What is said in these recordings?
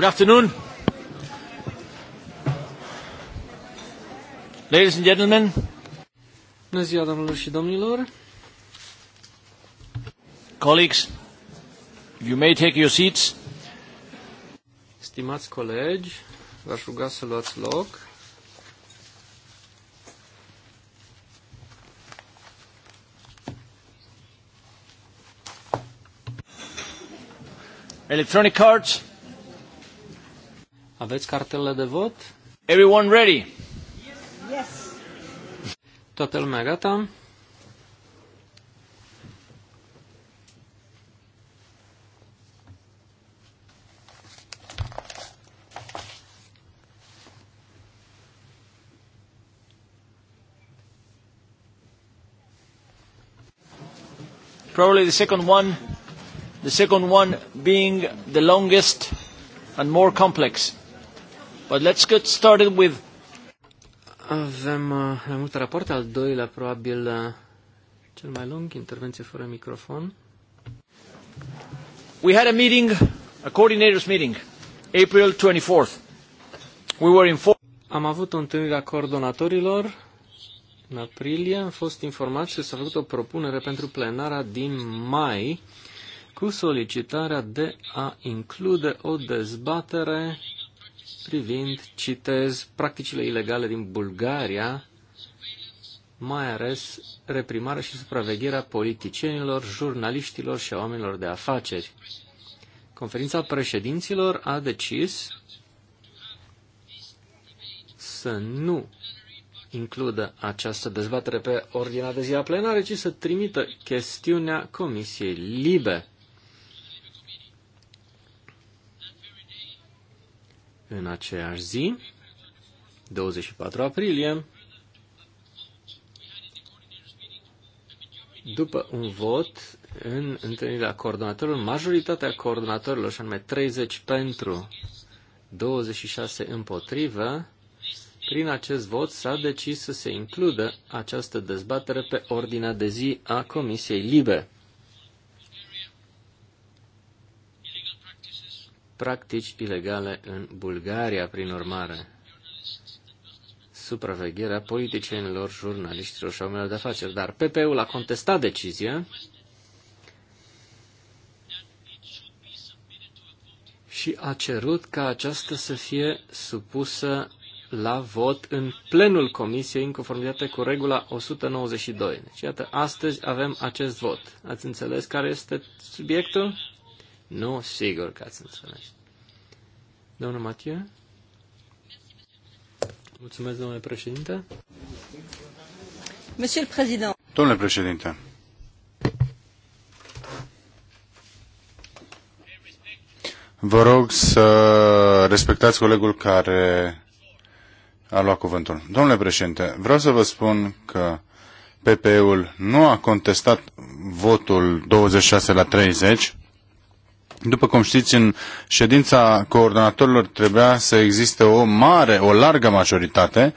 Good afternoon. Ladies and gentlemen. Bună ziua, domnilor și domnilor. Colleagues, you may take your seats. Stimați colegi, v-aș ruga să luați loc. Electronic cards. Aveți cartele de vot? Everyone ready? Yes. Toată lumea gata? probably the second one, the second one being the longest and more complex. But let's get started with... Avem uh, mai multe rapoarte, al doilea probabil uh, cel mai lung, intervenție fără microfon. We had a meeting, a coordinators meeting, April 24th. We were informed... Am avut o întâlnire a coordonatorilor în aprilie. Am fost informați că s-a făcut o propunere pentru plenara din mai cu solicitarea de a include o dezbatere privind, citez, practicile ilegale din Bulgaria, mai ales reprimarea și supravegherea politicienilor, jurnaliștilor și a oamenilor de afaceri. Conferința președinților a decis să nu includă această dezbatere pe ordinea de zi a plenare, ci să trimită chestiunea Comisiei Libe. în aceeași zi, 24 aprilie, după un vot în întâlnirea coordonatorilor, majoritatea coordonatorilor, și anume 30 pentru, 26 împotrivă, prin acest vot s-a decis să se includă această dezbatere pe ordinea de zi a Comisiei Libe. practici ilegale în Bulgaria, prin urmare. Supravegherea politicienilor, jurnaliștilor și oamenilor de afaceri. Dar PP-ul a contestat decizia și a cerut ca aceasta să fie supusă la vot în plenul comisiei în conformitate cu regula 192. Deci, iată, astăzi avem acest vot. Ați înțeles care este subiectul? Nu, sigur că ați înțeles. Domnul Matiu? Mulțumesc, domnule președinte. Monsieur le Président. Domnule președinte. Vă rog să respectați colegul care a luat cuvântul. Domnule președinte, vreau să vă spun că PPE-ul nu a contestat votul 26 la 30 după cum știți, în ședința coordonatorilor trebuia să existe o mare, o largă majoritate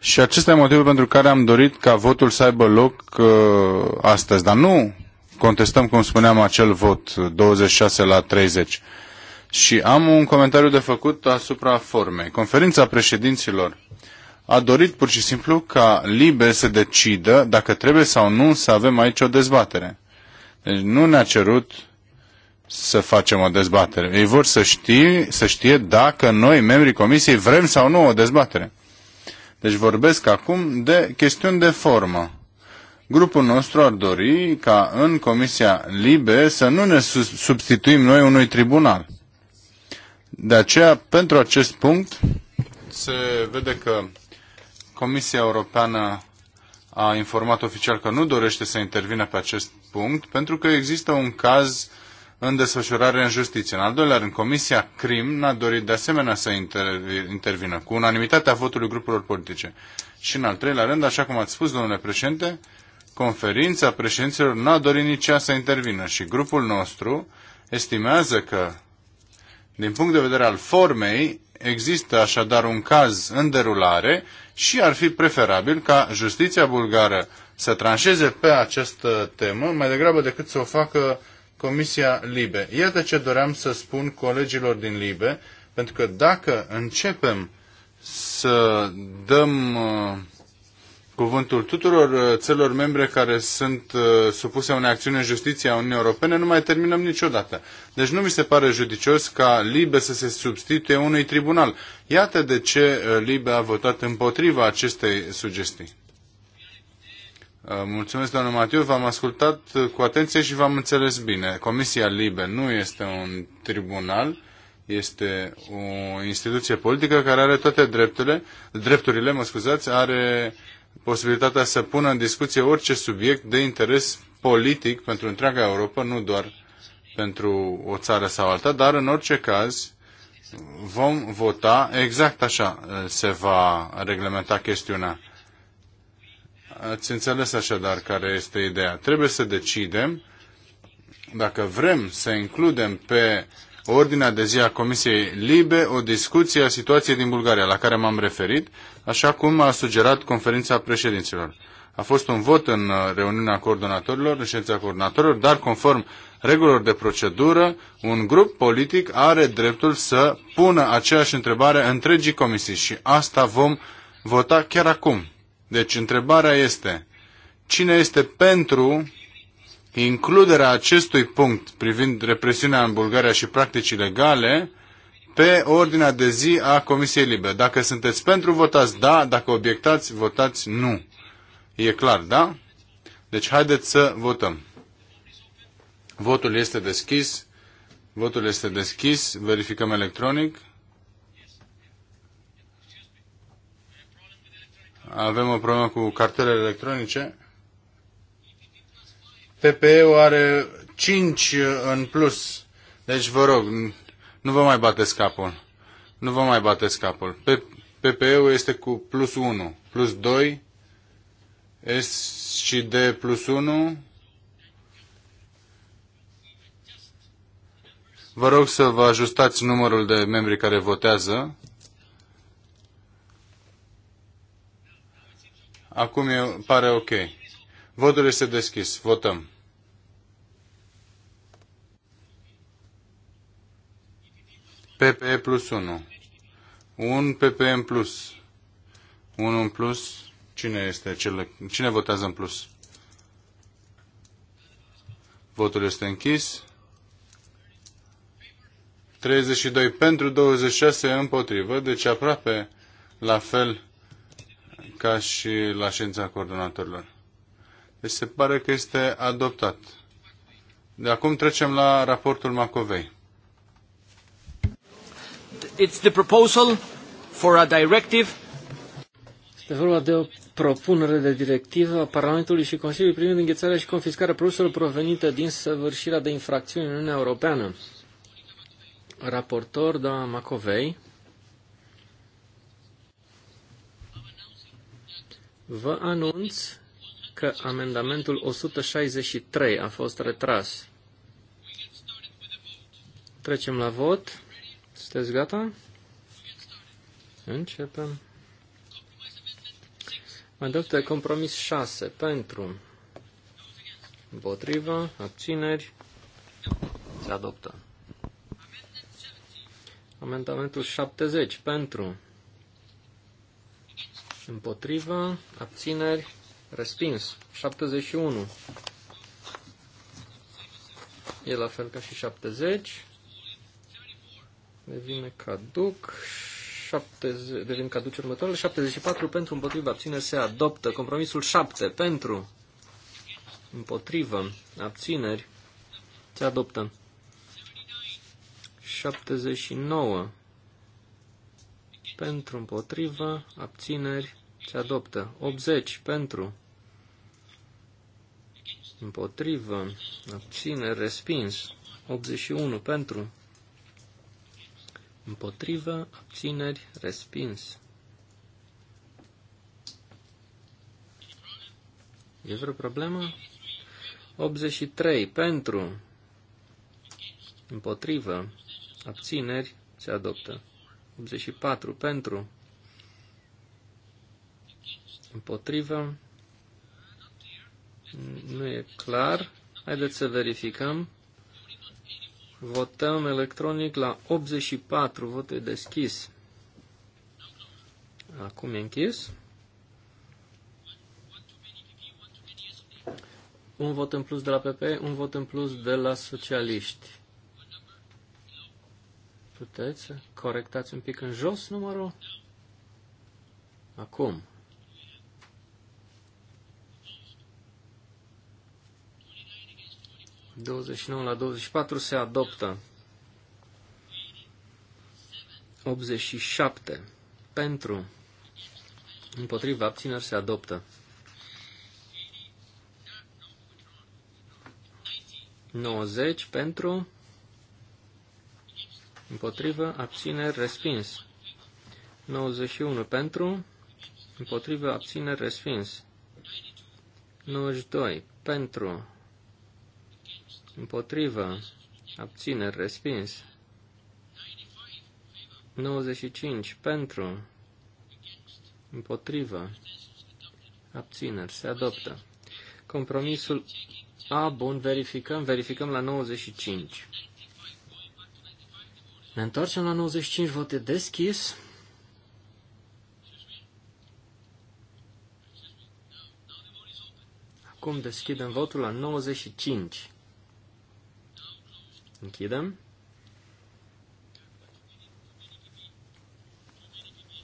și acesta e motivul pentru care am dorit ca votul să aibă loc uh, astăzi. Dar nu contestăm, cum spuneam, acel vot 26 la 30. Și am un comentariu de făcut asupra formei. Conferința președinților a dorit pur și simplu ca Libe să decidă dacă trebuie sau nu să avem aici o dezbatere. Deci nu ne-a cerut să facem o dezbatere. Ei vor să, știe, să știe dacă noi, membrii comisiei, vrem sau nu o dezbatere. Deci vorbesc acum de chestiuni de formă. Grupul nostru ar dori ca în Comisia Libe să nu ne substituim noi unui tribunal. De aceea, pentru acest punct, se vede că Comisia Europeană a informat oficial că nu dorește să intervină pe acest punct, pentru că există un caz uh, în desfășurare în justiție. În al doilea rând, Comisia CRIM n-a dorit de asemenea să intervină cu unanimitatea votului grupurilor politice. Și în al treilea rând, așa cum ați spus, domnule președinte, conferința președinților n-a dorit nici ea să intervină și grupul nostru estimează că, din punct de vedere al formei, există așadar un caz în derulare și ar fi preferabil ca justiția bulgară să tranșeze pe această temă mai degrabă decât să o facă Comisia Libe. Iată ce doream să spun colegilor din Libe, pentru că dacă începem să dăm uh, cuvântul tuturor uh, țelor membre care sunt uh, supuse unei acțiuni în justiție a Uniunii Europene, nu mai terminăm niciodată. Deci nu mi se pare judicios ca Libe să se substituie unui tribunal. Iată de ce Libe a votat împotriva acestei sugestii. Uh, mulțumesc, doamnă Matiu, v-am ascultat uh, cu atenție și v-am înțeles bine. Comisia Libe nu este un tribunal, este o instituție politică care are toate drepturile, drepturile, mă scuzați, are posibilitatea să pună în discuție orice subiect de interes politic pentru întreaga Europa, nu doar pentru o țară sau alta, dar în orice caz vom vota exact așa uh, se va reglementa chestiunea. Ați înțeles așadar care este ideea. Trebuie să decidem dacă vrem să includem pe ordinea de zi a Comisiei Libe o discuție a situației din Bulgaria, la care m-am referit, așa cum a sugerat conferința președinților. A fost un vot în reuniunea coordonatorilor, în ședința coordonatorilor, dar conform regulilor de procedură, un grup politic are dreptul să pună aceeași întrebare întregii comisii și asta vom vota chiar acum. Deci întrebarea este, cine este pentru includerea acestui punct privind represiunea în Bulgaria și practici legale pe ordinea de zi a Comisiei Libe. Dacă sunteți pentru, votați da, dacă obiectați, votați nu. E clar, da? Deci haideți să votăm. Votul este deschis. Votul este deschis. Verificăm electronic. Avem o problemă cu cartelele electronice. PPE-ul are 5 în plus. Deci vă rog, nu vă mai bateți capul. Nu vă mai bateți capul. PPE-ul este cu plus 1, plus 2, S și D plus 1. Vă rog să vă ajustați numărul de membri care votează. Acum e, pare ok. Votul este deschis. Votăm. PPE plus 1. Un PPE în plus. Unul în plus. Cine este cel... Cine votează în plus? Votul este închis. 32 pentru, 26 împotrivă, deci aproape la fel ca și la ședința coordonatorilor. Deci se pare că este adoptat. De acum trecem la raportul Macovei. It's the proposal for a directive. Este vorba de o propunere de directivă a Parlamentului și Consiliului privind înghețarea și confiscarea produselor provenite din săvârșirea de infracțiuni în Uniunea Europeană. Raportor, doamna Macovei. Vă anunț că amendamentul 163 a fost retras. Trecem la vot. Sunteți gata? Începem. Mandat de compromis 6. Pentru. Împotrivă. Abțineri. Se adoptă. Amendamentul 70. Pentru. Împotrivă. Abțineri. Respins. 71. E la fel ca și 70. Devine caduc. 70, devin caduc următoarele. 74 pentru împotriva abțineri se adoptă. Compromisul 7 pentru împotrivă abțineri se adoptă. 79 pentru, împotrivă, abțineri, se adoptă. 80 pentru, împotrivă, abțineri, respins. 81 pentru, împotrivă, abțineri, respins. E vreo problemă? 83 pentru, împotrivă, abțineri, se adoptă. 84 pentru, împotrivă, nu e clar. Haideți să verificăm. Votăm electronic la 84, Votul e deschis. Acum e închis. Un vot în plus de la PP, un vot în plus de la socialiști. Puteți să corectați un pic în jos numărul? Acum. Douăzeci la 24 se adoptă. 87. Pentru. Împotriva abțineri se adoptă. 90 pentru împotrivă, abțineri, respins. 91 pentru, împotrivă, abțineri, respins. 92 pentru, împotrivă, abțineri, respins. 95 pentru, împotrivă, abțineri, se adoptă. Compromisul A, bun, verificăm, verificăm la 95. Ne întoarcem la 95 vote deschis. Acum deschidem votul la 95. Închidem.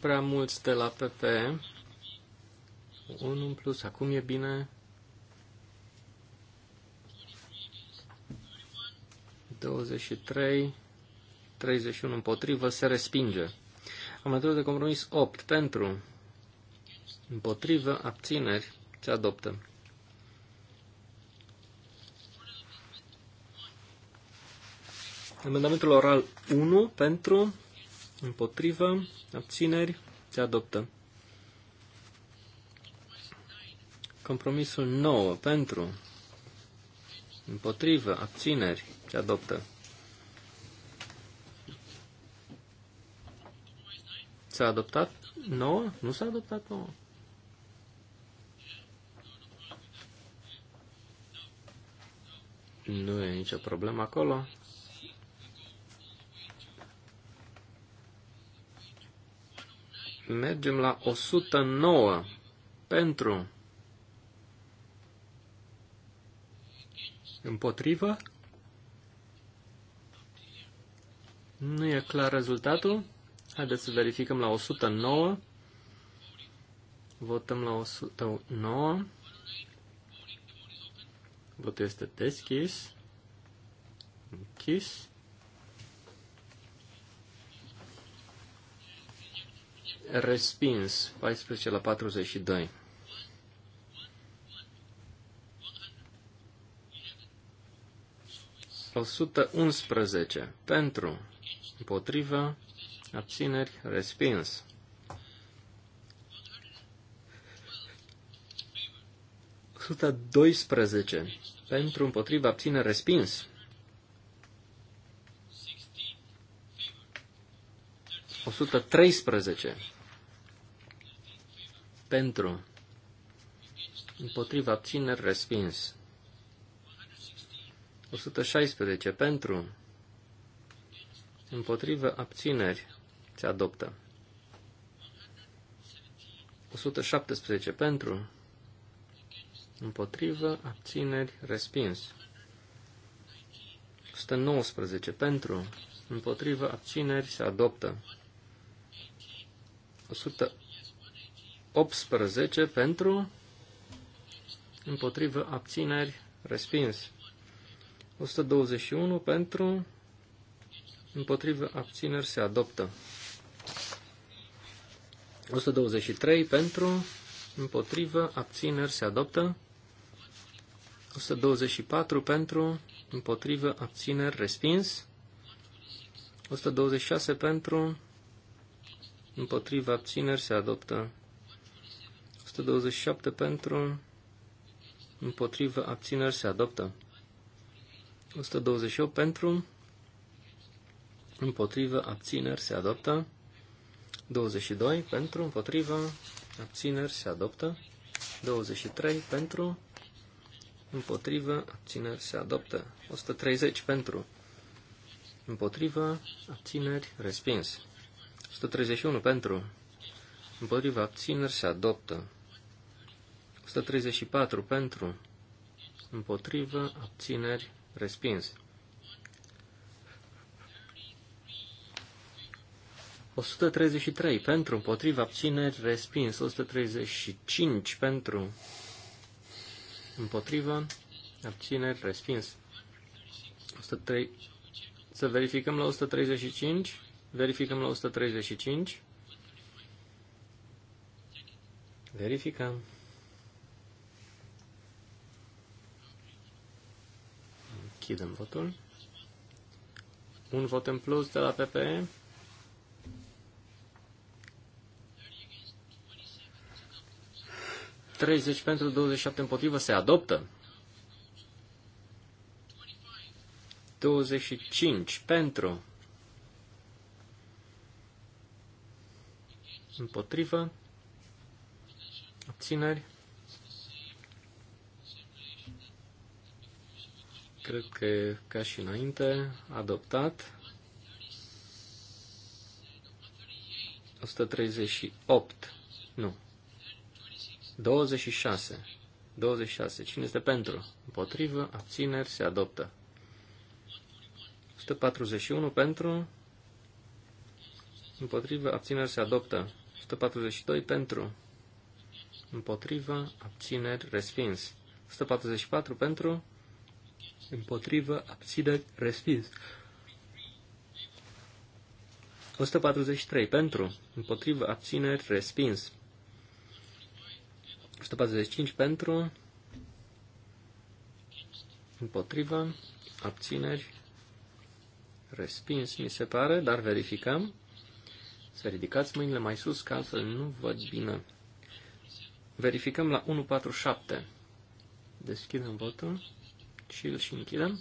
Prea mulți de la PP. Unul în plus, acum e bine. 23. 31 împotrivă, se respinge. Amendamentul de compromis 8 pentru, împotrivă, abțineri, se adoptă. Amendamentul oral 1 pentru, împotrivă, abțineri, se adoptă. Compromisul 9 pentru, împotrivă, abțineri, se adoptă. S-a adoptat nouă? Nu s-a adoptat nouă? Nu e nicio problemă acolo. Mergem la 109 pentru împotrivă. Nu e clar rezultatul. Haideți să verificăm la 109. Votăm la 109. Votul este deschis. Închis. Respins 14 la 42. La 111. Pentru, împotrivă, abțineri, respins. Suta 12. Pentru împotriva abține respins. 113. Pentru împotriva abține respins. 116. Pentru împotriva abțineri, se adoptă. 117 pentru, împotrivă, abțineri, respins. 119 pentru, împotrivă, abțineri, se adoptă. 118 pentru, împotrivă, abțineri, respins. 121 pentru, împotrivă, abțineri, se adoptă. 123 pentru, împotrivă, abțineri se adoptă. 124 pentru, împotrivă, abțineri, respins. 126 pentru, împotrivă, abțineri, se adoptă. 127 pentru, împotrivă, abțineri, se adoptă. 128 pentru, împotrivă, abțineri, se adoptă. 22 pentru, împotriva, abțineri se adoptă. 23 pentru, împotriva, abțineri se adoptă. 130 pentru, împotriva, abțineri, respins. 131 pentru, împotriva, abțineri se adoptă. 134 pentru, împotriva, abțineri, respins. 133 pentru, împotriva abțineri, respins. 135 pentru, împotriva abțineri, respins. 103. Să verificăm la 135. Verificăm la 135. Verificăm. Închidem votul. Un vot în plus de la PPE. 30 pentru 27 împotrivă se adoptă. 25 pentru împotrivă obțineri. Cred că ca și înainte adoptat. 138. Nu. 26. 26. Cine este pentru? Împotrivă, abțineri, se adoptă. 141 pentru, împotrivă, abțineri, se adoptă. 142 pentru, împotrivă, abțineri, respins. 144 pentru, împotrivă, abțineri, respins. 143 pentru, împotrivă, abțineri, respins. 145 pentru, împotriva, abțineri, respins, mi se pare, dar verificăm. Să ridicați mâinile mai sus, ca altfel nu văd bine. Verificăm la 147. Deschidem votul și îl și închidem.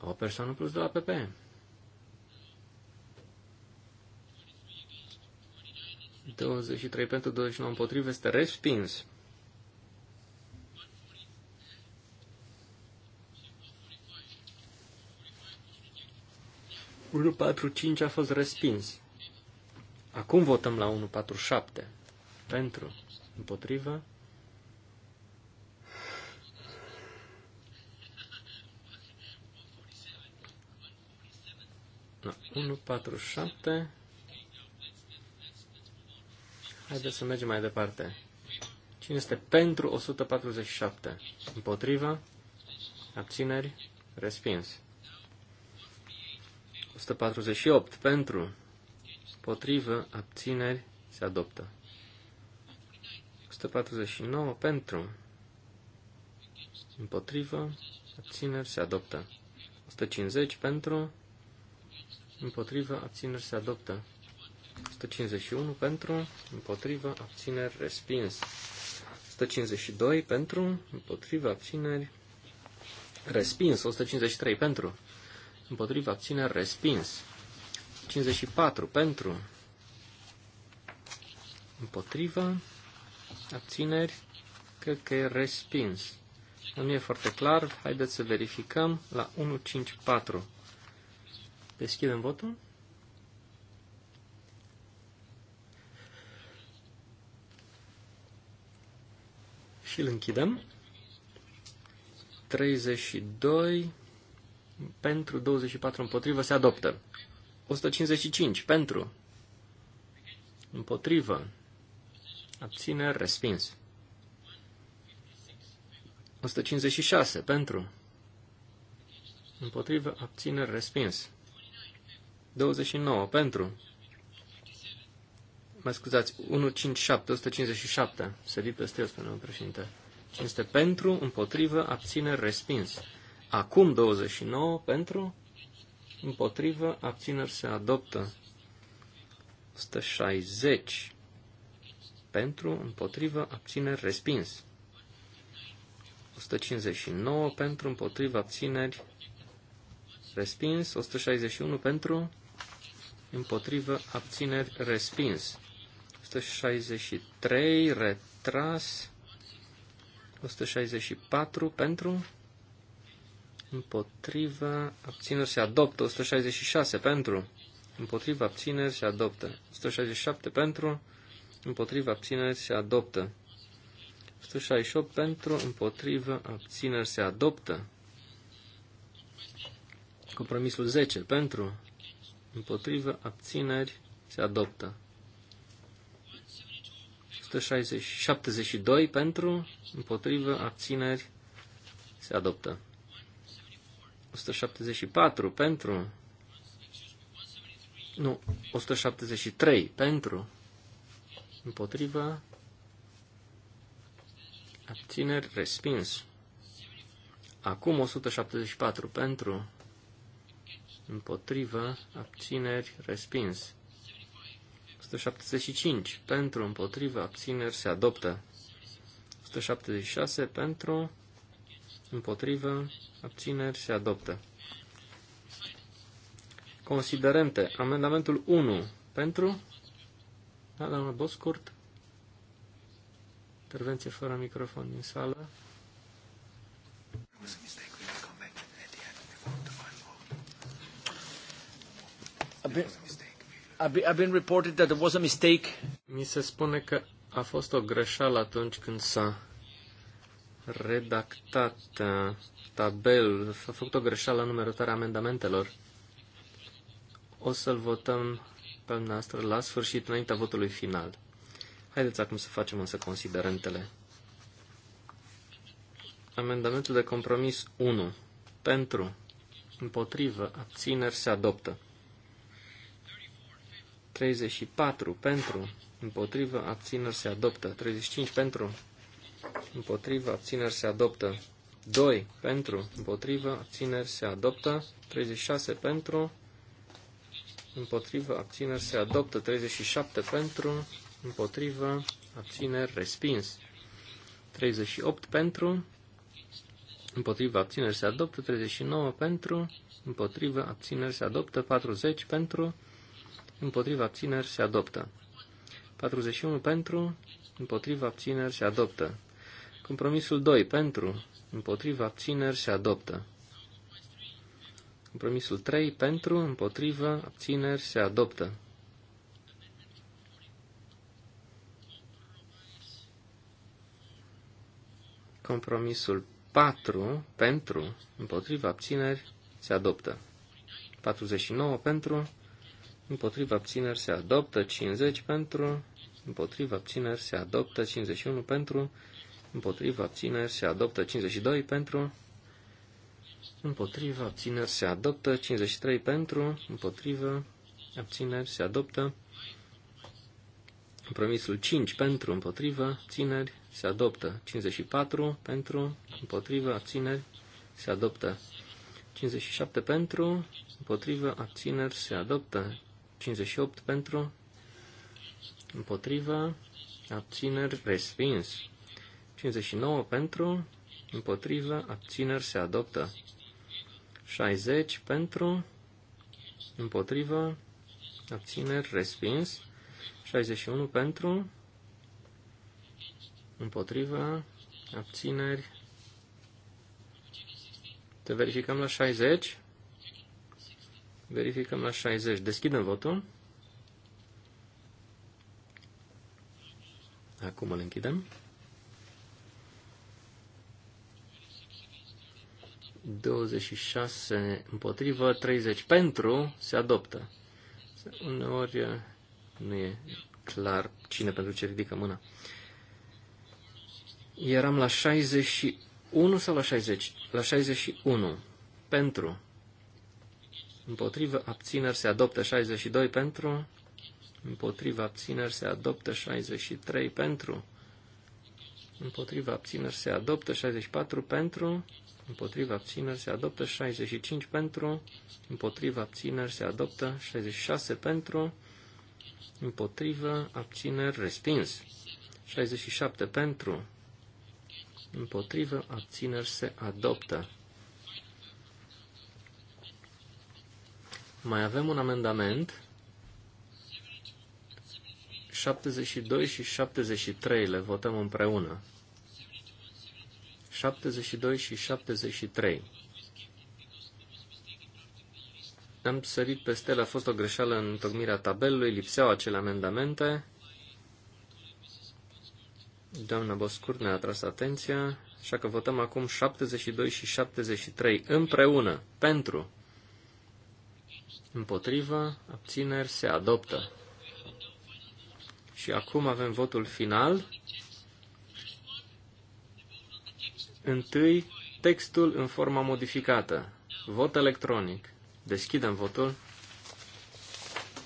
O persoană plus de la PP. 23 pentru 29 împotrivă este respins. Unu 45 a fost respins. Acum votăm la 147. Pentru, împotrivă. La 147 Haideți să mergem mai departe. Cine este pentru 147? Împotriva? Abțineri? Respins. 148. Pentru? Împotrivă? Abțineri? Se adoptă. 149. Pentru? Împotrivă? Abțineri? Se adoptă. 150. Pentru? Împotrivă? Abțineri? Se adoptă. 151 pentru, împotriva, abțineri, respins. 152 pentru, împotriva, abțineri, respins. 153 pentru, împotriva, abțineri, respins. 54 pentru, împotriva, abțineri, cred că e respins. Nu e foarte clar, haideți să verificăm la 154. Deschidem votul. și îl închidem. 32 pentru 24 împotrivă se adoptă. 155 pentru împotrivă abține respins. 156 pentru împotrivă abține respins. 29 pentru Mă scuzați, 157, 157, vii peste eu, spune președinte. Cine pentru, împotrivă, abțineri, respins. Acum 29, pentru, împotrivă, abțineri, se adoptă. 160, pentru, împotrivă, abțineri, respins. 159 pentru, împotriva abțineri, respins. 161 pentru, împotrivă, abțineri, respins. 163, retras. 164 pentru, împotriva, abțineri se adoptă. 166 pentru, împotriva, abțineri se adoptă. 167 pentru, împotriva, abțineri se adoptă. 168 pentru, împotriva, abțineri se adoptă. Compromisul 10 pentru, împotriva, abțineri se adoptă. 172 pentru, împotrivă, abțineri, se adoptă. 174 pentru, nu, 173 pentru, împotrivă, abțineri, respins. Acum 174 pentru, împotrivă, abțineri, respins. 175 pentru, împotriva, abțineri se adoptă. 176 pentru, împotriva, abțineri se adoptă. Considerente. Amendamentul 1 pentru. Da, doamna Boscurt. Intervenție fără microfon din sală. A bit. I've been reported that there was a mistake. Mi se spune că a fost o greșeală atunci când s-a redactat uh, tabel, s-a făcut o greșeală în numerotarea amendamentelor. O să-l votăm pe noastră la sfârșit, înaintea votului final. Haideți acum să facem însă considerentele. Amendamentul de compromis 1. Pentru. Împotrivă. Abțineri se adoptă. 34 pentru, împotrivă, abțineri se adoptă. 35 pentru, împotrivă, abțineri se adoptă. 2 pentru, împotrivă, abțineri se adoptă. 36 pentru, împotrivă, abțineri se adoptă. 37 pentru, împotrivă, abțineri respins. 38 pentru, împotrivă, abțineri se adoptă. 39 pentru, împotrivă, abțineri se adoptă. 40 pentru, împotriva abțineri se adoptă. 41 pentru, împotriva abțineri se adoptă. Compromisul 2 pentru, împotriva abțineri se adoptă. Compromisul 3 pentru, împotriva abțineri se adoptă. Compromisul 4 pentru, împotriva abțineri se adoptă. 49 pentru, împotriva abțineri se adoptă 50 pentru, împotriva abțineri se adoptă 51 pentru, împotriva abțineri se adoptă 52 pentru, împotriva abțineri se adoptă 53 pentru, împotriva abțineri se adoptă promisul 5 pentru, împotriva abțineri se adoptă 54 pentru, împotriva abțineri se adoptă 57 pentru, împotriva abțineri se adoptă 58 pentru, împotriva, abțineri, respins. 59 pentru, împotriva, abțineri, se adoptă. 60 pentru, împotriva, abțineri, respins. 61 pentru, împotriva, abțineri. Te verificăm la 60. Verificăm la 60. Deschidem votul. Acum îl închidem. 26 împotrivă, 30 pentru, se adoptă. Uneori uh, nu e clar cine pentru ce ridică mâna. Eram la 61 sau la 60? La 61. Pentru împotrivă, abțineri se adoptă 62 pentru, împotrivă, abțineri se adoptă 63 pentru, împotrivă, abțineri se adoptă 64 pentru, Împotrivă abțineri se adoptă 65 pentru, Împotrivă abțineri se adoptă 66 pentru, Împotrivă abțineri respins, 67 pentru, Împotrivă abțineri se adoptă, Mai avem un amendament. 72 și 73 le votăm împreună. 72 și 73. Am sărit peste ele, a fost o greșeală în întocmirea tabelului, lipseau acele amendamente. Doamna Boscur ne-a atras atenția, așa că votăm acum 72 și 73 împreună, pentru împotrivă, abțineri, se adoptă. Și acum avem votul final. Întâi, textul în forma modificată. Vot electronic. Deschidem votul.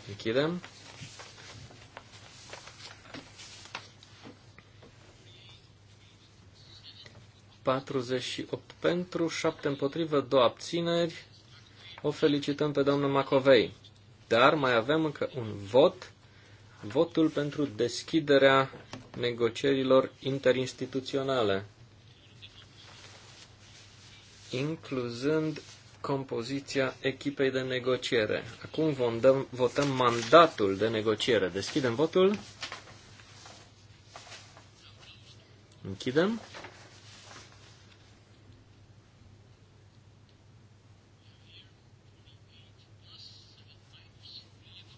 Închidem. opt pentru, 7 împotrivă, 2 abțineri. O felicităm pe doamna Macovei. Dar mai avem încă un vot, votul pentru deschiderea negocierilor interinstituționale, incluzând compoziția echipei de negociere. Acum vom dăm, votăm mandatul de negociere. Deschidem votul. Închidem.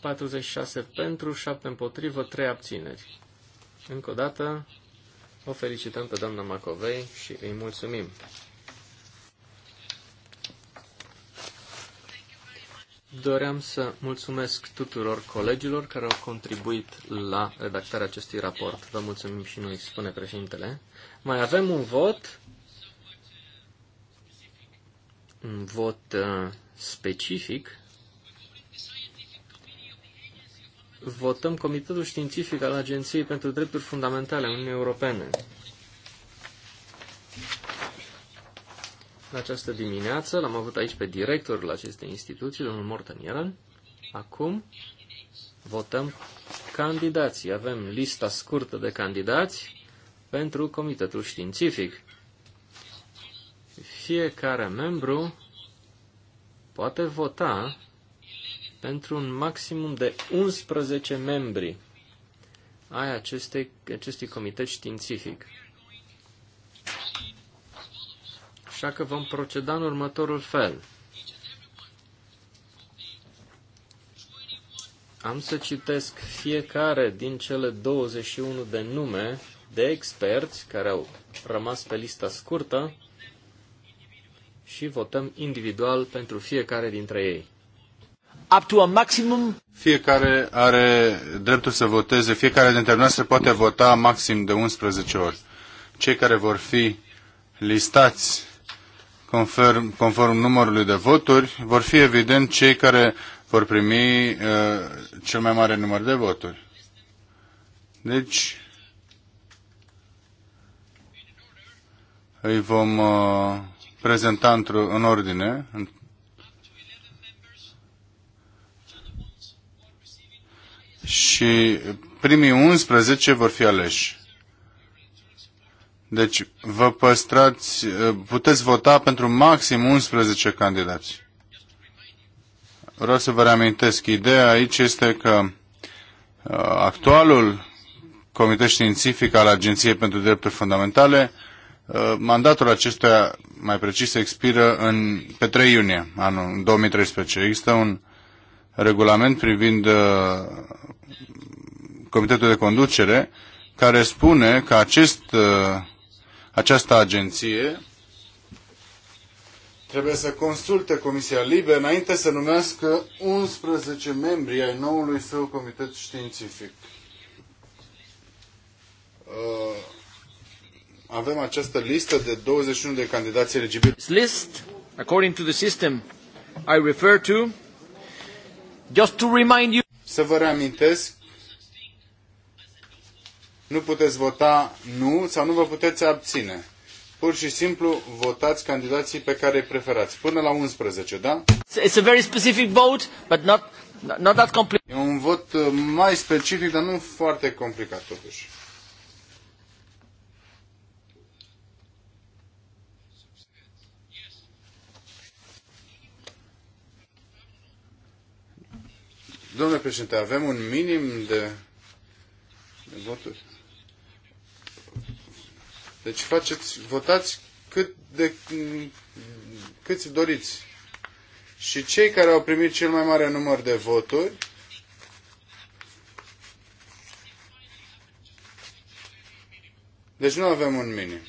46 pentru, 7 împotrivă, 3 abțineri. Încă o dată, o felicităm pe doamna Macovei și îi mulțumim. Doream să mulțumesc tuturor colegilor care au contribuit la redactarea acestui raport. Vă mulțumim și noi, spune președintele. Mai avem un vot, un vot uh, specific votăm Comitetul Științific al Agenției pentru Drepturi Fundamentale a Uniunii Europene. În această dimineață l-am avut aici pe directorul acestei instituții, domnul Morten Ieran. Acum votăm candidații. Avem lista scurtă de candidați pentru Comitetul Științific. Fiecare membru poate vota pentru un maximum de 11 membri ai acestei, acestui comitet științific. Așa că vom proceda în următorul fel. Am să citesc fiecare din cele 21 de nume de experți care au rămas pe lista scurtă și votăm individual pentru fiecare dintre ei up to a maximum. Fiecare are dreptul să voteze, fiecare dintre se poate vota maxim de 11 ori. Cei care vor fi listați conform, conform numărului de voturi vor fi evident cei care vor primi uh, cel mai mare număr de voturi. Deci, îi vom uh, prezenta într în ordine, și primii 11 vor fi aleși. Deci vă păstrați, puteți vota pentru maxim 11 candidați. Vreau să vă reamintesc, ideea aici este că uh, actualul Comitet Științific al Agenției pentru Drepturi Fundamentale, uh, mandatul acestuia, mai precis, expiră în, pe 3 iunie anul 2013. Există un regulament privind uh, Comitetul de Conducere, care spune că acest, uh, această agenție trebuie să consulte Comisia Libe înainte să numească 11 membri ai noului său comitet științific. Uh, avem această listă de 21 de candidați eligibili. This list, according to the system I refer to, Just to remind you... Să vă reamintesc, nu puteți vota nu sau nu vă puteți abține. Pur și simplu votați candidații pe care îi preferați. Până la 11, da? It's a very specific vote, but not, not that complicated. E un vot uh, mai specific, dar nu foarte complicat totuși. Domnule președinte, avem un minim de voturi. Deci faceți, votați cât de, câți doriți. Și cei care au primit cel mai mare număr de voturi Deci nu avem un minim.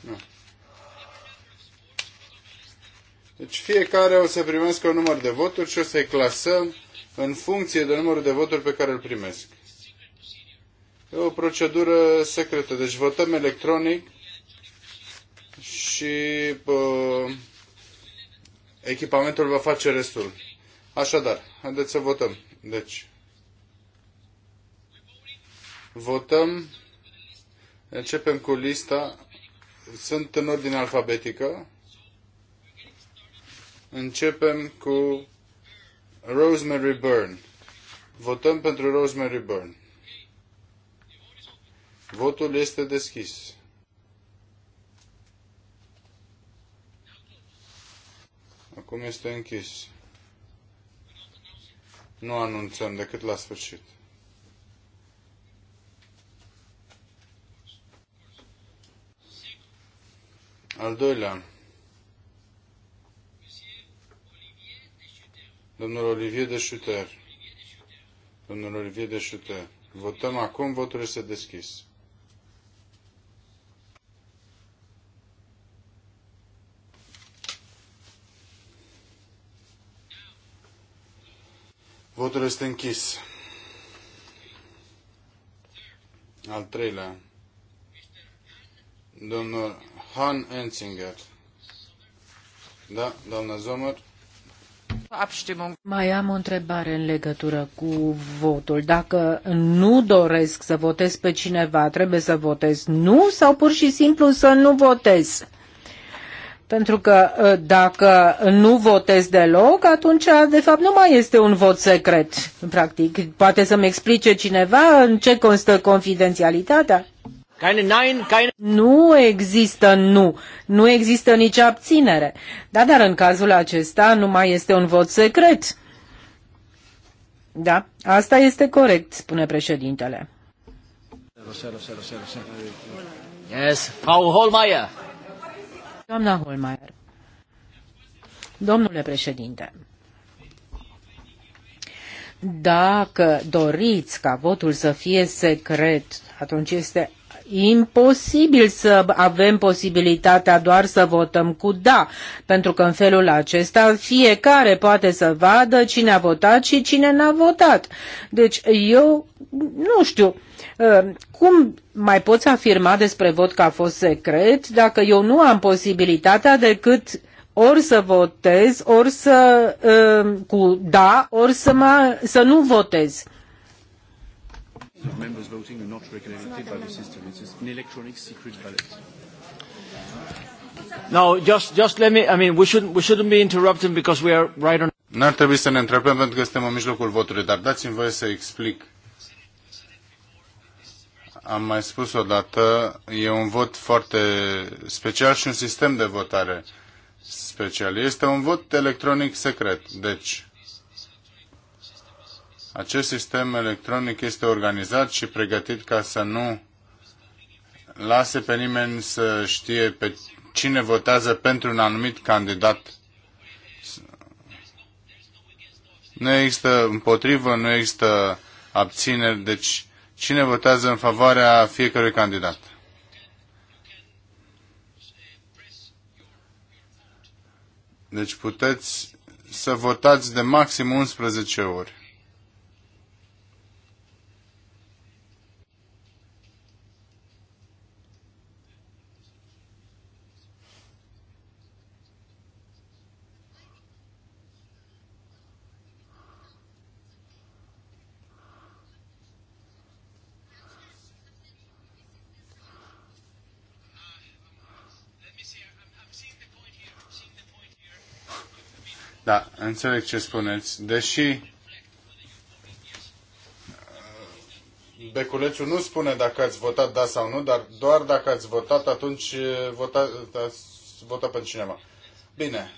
Nu. Deci fiecare o să primească un număr de voturi și o să-i clasăm în funcție de numărul de voturi pe care îl primesc. E o procedură secretă. Deci votăm electronic și uh, echipamentul va face restul. Așadar, haideți să votăm. Deci, votăm, începem cu lista, sunt în ordine alfabetică, începem cu Rosemary Byrne. Votăm pentru Rosemary Byrne. Votul este deschis. Acum este închis. Nu anunțăm decât la sfârșit. Al doilea Domnul Olivier de Schutter. Domnul Olivier de Schutter. Votăm acum, votul este deschis. Votul este închis. Al treilea. Domnul Han Enzinger. Da, doamna Zomer. Mai am o întrebare în legătură cu votul. Dacă nu doresc să votez pe cineva, trebuie să votez nu sau pur și simplu să nu votez? Pentru că ă, dacă nu votez deloc, atunci de fapt nu mai este un vot secret, practic. Poate să-mi explice cineva în ce constă confidențialitatea? Keine nein, keine... Nu există nu, nu există nici abținere. Da, dar în cazul acesta nu mai este un vot secret. Da, asta este corect, spune președintele. Yes, Frau Holmeier. Doamna Holmeier. Domnule președinte, dacă doriți ca votul să fie secret, atunci este imposibil să avem posibilitatea doar să votăm cu da, pentru că în felul acesta fiecare poate să vadă cine a votat și cine n-a votat. Deci eu nu știu uh, cum mai poți afirma despre vot că a fost secret dacă eu nu am posibilitatea decât ori să votez, ori să uh, cu da, ori să, mă, să nu votez. Nu members voting are not regulated by the system. It's an electronic secret ballot. just, just let me, I mean, we shouldn't, we shouldn't be interrupting because we are right on. N-ar trebui să ne întrebăm pentru că suntem în mijlocul votului, dar dați-mi voie să explic. Am mai spus odată, e un vot foarte special și un sistem de votare special. Este un vot electronic secret. Deci, acest sistem electronic este organizat și pregătit ca să nu lase pe nimeni să știe pe cine votează pentru un anumit candidat. Nu există împotrivă, nu există abțineri, deci cine votează în favoarea fiecărui candidat. Deci puteți să votați de maxim 11 ori. Înțeleg ce spuneți. Deși uh, Beculețul nu spune dacă ați votat da sau nu, dar doar dacă ați votat, atunci uh, vota, ați votat pentru cineva. Bine.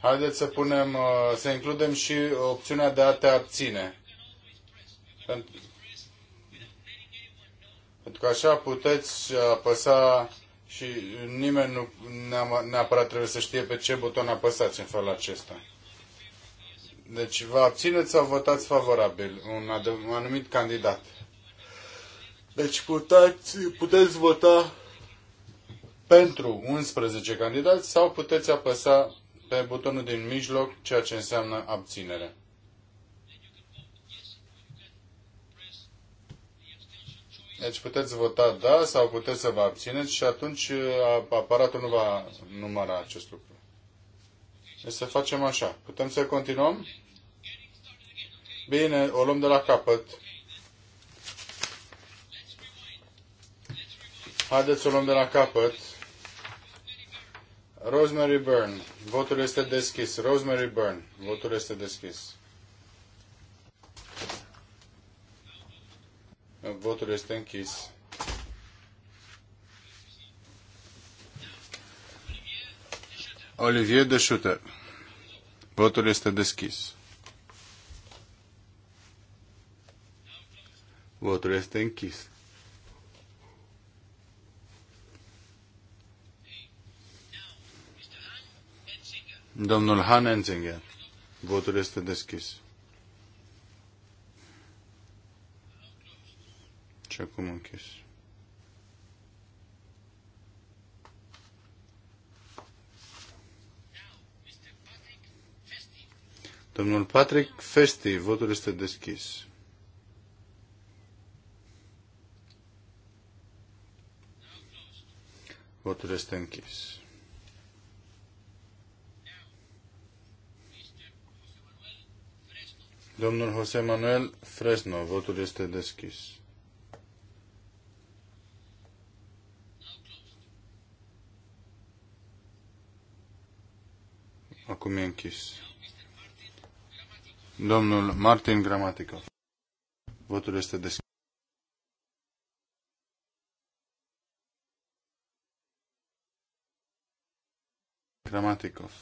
Haideți să punem, uh, să includem și opțiunea de a te abține. Pentru că așa puteți apăsa și nimeni nu neapărat trebuie să știe pe ce buton apăsați în felul acesta. Deci vă abțineți sau votați favorabil un, anumit candidat. Deci puteți, puteți vota pentru 11 candidați sau puteți apăsa pe butonul din mijloc, ceea ce înseamnă abținere. Deci puteți vota da sau puteți să vă abțineți și atunci uh, aparatul nu va număra acest lucru. Deci să facem așa. Putem să continuăm? Bine, o luăm de la capăt. Haideți să o luăm de la capăt. Rosemary Byrne. Votul este deschis. Rosemary Byrne. Votul este deschis. Votul este închis. Olivier Deșută. Votul este deschis. Votul este închis. Domnul Han Enzinger. Votul este deschis. și acum închis. Domnul Patrick Festi, votul este deschis. Votul este închis. Domnul José Manuel Fresno, votul este deschis. Acum e închis. Domnul Martin Gramatică. Votul este deschis. Gramatikov.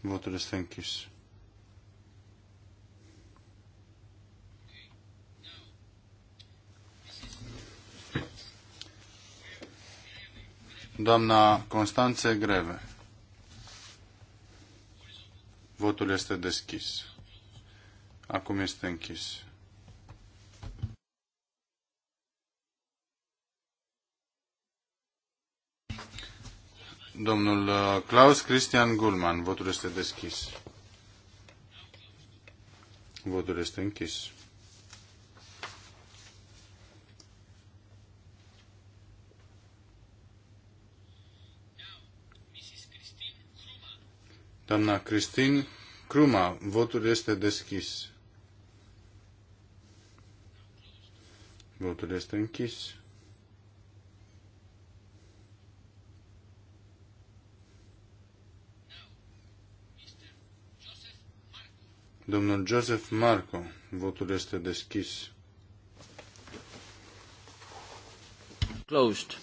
Votul este închis. Doamna Constanțe Greve. Votul este deschis. Acum este închis. Domnul uh, Klaus Christian Gulman, votul este deschis. Votul este închis. Doamna Christine Cruma, votul este deschis. Votul este închis. Domnul Joseph Marco, votul este deschis. Closed.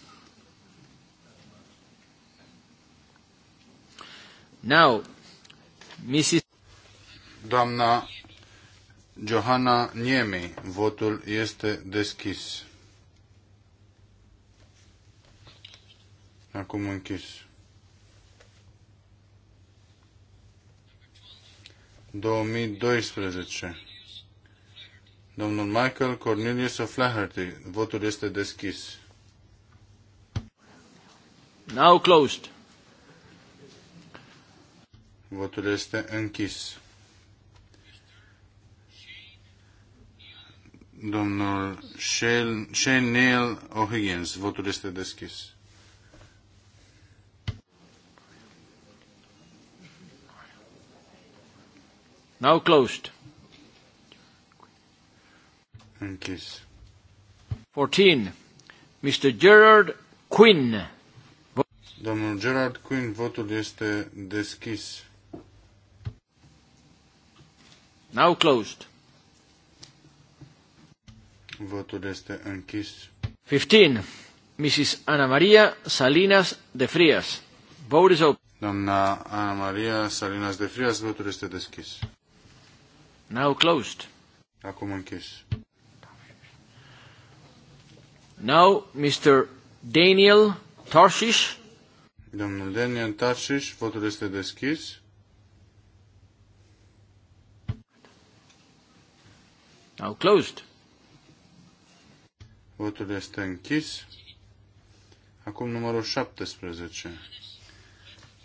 Now, Mrs doamna Johanna Niemi. Votul este deschis. Acum închis. 2012. Domnul Michael Cornelius O'Flaherty. Votul este deschis. Now closed. Votul este închis. Domnul Shane Neil O'Higgins, votul este deschis. Now closed. Închis. 14. Mr. Gerard Quinn. Domnul Gerard Quinn, votul este deschis. Now closed. Votul este închis. 15. Mrs. Ana Maria Salinas de Frias. Vote is open. Doamna Ana Maria Salinas de Frias, votul este deschis. Now closed. Acum închis. Now, Mr. Daniel Tarsish. Domnul Daniel Tarsish, votul este deschis. Now closed. Votul este închis. Acum numărul 17.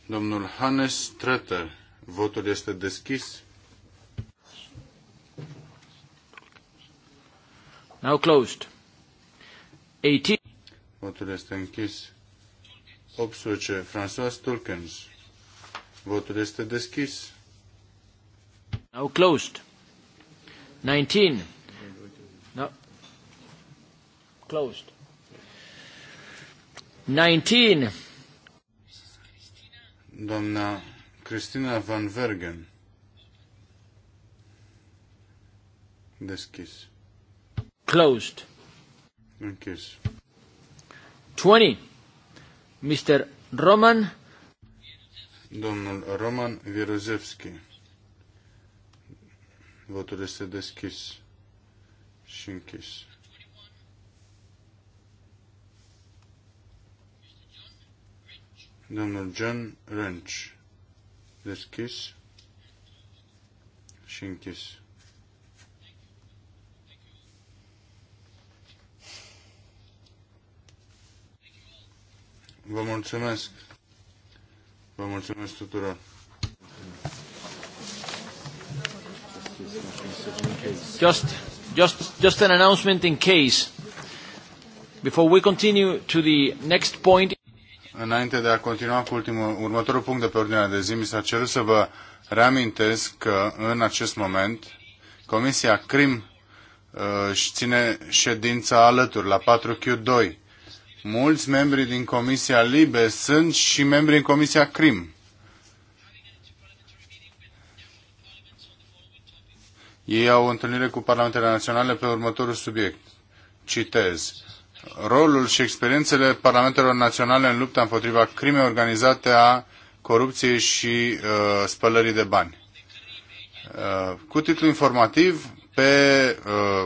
Domnul Hannes Tretter. Votul este deschis. Now closed. 18. Votul este închis. 18. François Tulkens. Votul este deschis. Now closed. 19. Closed. 19. Doamna Cristina Van Vergen. Deschis. Closed. Închis. 20. Mr. Roman. Domnul Roman Virozevski. Votul este deschis și închis. Domnul John Lynch. Deschis și închis. Vă mulțumesc. Vă mulțumesc tuturor. Just, just, just an announcement in case. Before we continue to the next point. Înainte de a continua cu ultimul, următorul punct de pe ordinea de zi, mi s-a cerut să vă reamintesc că în acest moment Comisia CRIM uh, își ține ședința alături la 4Q2. Mulți membri din Comisia Libe sunt și membri în Comisia CRIM. Ei au o întâlnire cu Parlamentele Naționale pe următorul subiect. Citez rolul și experiențele parlamentelor naționale în lupta împotriva crimei organizate, a corupției și uh, spălării de bani. Uh, cu titlu informativ, pe uh,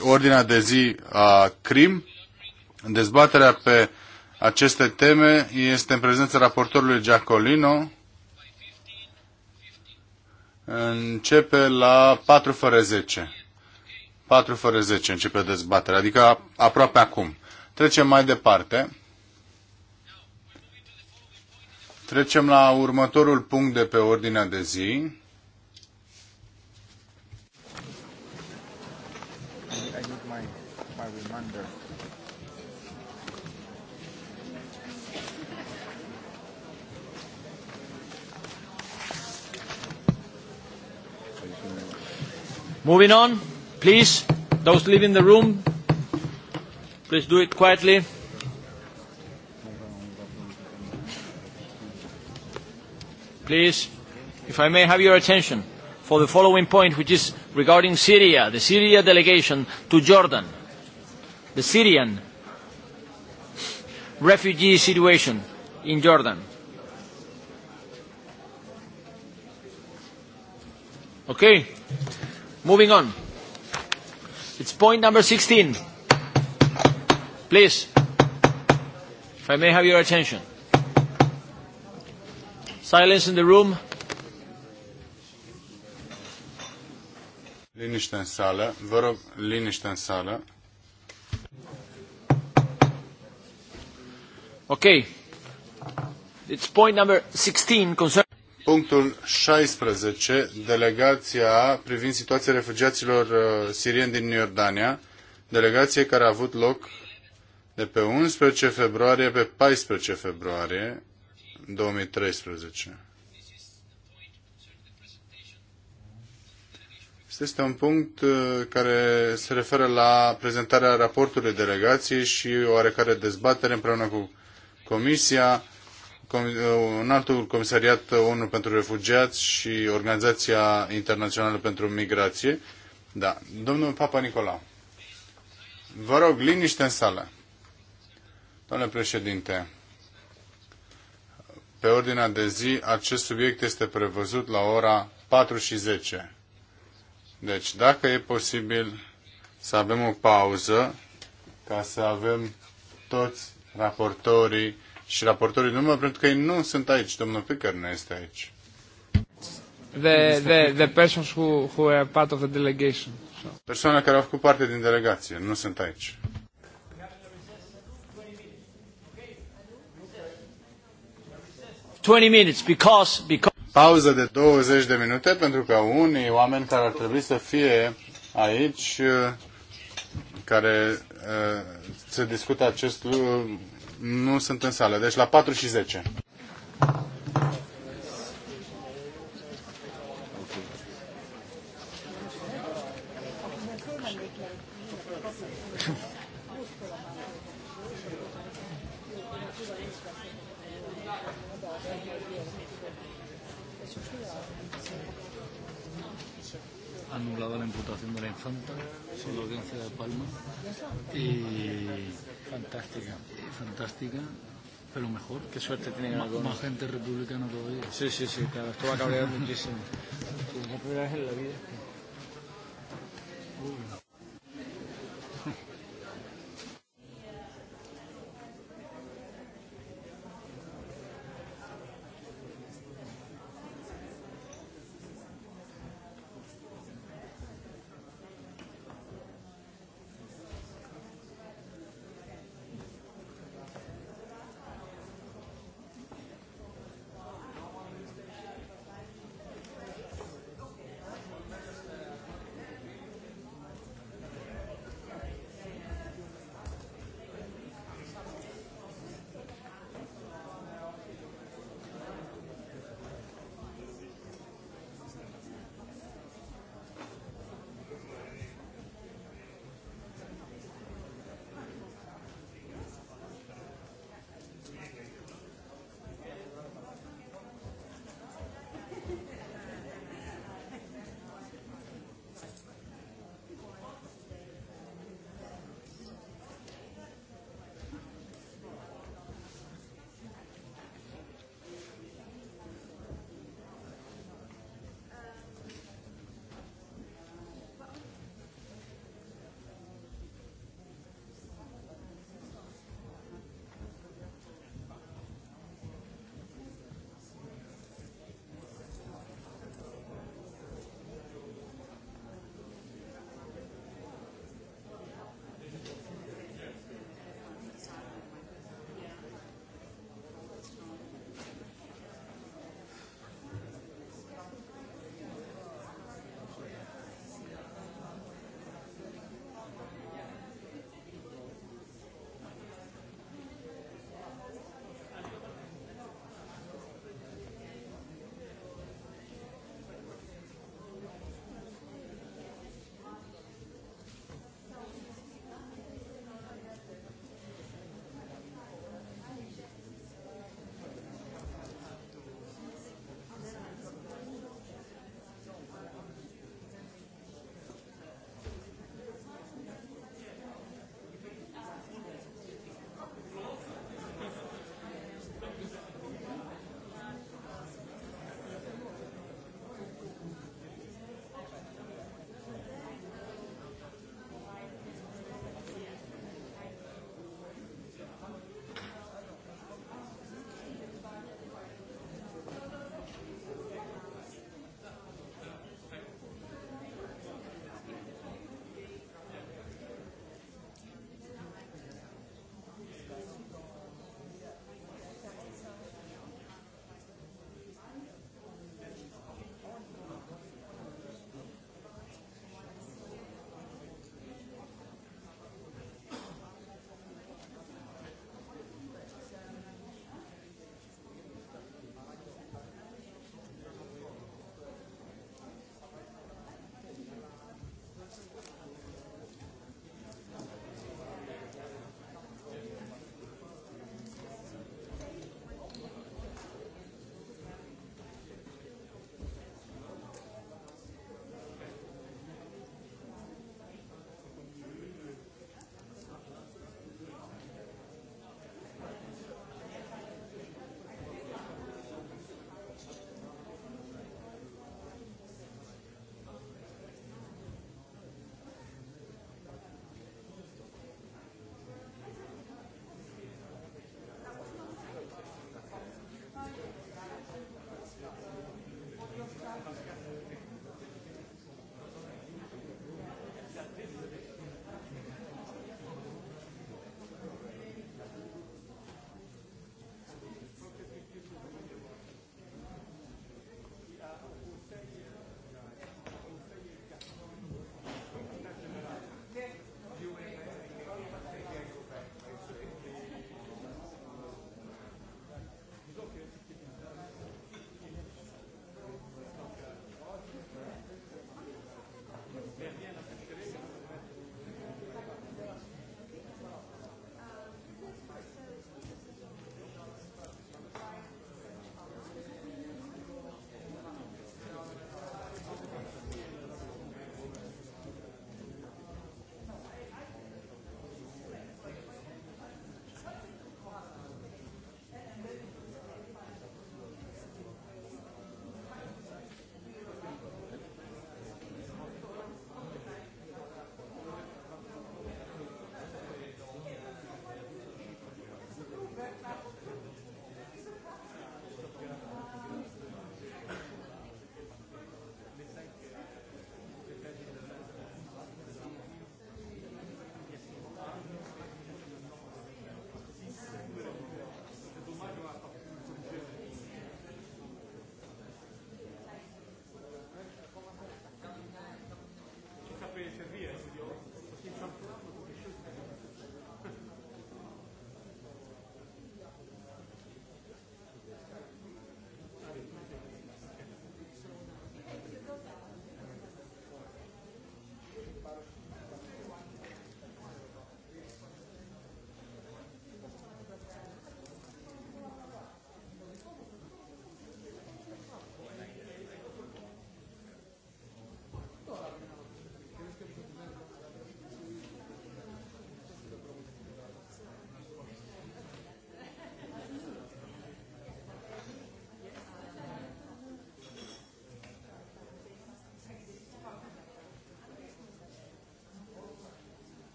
ordinea de zi a CRIM, dezbaterea pe aceste teme este în prezența raportorului Giacolino. Începe la 4 fără 10. 4 fără 10 începe dezbaterea, adică aproape acum. Trecem mai departe. Trecem la următorul punct de pe ordinea de zi. Moving on. Please, those leaving the room, please do it quietly. Please, if I may have your attention for the following point, which is regarding Syria, the Syria delegation to Jordan, the Syrian refugee situation in Jordan. Okay, moving on. It's point number 16. Please, if I may have your attention. Silence in the room. Liniște în sală. Vă rog, liniște în sală. Ok. It's point number 16 concerning Punctul 16, delegația privind situația refugiaților uh, sirieni din Iordania, delegație care a avut loc de pe 11 februarie pe 14 februarie 2013. Este un punct uh, care se referă la prezentarea raportului delegației și oarecare dezbatere împreună cu Comisia Uh, un altul comisariat ONU uh, pentru refugiați și Organizația Internațională pentru Migrație. Da. Domnul Papa Nicolau, vă rog, liniște în sală. Domnule președinte, pe ordinea de zi, acest subiect este prevăzut la ora 4 și 10. Deci, dacă e posibil să avem o pauză, ca să avem toți raportorii și raportorii numai pentru că ei nu sunt aici. Domnul Picker nu este aici. The, the, the persons who, who are part of the delegation. Persoana care au făcut parte din delegație, nu sunt aici. Minutes because, because... Pauză de 20 de minute pentru că unii oameni care ar trebui să fie aici care uh, se discută acest nu sunt în sală. Deci la 4 și 10. qué suerte tiene tienen algunos. Más gente republicana todavía. Sí, sí, sí, claro. Esto va a cabrear muchísimo. La primera vez en la vida.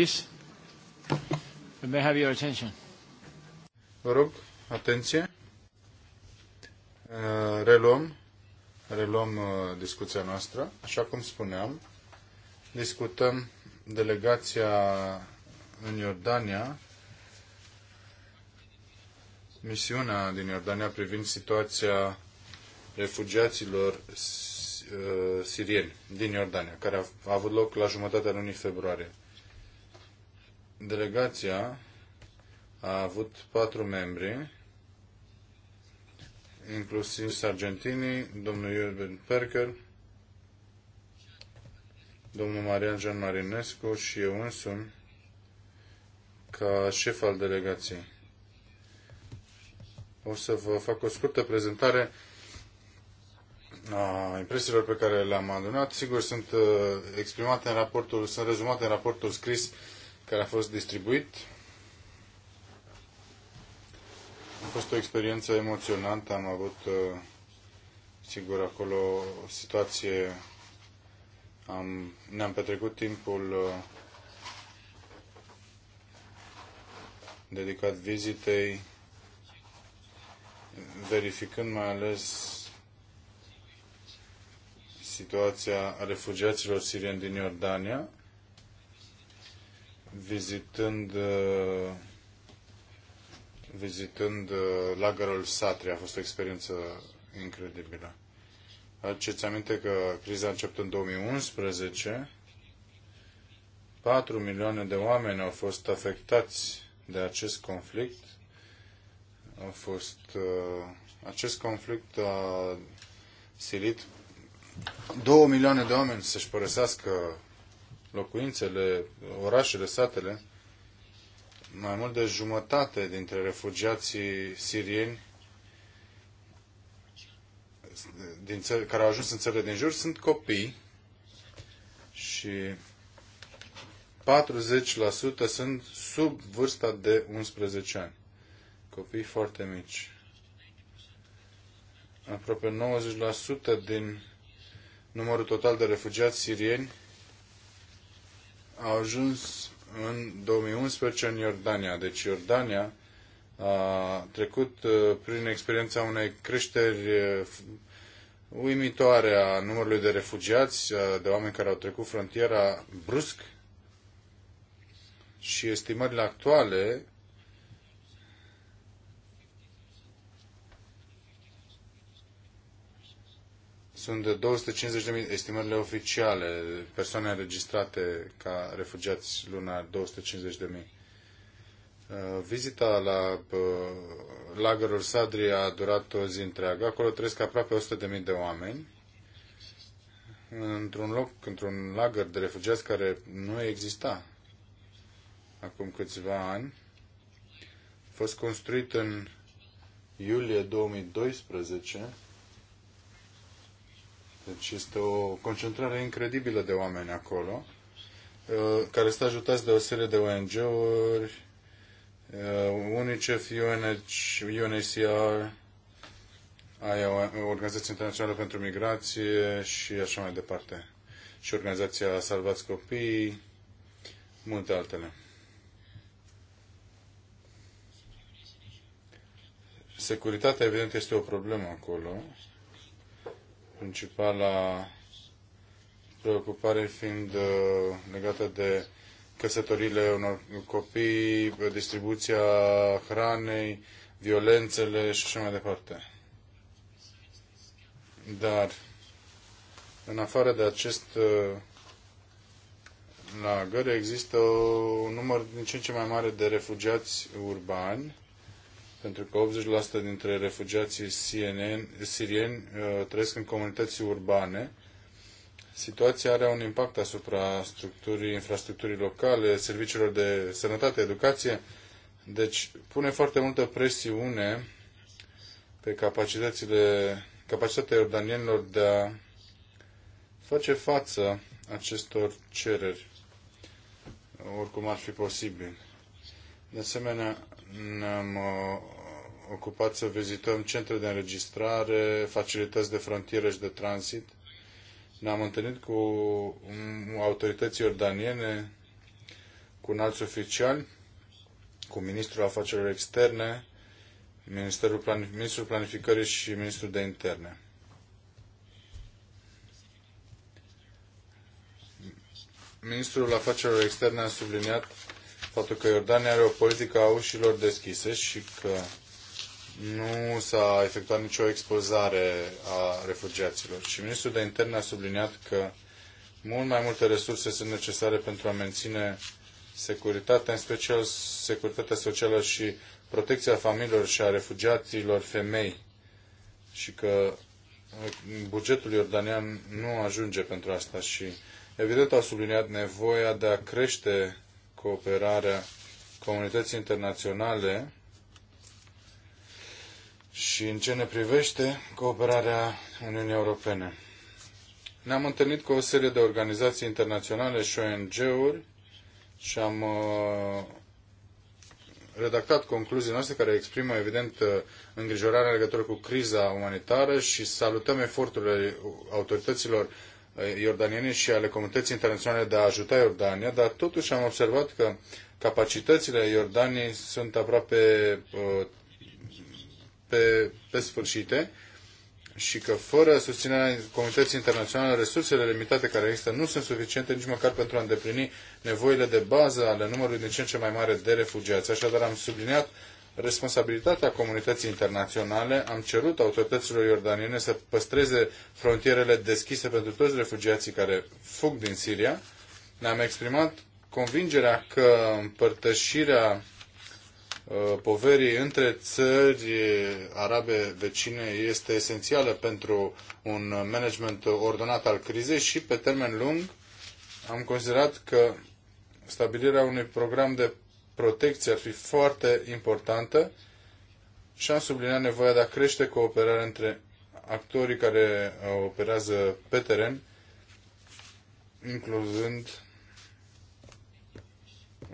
please. We may have your attention. Vă rog, atenție. Uh, reluăm, reluăm uh, discuția noastră. Așa cum spuneam, discutăm delegația în Iordania, misiunea din Iordania privind situația refugiaților uh, sirieni din Iordania, care a avut loc la jumătatea lunii februarie. Delegația a avut patru membri, inclusiv Sargentini, domnul Iurben Perker, domnul Marian Jean Marinescu și eu însumi ca șef al delegației. O să vă fac o scurtă prezentare a impresiilor pe care le-am adunat. Sigur, sunt uh, exprimate în raportul, sunt rezumate în raportul scris care a fost distribuit. A fost o experiență emoționantă, am avut, uh, sigur, acolo o situație, am, ne-am petrecut timpul uh, dedicat vizitei, verificând mai ales situația refugiaților sirieni din Iordania vizitând uh, vizitând uh, lagărul Satria. A fost o experiență incredibilă. ți aminte că criza a început în 2011. 4 milioane de oameni au fost afectați de acest conflict. A fost, uh, acest conflict a silit 2 milioane de oameni să-și părăsească locuințele, orașele, satele. Mai mult de jumătate dintre refugiații sirieni din țări, care au ajuns în țările din jur sunt copii și 40% sunt sub vârsta de 11 ani. Copii foarte mici. Aproape 90% din numărul total de refugiați sirieni au ajuns în 2011 în Iordania. Deci Iordania a trecut uh, prin experiența unei creșteri uh, uimitoare a numărului de refugiați, uh, de oameni care au trecut frontiera brusc și estimările actuale sunt de 250.000 estimările oficiale, persoane înregistrate ca refugiați lunar, 250.000. Uh, vizita la uh, lagărul Sadri a durat o zi întreagă. Acolo trăiesc aproape 100.000 de oameni. Într-un loc, într-un lagăr de refugiați care nu exista acum câțiva ani, a fost construit în iulie 2012 deci este o concentrare incredibilă de oameni acolo, uh, care sunt ajutați de o serie de ONG-uri, uh, UNICEF, UNHCR, Organizația Internațională pentru Migrație și așa mai departe. Și Organizația Salvați copii, multe altele. Securitatea, evident, este o problemă acolo principala preocupare fiind uh, legată de căsătorile unor copii, distribuția hranei, violențele și așa mai departe. Dar, în afară de acest uh, la există un număr din ce în ce mai mare de refugiați urbani pentru că 80% dintre refugiații CNN, sirieni uh, trăiesc în comunități urbane. Situația are un impact asupra structurii, infrastructurii locale, serviciilor de sănătate, educație. Deci pune foarte multă presiune pe capacitățile, capacitatea iordanienilor de a face față acestor cereri, oricum ar fi posibil. De asemenea, ne-am uh, ocupat să vizităm centre de înregistrare, facilități de frontieră și de tranzit. Ne-am întâlnit cu mm, autorități iordaniene, cu înalți oficiali, cu ministrul afacerilor externe, Ministerul Ministrul Planificării și Ministrul de Interne. Ministrul Afacerilor Externe a subliniat faptul că Iordania are o politică a ușilor deschise și că nu s-a efectuat nicio expozare a refugiaților. Și ministrul de interne a subliniat că mult mai multe resurse sunt necesare pentru a menține securitatea, în special securitatea socială și protecția familiilor și a refugiaților femei și că bugetul iordanian nu ajunge pentru asta și evident au subliniat nevoia de a crește cooperarea comunității internaționale și în ce ne privește cooperarea Uniunii Europene. Ne-am întâlnit cu o serie de organizații internaționale și ONG-uri și am uh, redactat concluzii noastre care exprimă, evident, uh, îngrijorarea în legătură cu criza umanitară și salutăm eforturile autorităților Eh, iordaniene și ale comunității internaționale de a ajuta Iordania, dar totuși am observat că capacitățile Iordaniei sunt aproape eh, pe, pe sfârșite și că fără susținerea comunității internaționale, resursele limitate care există nu sunt suficiente nici măcar pentru a îndeplini nevoile de bază ale numărului din ce în ce mai mare de refugiați. Așadar am subliniat responsabilitatea comunității internaționale, am cerut autorităților iordaniene să păstreze frontierele deschise pentru toți refugiații care fug din Siria. Ne-am exprimat convingerea că împărtășirea uh, poverii între țări arabe vecine este esențială pentru un management ordonat al crizei și pe termen lung am considerat că stabilirea unui program de protecție ar fi foarte importantă și am subliniat nevoia de a crește cooperarea între actorii care uh, operează pe teren, incluzând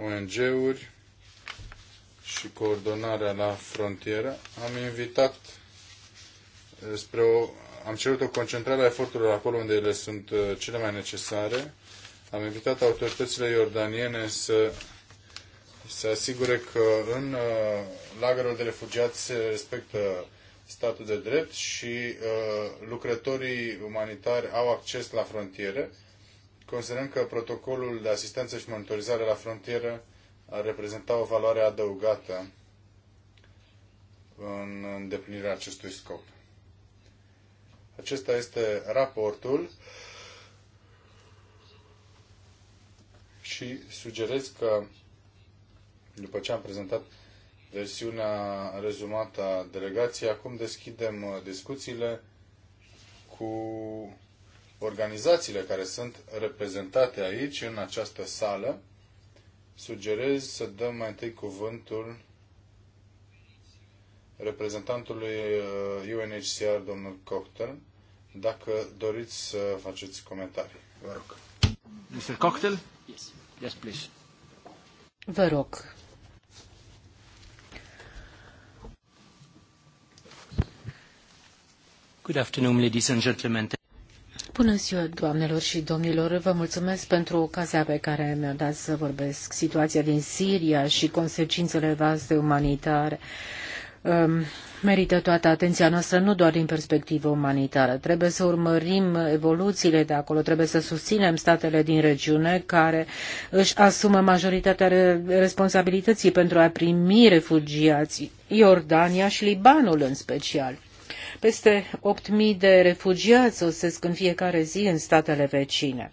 ONG-uri și coordonarea la frontieră. Am invitat uh, spre o, am cerut o concentrare a eforturilor acolo unde ele sunt uh, cele mai necesare. Am invitat autoritățile iordaniene să se asigure că în uh, lagărul de refugiați se respectă statul de drept și uh, lucrătorii umanitari au acces la frontiere. Considerăm că protocolul de asistență și monitorizare la frontieră ar reprezenta o valoare adăugată în îndeplinirea acestui scop. Acesta este raportul și sugerez că după ce am prezentat versiunea rezumată a delegației, acum deschidem uh, discuțiile cu organizațiile care sunt reprezentate aici, în această sală. Sugerez să dăm mai întâi cuvântul reprezentantului uh, UNHCR, domnul Cocktail, dacă doriți să faceți comentarii. Vă rog. Mr. Cocktail? Yes. Yes, please. Vă rog. Good afternoon, ladies and gentlemen. Bună ziua, doamnelor și domnilor! Vă mulțumesc pentru ocazia pe care mi-a dat să vorbesc. Situația din Siria și consecințele vaste umanitare um, merită toată atenția noastră, nu doar din perspectivă umanitară. Trebuie să urmărim evoluțiile de acolo, trebuie să susținem statele din regiune care își asumă majoritatea responsabilității pentru a primi refugiații, Iordania și Libanul în special. Peste 8.000 de refugiați sosesc în fiecare zi în statele vecine.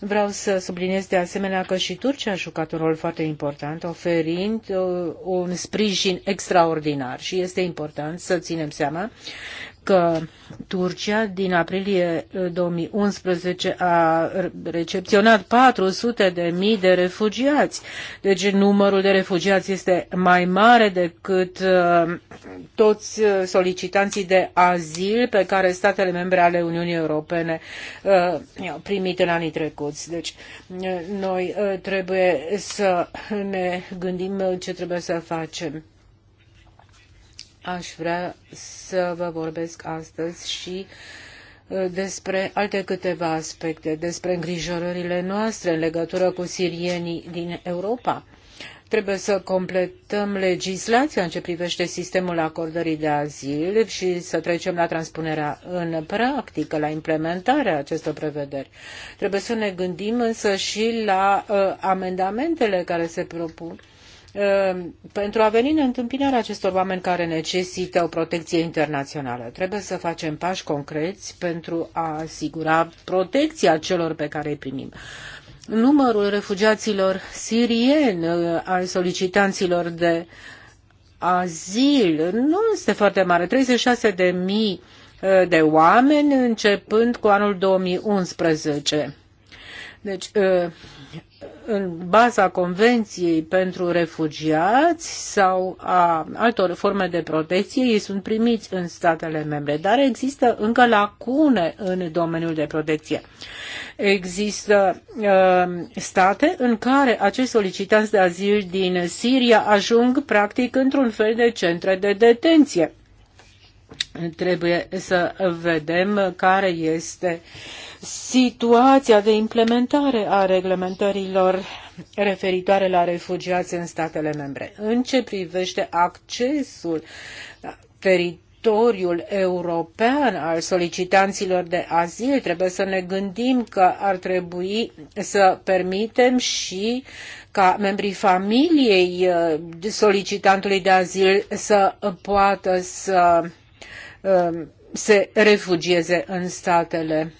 Vreau să subliniez de asemenea că și Turcia a jucat un rol foarte important, oferind uh, un sprijin extraordinar și este important să ținem seama că Turcia din aprilie 2011 uh, a recepționat 400 de mii de refugiați. Deci numărul de refugiați este mai mare decât uh, toți uh, solicitanții de azil pe care statele membre ale Uniunii Europene au primit în anii trecuți. Deci noi trebuie să ne gândim ce trebuie să facem aș vrea să vă vorbesc astăzi și uh, despre alte câteva aspecte, despre îngrijorările noastre în legătură cu sirienii din Europa. Trebuie să completăm legislația în ce privește sistemul acordării de azil și să trecem la transpunerea în practică, la implementarea acestor prevederi. Trebuie să ne gândim însă și la uh, amendamentele care se propun Ehm, pentru a veni în întâmpinarea acestor oameni care necesită o protecție internațională. Trebuie să facem pași concreți pentru a asigura protecția celor pe care îi primim. Numărul refugiaților sirieni, eh, al solicitanților de azil, nu este foarte mare, șase de mii eh, de oameni începând cu anul 2011. Deci, eh, în baza Convenției pentru refugiați sau a altor forme de protecție, ei sunt primiți în statele membre, dar există încă lacune în domeniul de protecție. Există uh, state în care acești solicitanți de azil din Siria ajung practic într-un fel de centre de detenție trebuie să vedem care este situația de implementare a reglementărilor referitoare la refugiați în statele membre. În ce privește accesul teritoriul european al solicitanților de azil, trebuie să ne gândim că ar trebui să permitem și ca membrii familiei uh, solicitantului de azil să poată să Um, se refugieze în statele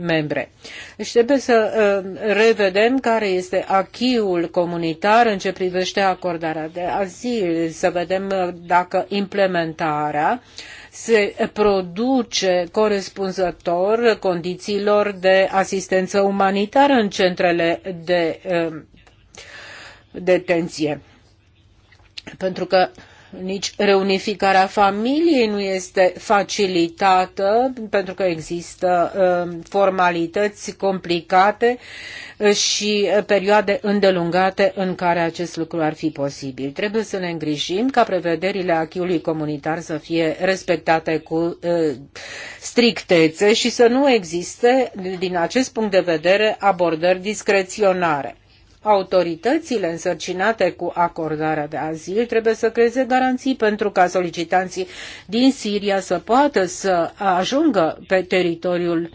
membre. Deci trebuie să um, revedem care este achiul comunitar în ce privește acordarea de azil, să vedem uh, dacă implementarea se produce corespunzător condițiilor de asistență umanitară în centrele de um, detenție. Pentru că nici reunificarea familiei nu este facilitată pentru că există uh, formalități complicate uh, și uh, perioade îndelungate în care acest lucru ar fi posibil. Trebuie să ne îngrijim ca prevederile achiului comunitar să fie respectate cu strictețe și să nu existe din acest punct de vedere abordări discreționare. Autoritățile însărcinate cu acordarea de azil trebuie să creeze garanții pentru ca solicitanții din Siria să poată să ajungă pe teritoriul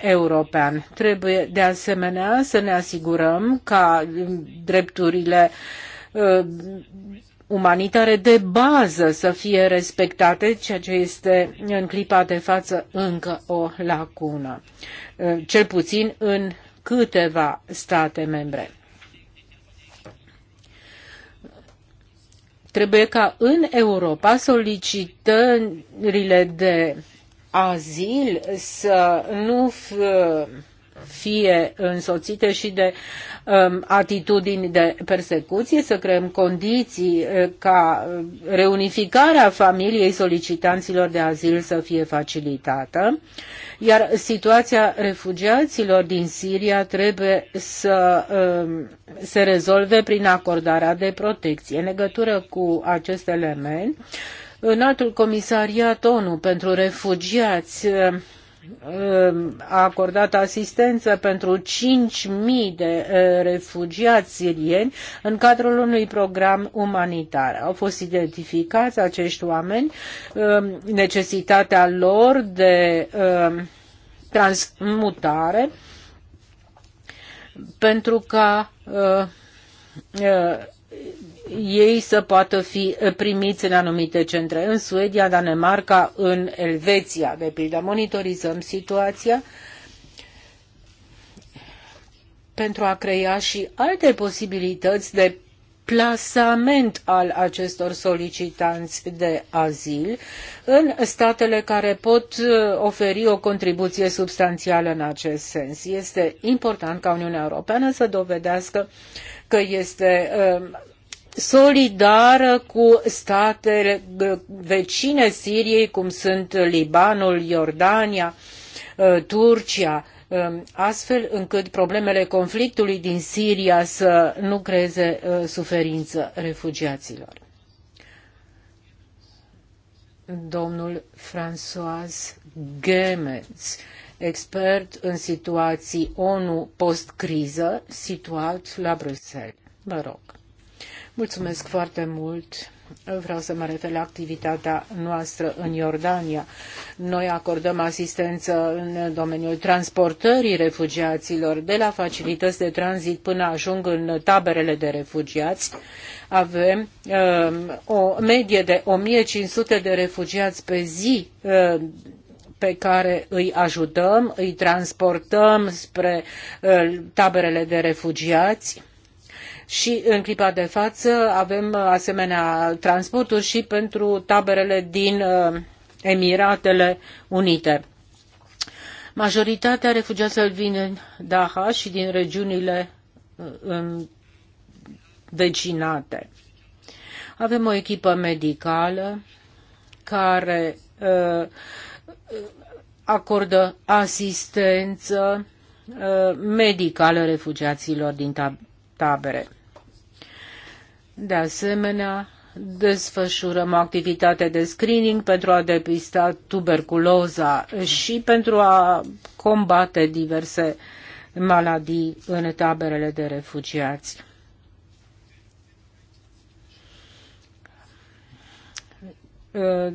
european. Trebuie de asemenea să ne asigurăm ca mm, drepturile umanitare de bază să fie respectate, ceea ce este în clipa de față încă o lacună, cel puțin în câteva state membre. Trebuie ca în Europa solicitările de azil să nu fie însoțite și de um, atitudini de persecuție, să creăm condiții uh, ca reunificarea familiei solicitanților de azil să fie facilitată, iar situația refugiaților din Siria trebuie să um, se rezolve prin acordarea de protecție. În legătură cu acest element, înaltul comisariat ONU pentru refugiați um, Ehm, a acordat asistență pentru 5.000 de refugiați sirieni în cadrul unui program umanitar. Au fost identificați acești oameni, ehm, necesitatea lor de ehm, transmutare pentru ca ei să poată fi eh, primiți în anumite centre, în Suedia, Danemarca, în Elveția, de pildă. Monitorizăm situația pentru a crea și alte posibilități de plasament al acestor solicitanți de azil în statele care pot eh, oferi o contribuție substanțială în acest sens. Este important ca Uniunea Europeană să dovedească că este eh, solidară cu statele uh, vecine Siriei, cum sunt Libanul, Iordania, uh, Turcia, um, astfel încât problemele conflictului din Siria să nu creeze uh, suferință refugiaților. Domnul François Gemens, expert în situații ONU post-criză, situat la Bruxelles. Vă rog. Mulțumesc foarte mult. Vreau să mă refer la activitatea noastră în Iordania. Noi acordăm asistență în domeniul transportării refugiaților de la facilități de tranzit până ajung în taberele de refugiați. Avem um, o medie de 1500 de refugiați pe zi um, pe care îi ajutăm, îi transportăm spre uh, taberele de refugiați și în clipa de față avem asemenea transporturi și pentru taberele din uh, Emiratele Unite. Majoritatea refugiaților vin din Daha și din regiunile uh, vecinate. Avem o echipă medicală care uh, acordă asistență uh, medicală refugiaților din tab- tabere. De asemenea, desfășurăm activitate de screening pentru a depista tuberculoza și pentru a combate diverse maladii în taberele de refugiați.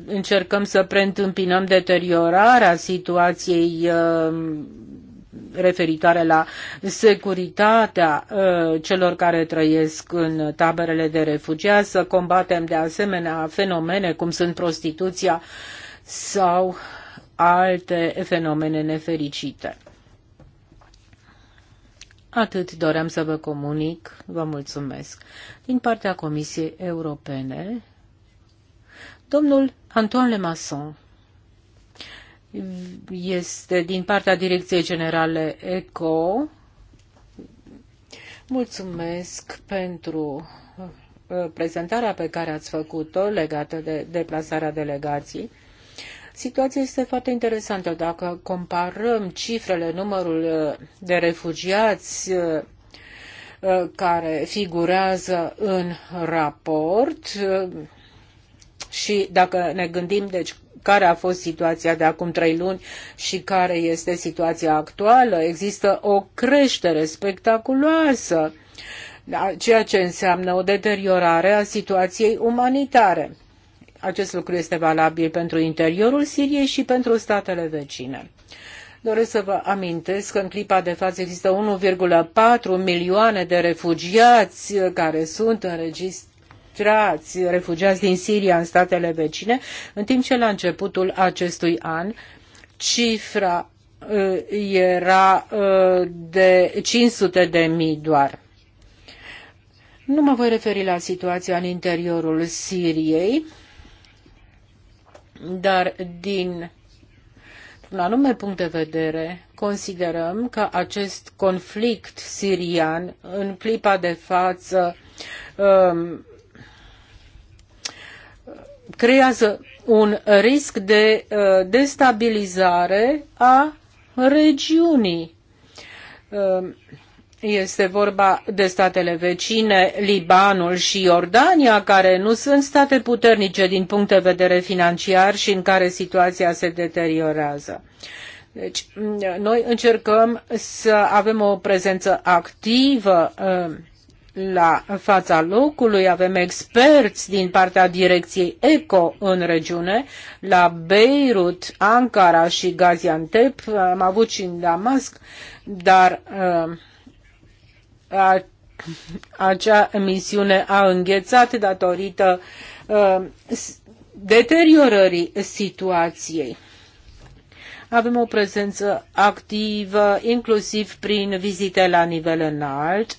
încercăm să preîntâmpinăm deteriorarea situației uh, referitoare la securitatea ă, celor care trăiesc în taberele de refugiați, să combatem de asemenea fenomene cum sunt prostituția sau alte fenomene nefericite. Atât doream să vă comunic, vă mulțumesc. Din partea Comisiei Europene, domnul Antoine Lemasson este din partea Direcției Generale ECO. Mulțumesc pentru uh, prezentarea pe care ați făcut-o legată de deplasarea delegației. Situația este foarte interesantă. Dacă comparăm cifrele, numărul uh, de refugiați uh, care figurează în raport și dacă ne gândim deci care a fost situația de acum trei luni și care este situația actuală. Există o creștere spectaculoasă, da, ceea ce înseamnă o deteriorare a situației umanitare. Acest lucru este valabil pentru interiorul Siriei și pentru statele vecine. Doresc să vă amintesc că în clipa de față există 1,4 milioane de refugiați uh, care sunt înregistrați refugiați, refugiați din Siria în statele vecine, în timp ce la începutul acestui an cifra uh, era uh, de 500 de mii doar. Nu mă voi referi la situația în interiorul Siriei, dar din un anume punct de vedere, considerăm că acest conflict sirian, în clipa de față, um, creează un risc de uh, destabilizare a regiunii. Um, este vorba de statele vecine, Libanul și Iordania, care nu sunt state puternice din punct de vedere financiar și în care situația se deteriorează. Deci, noi încercăm să avem o prezență activă um, la fața locului, avem experți din partea direcției ECO în regiune, la Beirut, Ankara și Gaziantep, am avut și în Damasc, dar uh, a, acea misiune a înghețat datorită a, uh, deteriorării situației avem o prezență activă, inclusiv prin vizite la nivel înalt,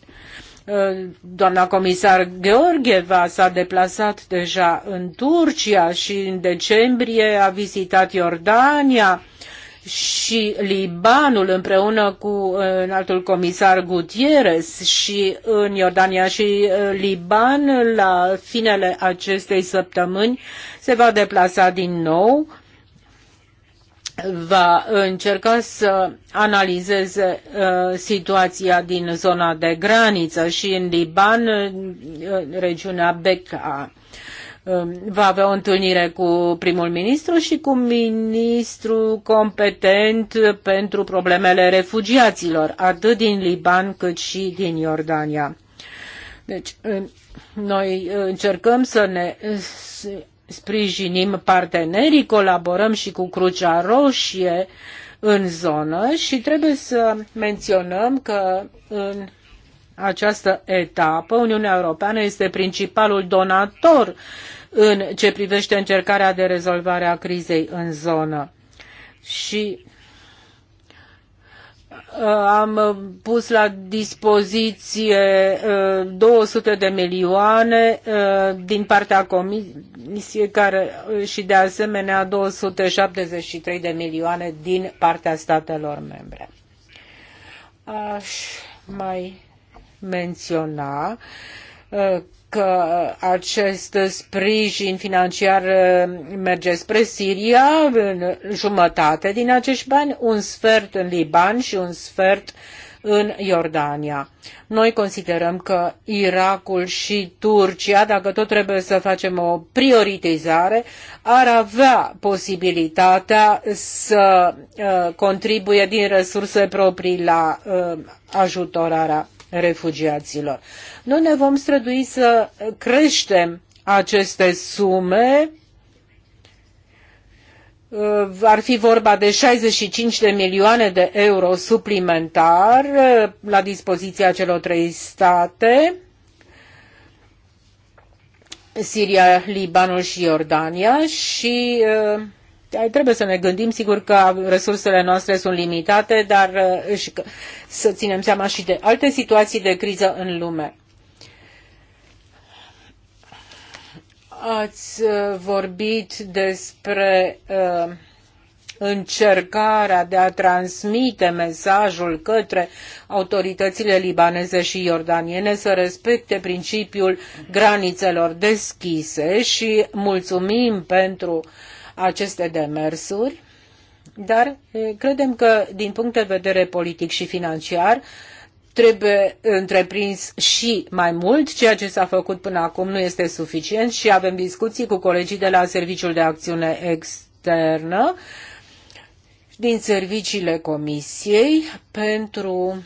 Uh, doamna comisar Gheorgheva s-a deplasat deja în Turcia și în decembrie a vizitat Iordania și Libanul împreună cu uh, înaltul comisar Gutierrez și în Iordania și uh, Liban la finele acestei săptămâni se va deplasa din nou va încerca să analizeze uh, situația din zona de graniță și în Liban, în uh, regiunea Bekaa um, va avea o întâlnire cu primul ministru și cu ministrul competent pentru problemele refugiaților, atât din Liban cât și din Iordania. Deci, uh, noi încercăm să ne sprijinim partenerii, colaborăm și cu Crucea Roșie în zonă și trebuie să menționăm că în această etapă Uniunea Europeană este principalul donator în ce privește încercarea de rezolvare a crizei în zonă. Și Uh, am uh, pus la dispoziție 200 uh, de milioane din partea Comisiei care, și de asemenea 273 de milioane din partea statelor membre. Aș mai menționa că acest sprijin financiar uh, merge spre Siria, jumătate din acești bani, un sfert în Liban și un sfert în Iordania. Noi considerăm că Irakul și Turcia, dacă tot trebuie să facem o prioritizare, ar avea posibilitatea să uh, contribuie din resurse proprii la uh, ajutorarea refugiaților. Noi ne vom strădui să creștem aceste sume. Uh, ar fi vorba de 65 de milioane de euro suplimentar uh, la dispoziția celor trei state. Siria, Libanul și Iordania și uh, trebuie să ne gândim, sigur că resursele noastre sunt limitate, dar uh, și că, să ținem seama și de alte situații de criză în lume. Ați uh, vorbit despre uh, încercarea de a transmite mesajul către autoritățile libaneze și iordaniene să respecte principiul granițelor deschise și mulțumim pentru uh, aceste demersuri, dar credem că din punct de vedere politic și financiar trebuie întreprins și mai mult. Ceea ce s-a făcut până acum nu este suficient și avem discuții cu colegii de la Serviciul de Acțiune Externă din serviciile Comisiei pentru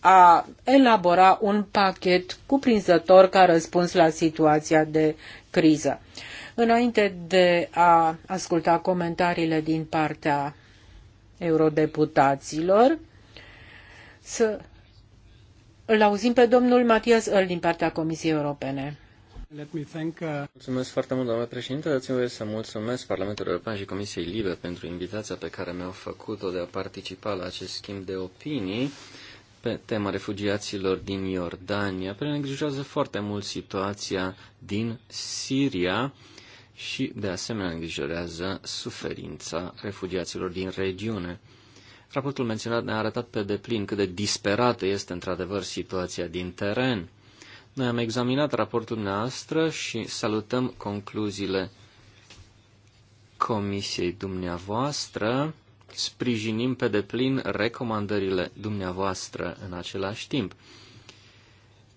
a elabora un pachet cuprinzător ca răspuns la situația de criză. Înainte de a asculta comentariile din partea eurodeputaților, să îl auzim pe domnul Matias Öl din partea Comisiei Europene. Let me thank, uh... Mulțumesc foarte mult, doamnă președinte. Dați-mi voie să mulțumesc Parlamentul European și Comisiei Libe pentru invitația pe care mi-au făcut-o de a participa la acest schimb de opinii pe tema refugiaților din Iordania, pentru că ne îngrijorează foarte mult situația din Siria și, de asemenea, îngrijorează suferința refugiaților din regiune. Raportul menționat ne-a arătat pe deplin cât de disperată este într-adevăr situația din teren. Noi am examinat raportul noastră și salutăm concluziile comisiei dumneavoastră, sprijinim pe deplin recomandările dumneavoastră în același timp.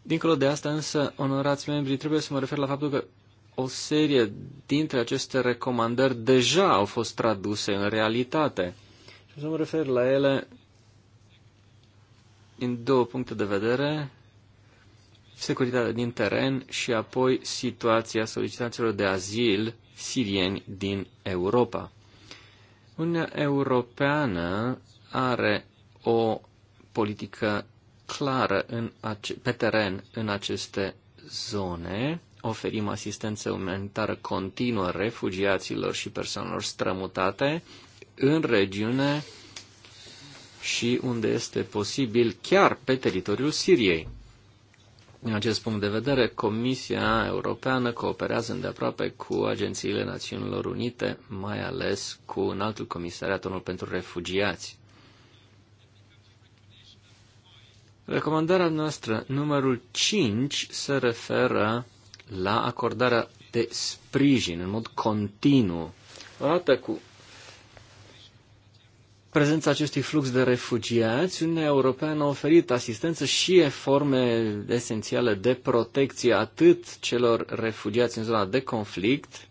Dincolo de asta însă, onorați membrii, trebuie să mă refer la faptul că o serie dintre aceste recomandări deja au fost traduse în realitate. Și să mă refer la ele în două puncte de vedere, securitatea din teren și apoi situația solicitanților de azil sirieni din Europa. Uniunea Europeană are o politică clară în ace- pe teren în aceste zone oferim asistență umanitară continuă refugiaților și persoanelor strămutate în regiune și unde este posibil chiar pe teritoriul Siriei. Din acest punct de vedere, Comisia Europeană cooperează îndeaproape cu agențiile Națiunilor Unite, mai ales cu înaltul comisariat unul pentru refugiați. Recomandarea noastră numărul 5 se referă la acordarea de sprijin în mod continuu, odată cu prezența acestui flux de refugiați, Uniunea Europeană a oferit asistență și forme esențiale de protecție atât celor refugiați în zona de conflict,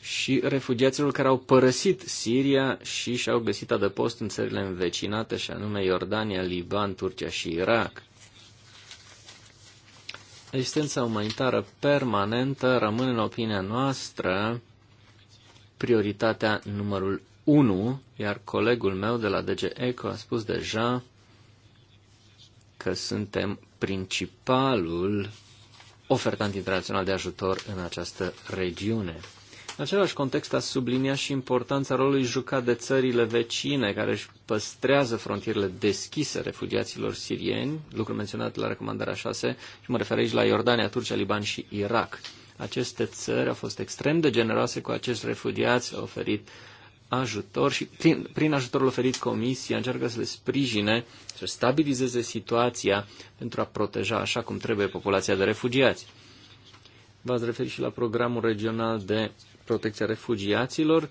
și refugiaților care au părăsit Siria și și-au găsit adăpost în țările învecinate, și anume Iordania, Liban, Turcia și Irak. Existența umanitară permanentă rămâne, în opinia noastră, prioritatea numărul 1, iar colegul meu de la DG ECO a spus deja că suntem principalul ofertant internațional de ajutor în această regiune. În același context a subliniat și importanța rolului jucat de țările vecine care își păstrează frontierele deschise refugiaților sirieni, lucru menționat la recomandarea 6, și mă refer aici la Iordania, Turcia, Liban și Irak. Aceste țări au fost extrem de generoase cu acești refugiați, au oferit ajutor și prin, prin ajutorul oferit Comisia încearcă să le sprijine, să stabilizeze situația pentru a proteja așa cum trebuie populația de refugiați. V-ați referit și la programul regional de protecția refugiaților,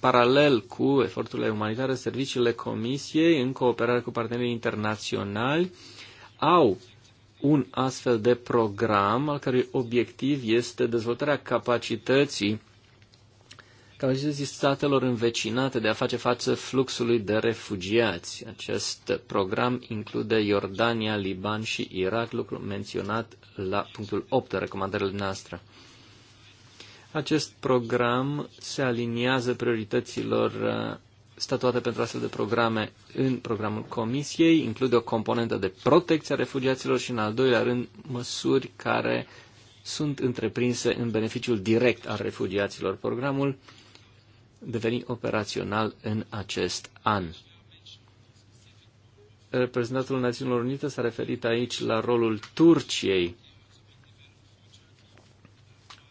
paralel cu eforturile umanitare, serviciile Comisiei, în cooperare cu partenerii internaționali, au un astfel de program al cărui obiectiv este dezvoltarea capacității capacității statelor învecinate de a face față fluxului de refugiați. Acest program include Iordania, Liban și Irak, lucru menționat la punctul 8 de recomandările noastre. Acest program se aliniază priorităților uh, statuate pentru astfel de programe în programul Comisiei, include o componentă de protecție a refugiaților și, în al doilea rând, măsuri care sunt întreprinse în beneficiul direct al refugiaților. Programul deveni operațional în acest an. Reprezentantul Națiunilor Unite s-a referit aici la rolul Turciei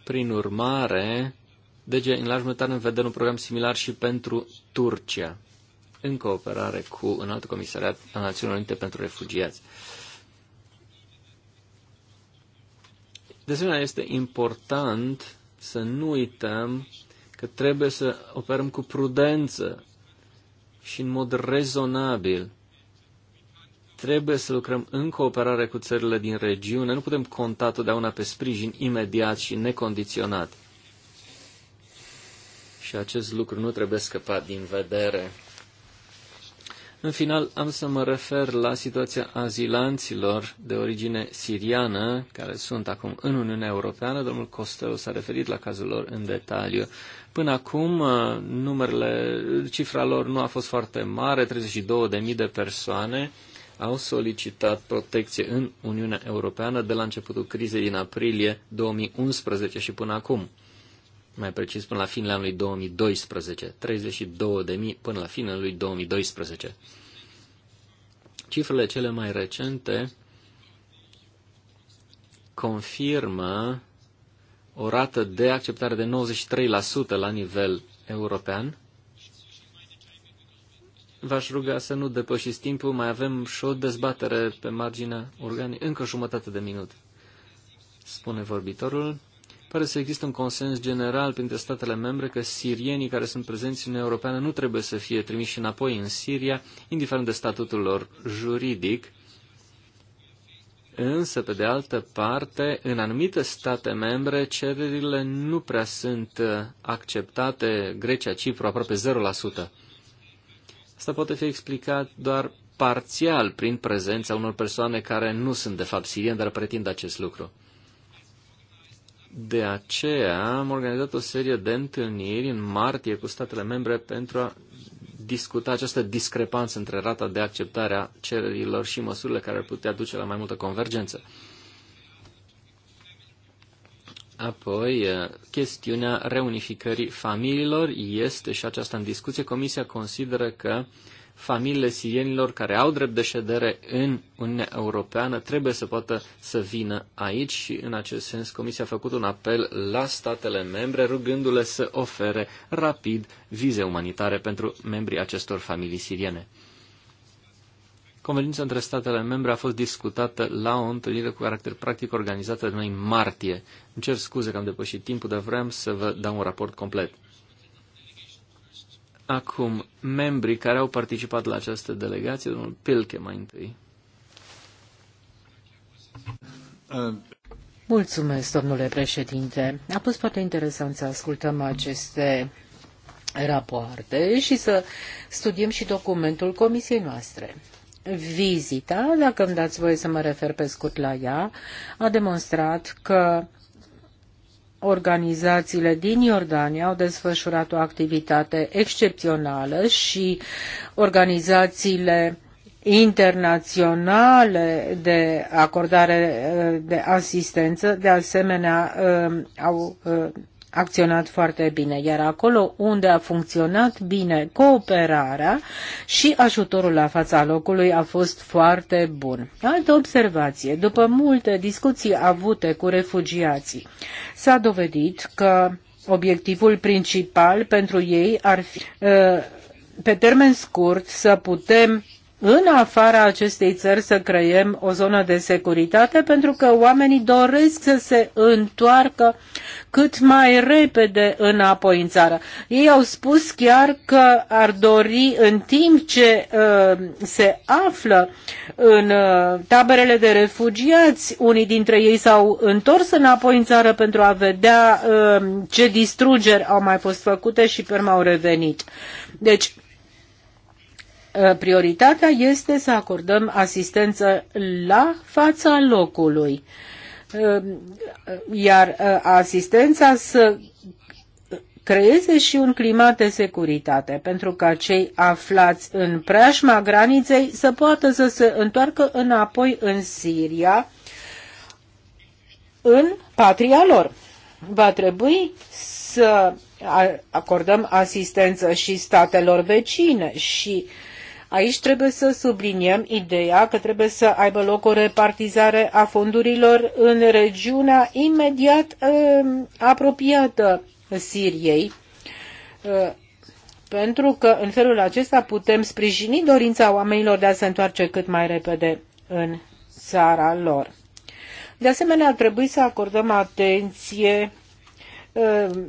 prin urmare, DG Enlargement are în vedere un program similar și pentru Turcia, în cooperare cu un alt comisariat al Națiunilor Unite pentru Refugiați. De asemenea, este important să nu uităm că trebuie să operăm cu prudență și în mod rezonabil Trebuie să lucrăm în cooperare cu țările din regiune. Nu putem conta totdeauna pe sprijin imediat și necondiționat. Și acest lucru nu trebuie scăpat din vedere. În final, am să mă refer la situația azilanților de origine siriană, care sunt acum în Uniunea Europeană. Domnul Costel s-a referit la cazul lor în detaliu. Până acum, uh, numerele, cifra lor nu a fost foarte mare, 32.000 de persoane au solicitat protecție în Uniunea Europeană de la începutul crizei din aprilie 2011 și până acum. Mai precis, până la finele anului 2012. 32.000 până la finele lui 2012. Cifrele cele mai recente confirmă o rată de acceptare de 93% la nivel european, v-aș ruga să nu depășiți timpul, mai avem și o dezbatere pe marginea organii, încă jumătate de minut, spune vorbitorul. Pare să există un consens general printre statele membre că sirienii care sunt prezenți în Europeană nu trebuie să fie trimiși înapoi în Siria, indiferent de statutul lor juridic. Însă, pe de altă parte, în anumite state membre, cererile nu prea sunt uh, acceptate, Grecia, Cipru, aproape 0%. Asta poate fi explicat doar parțial prin prezența unor persoane care nu sunt de fapt sirieni, dar pretind acest lucru. De aceea am organizat o serie de întâlniri în martie cu statele membre pentru a discuta această discrepanță între rata de acceptare a cererilor și măsurile care ar putea duce la mai multă convergență. Apoi, uh, chestiunea reunificării familiilor este și aceasta în discuție. Comisia consideră că familiile sirienilor care au drept de ședere în Uniunea Europeană trebuie să poată să vină aici și în acest sens Comisia a făcut un apel la statele membre rugându-le să ofere rapid vize umanitare pentru membrii acestor familii siriene. Conveniența între statele membre a fost discutată la o întâlnire cu caracter practic organizată de noi în martie. Îmi cer scuze că am depășit timpul, dar vreau să vă dau un raport complet. Acum, membrii care au participat la această delegație, domnul Pilche mai întâi. Mulțumesc, domnule președinte. A fost foarte interesant să ascultăm aceste rapoarte și să studiem și documentul comisiei noastre vizita, dacă îmi dați voie să mă refer pe scurt la ea, a demonstrat că organizațiile din Iordania au desfășurat o activitate excepțională și organizațiile internaționale de acordare de asistență, de asemenea, ă, au ă, acționat foarte bine, iar acolo unde a funcționat bine cooperarea și ajutorul la fața locului a fost foarte bun. Altă observație, după multe discuții avute cu refugiații, s-a dovedit că obiectivul principal pentru ei ar fi uh, pe termen scurt să putem în afara acestei țări să creăm o zonă de securitate pentru că oamenii doresc să se întoarcă cât mai repede înapoi în țară. Ei au spus chiar că ar dori în timp ce uh, se află în uh, taberele de refugiați, unii dintre ei s-au întors înapoi în țară pentru a vedea uh, ce distrugeri au mai fost făcute și pe au revenit. Deci, Eh, prioritatea este să acordăm asistență la fața locului, eh, iar eh, asistența să creeze și un climat de securitate, pentru ca cei aflați în preajma graniței să poată să se întoarcă înapoi în Siria, în patria lor. Va trebui să acordăm asistență și statelor vecine și uh, Aici trebuie să subliniem ideea că trebuie să aibă loc o repartizare a fondurilor în regiunea imediat uh, apropiată Siriei. Uh, pentru că în felul acesta putem sprijini dorința oamenilor de a se întoarce cât mai repede în țara lor. De asemenea, ar trebui să acordăm atenție ehm,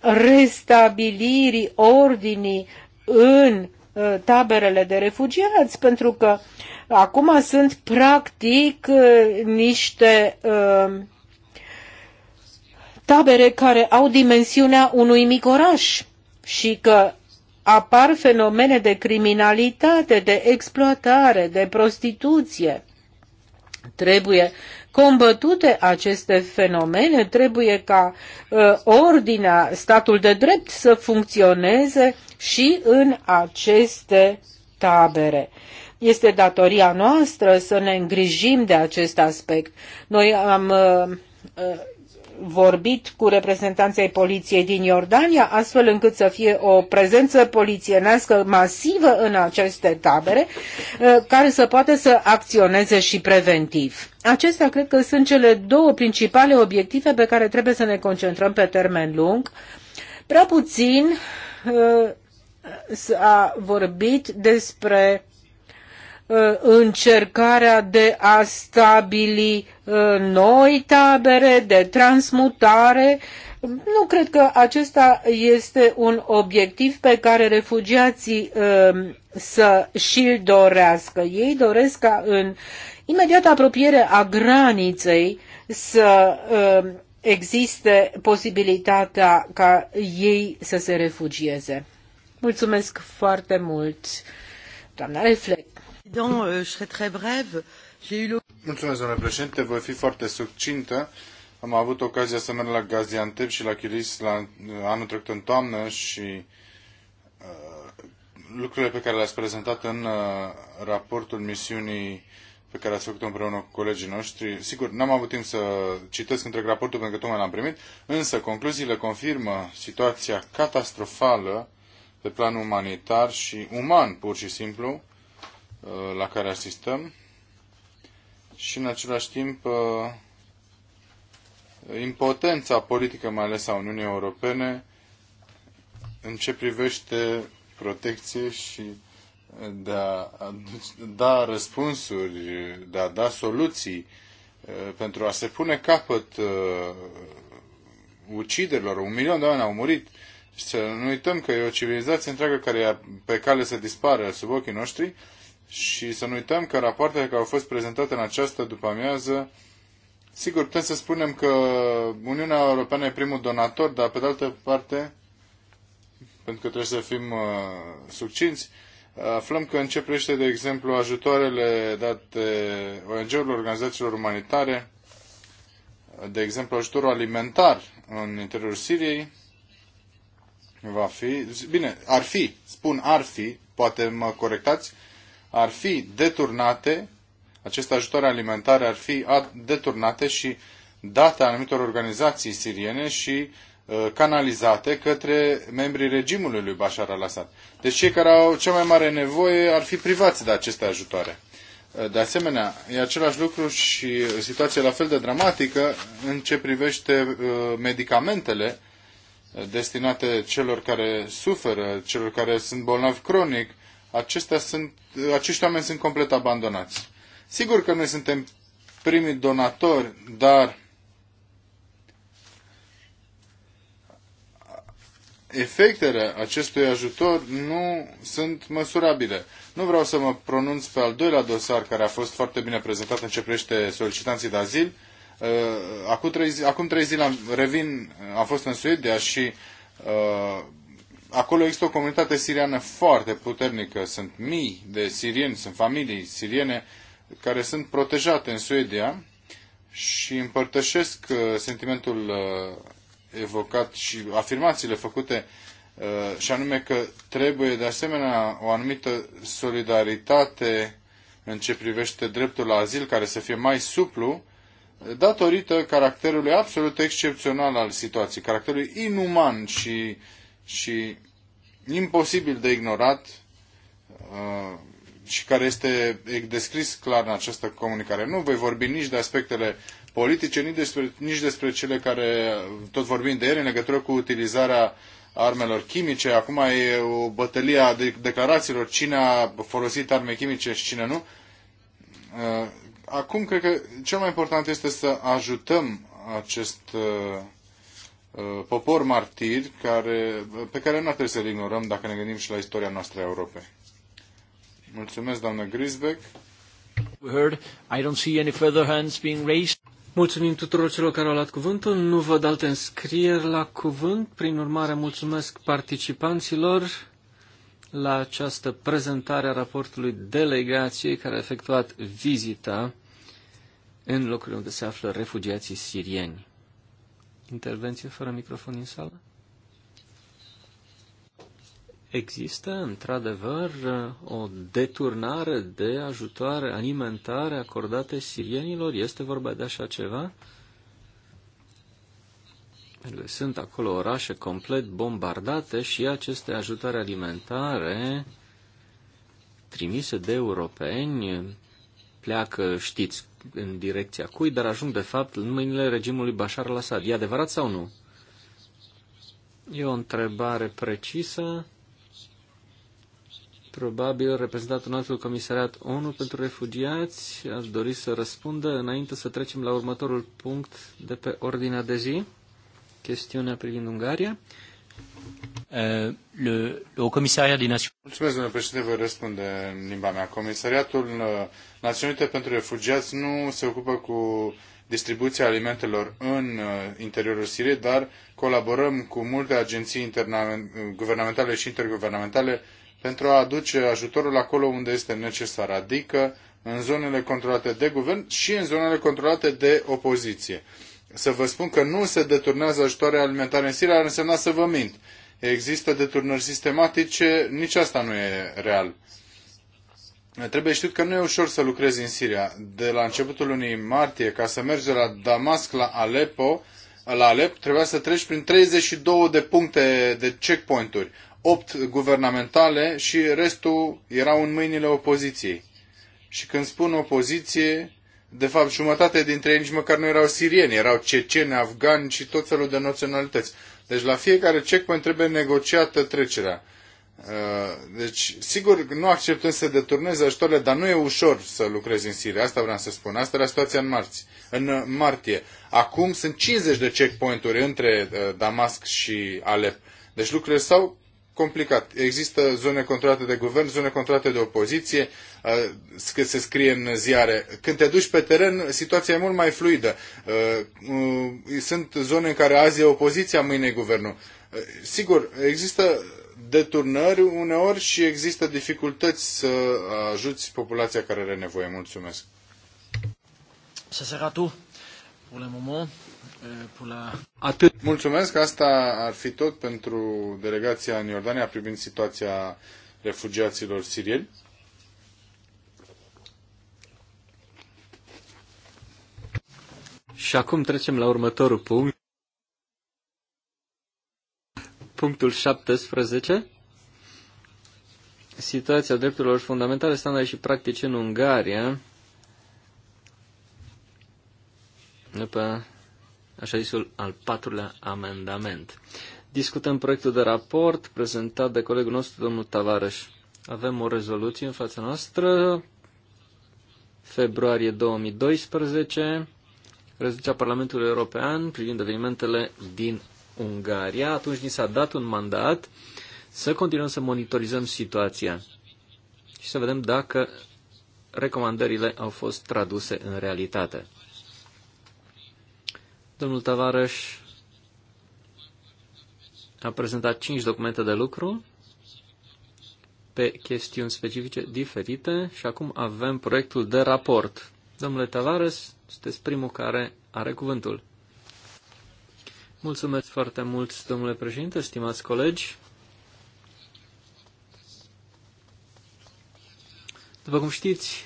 restabilirii ordinii în Uh, taberele de refugiați, pentru că acum sunt practic uh, niște uh, tabere care au dimensiunea unui mic oraș și că apar fenomene de criminalitate, de exploatare, de prostituție. Trebuie combătute aceste fenomene, trebuie ca uh, ordinea, statul de drept să funcționeze și în aceste tabere. Este datoria noastră să ne îngrijim de acest aspect. Noi am uh, uh vorbit cu reprezentanții ai poliției din Iordania, astfel încât să fie o prezență polițienească masivă în aceste tabere, uh, care să poată să acționeze și preventiv. Acestea cred că sunt cele două principale obiective pe care trebuie să ne concentrăm pe termen lung. Prea puțin uh, s-a vorbit despre Uh, încercarea de a stabili uh, noi tabere de transmutare. Nu cred că acesta este un obiectiv pe care refugiații um, să și-l dorească. Ei doresc ca în imediat apropiere a graniței să um, existe posibilitatea ca ei să se refugieze. Mulțumesc foarte mult, doamna Reflect. Euh, Mulțumesc, domnule președinte, voi fi foarte succintă. Am avut ocazia să merg la Gaziantep și la Chiris la uh, anul trecut în toamnă și uh, lucrurile pe care le-ați prezentat în uh, raportul misiunii pe care ați făcut-o împreună cu colegii noștri. Sigur, n-am avut timp să citesc întreg raportul pentru că tocmai l-am primit, însă concluziile confirmă situația catastrofală pe plan umanitar și uman, pur și simplu, Uh, la care asistăm și în același timp uh, impotența politică, mai ales a Uniunii Europene, în ce privește protecție și de a da răspunsuri, de a da soluții uh, pentru a se pune capăt uciderilor. Un milion de oameni au murit. să nu uităm că e o civilizație întreagă care e pe cale să dispară sub ochii noștri și să nu uităm că rapoartele care au fost prezentate în această după-amiază, sigur, putem să spunem că Uniunea Europeană e primul donator, dar pe de altă parte, pentru că trebuie să fim uh, succinți, aflăm că începește, de exemplu, ajutoarele date ONG-urilor, organizațiilor umanitare, de exemplu, ajutorul alimentar în interiorul Siriei, va fi, bine, ar fi, spun ar fi, poate mă corectați, ar fi deturnate, aceste ajutoare alimentare ar fi deturnate și date anumitor organizații siriene și uh, canalizate către membrii regimului lui Bashar al-Assad. Deci cei care au cea mai mare nevoie ar fi privați de aceste ajutoare. Uh, de asemenea, e același lucru și situația la fel de dramatică în ce privește uh, medicamentele destinate celor care suferă, celor care sunt bolnavi cronic, acestea sunt, acești oameni sunt complet abandonați. Sigur că noi suntem primii donatori, dar efectele acestui ajutor nu sunt măsurabile. Nu vreau să mă pronunț pe al doilea dosar care a fost foarte bine prezentat în ce privește solicitanții de azil. Uh, acum trei, acum trei zile am, revin, am fost în Suedia și uh, acolo există o comunitate siriană foarte puternică. Sunt mii de sirieni, sunt familii siriene care sunt protejate în Suedia și împărtășesc uh, sentimentul uh, evocat și afirmațiile făcute uh, și anume că trebuie de asemenea o anumită solidaritate în ce privește dreptul la azil care să fie mai suplu datorită caracterului absolut excepțional al situației, caracterului inuman și și imposibil de ignorat uh, și care este descris clar în această comunicare. Nu voi vorbi nici de aspectele politice, nici despre, nici despre cele care tot vorbim de ele în legătură cu utilizarea armelor chimice. Acum e o bătălie a declarațiilor cine a folosit arme chimice și cine nu. Uh, acum cred că cel mai important este să ajutăm acest uh, Uh, popor martir care, pe care nu ar trebui să-l ignorăm dacă ne gândim și la istoria noastră a Europei. Mulțumesc, doamnă Grisbeck. heard, I don't see any further hands being raised. Mulțumim tuturor celor care au luat cuvântul. Nu văd alte înscrieri la cuvânt. Prin urmare, mulțumesc participanților la această prezentare a raportului delegației care a efectuat vizita în locurile unde se află refugiații sirieni. Intervenție fără microfon în sală? Există, într-adevăr, o deturnare de ajutoare alimentare acordate sirienilor? Este vorba de așa ceva? Sunt acolo orașe complet bombardate și aceste ajutoare alimentare trimise de europeni pleacă, știți în direcția cui, dar ajung de fapt în mâinile regimului Bashar al-Assad. E adevărat sau nu? E o întrebare precisă, probabil reprezentat un altul comisariat ONU pentru refugiați. Aș dori să răspundă înainte să trecem la următorul punct de pe ordinea de zi, chestiunea privind Ungaria. Uh, le, comisariat Mulțumesc, domnule președinte, în limba mea. Comisariatul uh, Națiunilor Unite pentru Refugiați nu se ocupă cu distribuția alimentelor în uh, interiorul Siriei, dar colaborăm cu multe agenții guvernamentale și interguvernamentale pentru a aduce ajutorul acolo unde este necesar, adică în zonele controlate de guvern și în zonele controlate de opoziție. Să vă spun că nu se deturnează ajutoare alimentare în Siria, ar însemna să vă mint există deturnări sistematice, nici asta nu e real. Trebuie știut că nu e ușor să lucrezi în Siria. De la începutul lunii martie, ca să mergi de la Damasc la Aleppo, la Alep, trebuia să treci prin 32 de puncte de checkpoint-uri, 8 guvernamentale și restul erau în mâinile opoziției. Și când spun opoziție, de fapt jumătate dintre ei nici măcar nu erau sirieni, erau ceceni, afgani și tot felul de naționalități. Deci la fiecare checkpoint trebuie negociată trecerea. Uh, deci, sigur, nu acceptăm să deturneze ajutoarele, dar nu e ușor să lucrezi în Siria. Asta vreau să spun. Asta era situația în, marți, în uh, martie. Acum sunt 50 de checkpoint-uri între uh, Damasc și Alep. Deci lucrurile s-au complicat. Există zone controlate de guvern, zone controlate de opoziție, că se scrie în ziare. Când te duci pe teren, situația e mult mai fluidă. Sunt zone în care azi e opoziția, mâine e guvernul. Sigur, există deturnări uneori și există dificultăți să ajuți populația care are nevoie. Mulțumesc. Să se ratu, pour le moment. Eh, Mulțumesc, asta ar fi tot pentru delegația în Iordania privind situația refugiaților sirieni. Și acum trecem la următorul punct. Punctul 17. Situația drepturilor fundamentale, standarde și practici în Ungaria. După așa zisul al patrulea amendament. Discutăm proiectul de raport prezentat de colegul nostru, domnul Tavares. Avem o rezoluție în fața noastră, februarie 2012, rezoluția Parlamentului European privind evenimentele din Ungaria. Atunci ni s-a dat un mandat să continuăm să monitorizăm situația și să vedem dacă recomandările au fost traduse în realitate. Domnul Tavares a prezentat cinci documente de lucru pe chestiuni specifice diferite și acum avem proiectul de raport. Domnule Tavares, sunteți primul care are cuvântul. Mulțumesc foarte mult, domnule președinte, stimați colegi. După cum știți,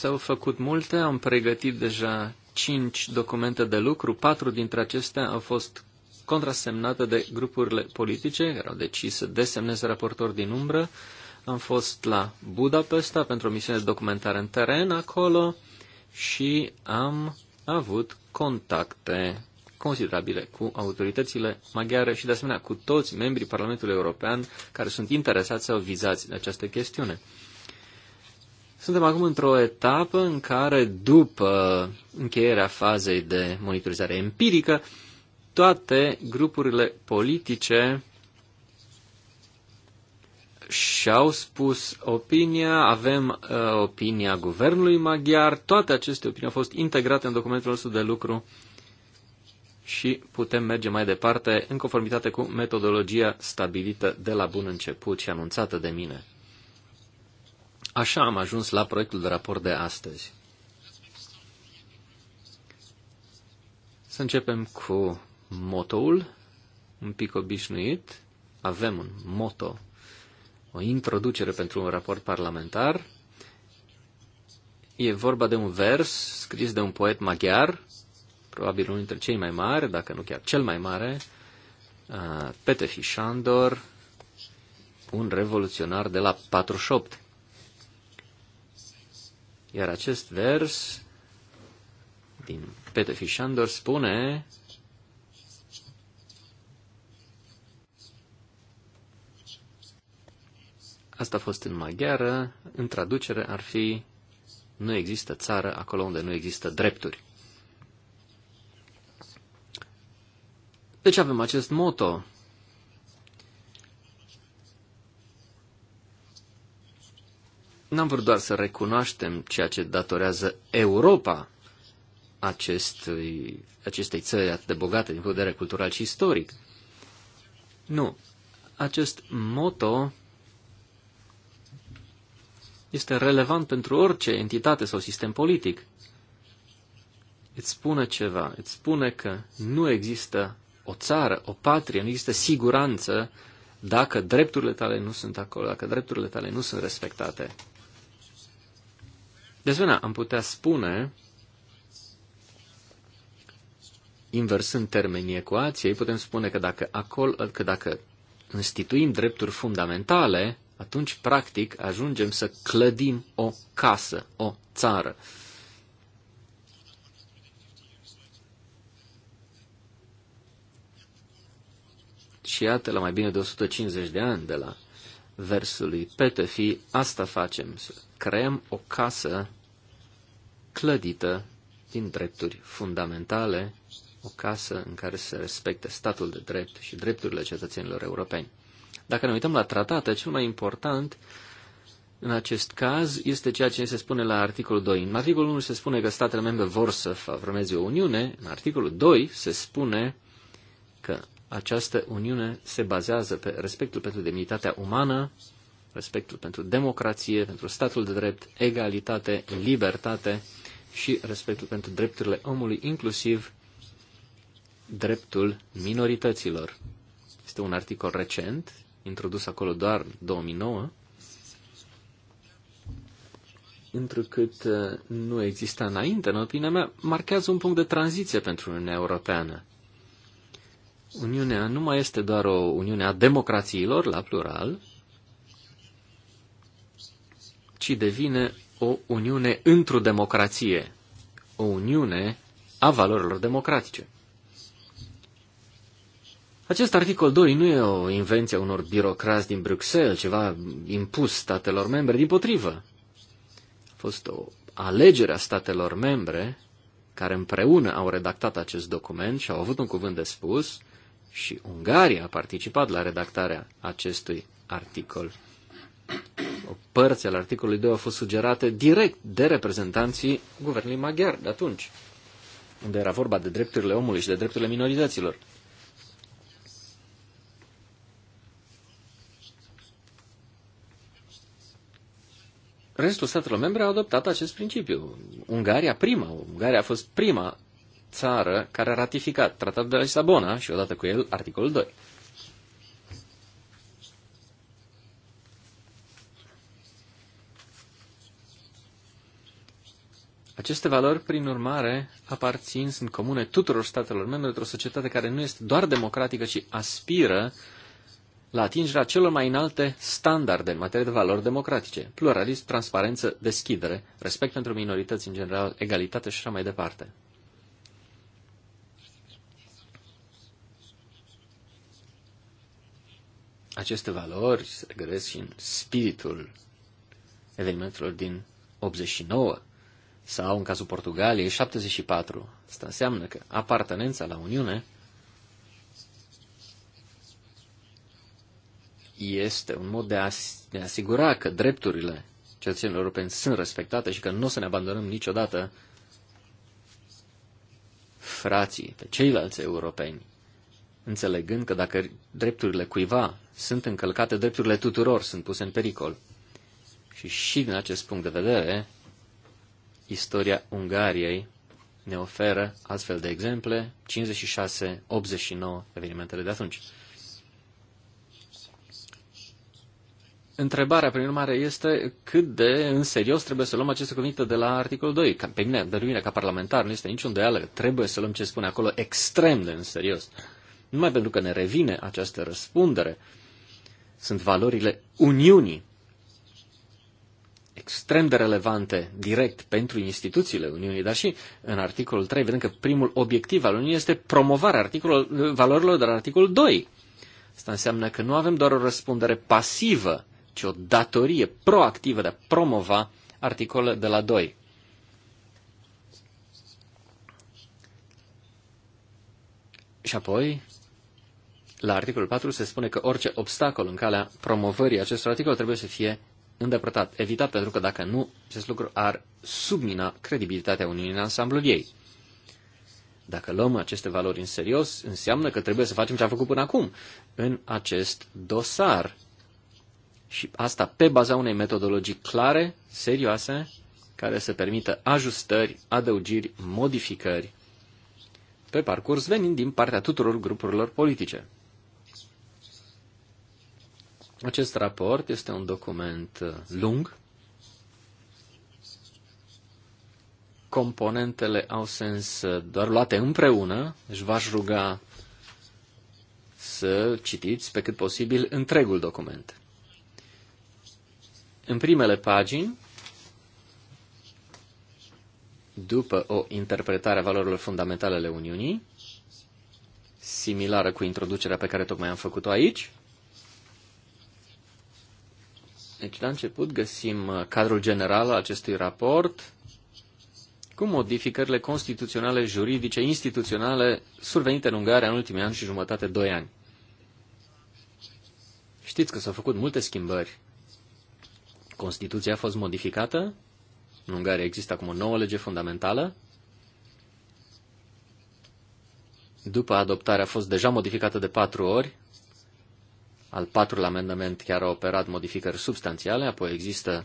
S-au făcut multe, am pregătit deja cinci documente de lucru, patru dintre acestea au fost contrasemnate de grupurile politice care au decis să desemneze raportori din umbră. Am fost la Budapesta pentru o misiune de documentare în teren acolo și am avut contacte considerabile cu autoritățile maghiare și, de asemenea, cu toți membrii Parlamentului European care sunt interesați sau vizați de această chestiune. Suntem acum într-o etapă în care, după încheierea fazei de monitorizare empirică, toate grupurile politice și-au spus opinia, avem uh, opinia guvernului maghiar, toate aceste opinii au fost integrate în documentul nostru de lucru și putem merge mai departe în conformitate cu metodologia stabilită de la bun început și anunțată de mine. Așa am ajuns la proiectul de raport de astăzi. Să începem cu motoul, un pic obișnuit. Avem un moto, o introducere pentru un raport parlamentar. E vorba de un vers scris de un poet maghiar, probabil unul dintre cei mai mari, dacă nu chiar cel mai mare, uh, Petefi Sandor, un revoluționar de la 48. Iar acest vers din Peter Fischandor spune Asta a fost în maghiară, în traducere ar fi nu există țară acolo unde nu există drepturi. Deci avem acest moto, N-am vrut doar să recunoaștem ceea ce datorează Europa acestui, acestei țări atât de bogate din punct de vedere cultural și istoric. Nu. Acest moto este relevant pentru orice entitate sau sistem politic. Îți spune ceva, îți spune că nu există o țară, o patrie, nu există siguranță dacă drepturile tale nu sunt acolo, dacă drepturile tale nu sunt respectate. De asemenea, am putea spune, inversând termenii ecuației, putem spune că dacă, acolo, că dacă instituim drepturi fundamentale, atunci, practic, ajungem să clădim o casă, o țară. Și iată, la mai bine de 150 de ani de la versului Petefi, asta facem, să creăm o casă clădită din drepturi fundamentale, o casă în care se respecte statul de drept și drepturile cetățenilor europeni. Dacă ne uităm la tratate, cel mai important în acest caz este ceea ce se spune la articolul 2. În articolul 1 se spune că statele membre vor să formeze o uniune, în articolul 2 se spune că această Uniune se bazează pe respectul pentru demnitatea umană, respectul pentru democrație, pentru statul de drept, egalitate, libertate și respectul pentru drepturile omului, inclusiv dreptul minorităților. Este un articol recent, introdus acolo doar 2009, întrucât uh, nu exista înainte, în opinia mea, marchează un punct de tranziție pentru Uniunea Europeană. Uniunea nu mai este doar o Uniune a democrațiilor, la plural, ci devine o Uniune într-o democrație, o Uniune a valorilor democratice. Acest articol 2 nu e o invenție a unor birocrați din Bruxelles, ceva impus statelor membre, din potrivă. A fost o alegere a statelor membre care împreună au redactat acest document și au avut un cuvânt de spus și Ungaria a participat la redactarea acestui articol. O părți al articolului 2 au fost sugerate direct de reprezentanții guvernului maghiar de atunci, unde era vorba de drepturile omului și de drepturile minorităților. Restul statelor membre au adoptat acest principiu. Ungaria prima, Ungaria a fost prima țară care a ratificat tratatul de la Lisabona și odată cu el articolul 2. Aceste valori, prin urmare, aparțin, sunt comune tuturor statelor membre într-o societate care nu este doar democratică, ci aspiră la atingerea celor mai înalte standarde în materie de valori democratice, pluralism, transparență, deschidere, respect pentru minorități în general, egalitate și așa mai departe. Aceste valori se regăsesc și în spiritul evenimentelor din 89 sau, în cazul Portugaliei, 74. Asta înseamnă că apartenența la Uniune este un mod de a ne asigura că drepturile cetățenilor europeni sunt respectate și că nu o să ne abandonăm niciodată frații, pe ceilalți europeni înțelegând că dacă drepturile cuiva sunt încălcate, drepturile tuturor sunt puse în pericol. Și și din acest punct de vedere, istoria Ungariei ne oferă astfel de exemple, 56-89 evenimentele de atunci. Întrebarea, prin urmare, este cât de în serios trebuie să luăm aceste cuvinte de la articolul 2. pe mine, de mine, ca parlamentar, nu este niciun deală. Trebuie să luăm ce spune acolo extrem de în serios. Uh, numai pentru că ne revine această răspundere, sunt valorile Uniunii, extrem de relevante direct pentru instituțiile Uniunii, dar și în articolul 3 vedem că primul obiectiv al Uniunii este promovarea articolul, valorilor de la articolul 2. Asta înseamnă că nu avem doar o răspundere pasivă, ci o datorie proactivă de a promova articolele de la 2. Și apoi la articolul 4 se spune că orice obstacol în calea promovării acestui articol trebuie să fie îndepărtat, evitat, pentru că dacă nu, acest lucru ar submina credibilitatea Uniunii în ansamblul ei. Dacă luăm aceste valori în serios, înseamnă că trebuie să facem ce am făcut până acum în acest dosar. Și asta pe baza unei metodologii clare, serioase, care să permită ajustări, adăugiri, modificări pe parcurs venind din partea tuturor grupurilor politice. Acest raport este un document uh, lung. Componentele au sens uh, doar luate împreună, Își v-aș ruga să citiți pe cât posibil întregul document. În primele pagini, după o interpretare a valorilor fundamentale ale Uniunii, similară cu introducerea pe care tocmai am făcut-o aici, deci, la început găsim uh, cadrul general al acestui raport cu modificările constituționale, juridice, instituționale survenite în Ungaria în ultimii ani și jumătate, doi ani. Știți că s-au făcut multe schimbări. Constituția a fost modificată. În Ungaria există acum o nouă lege fundamentală. După adoptare a fost deja modificată de patru ori al patrulea amendament chiar a operat modificări substanțiale, apoi există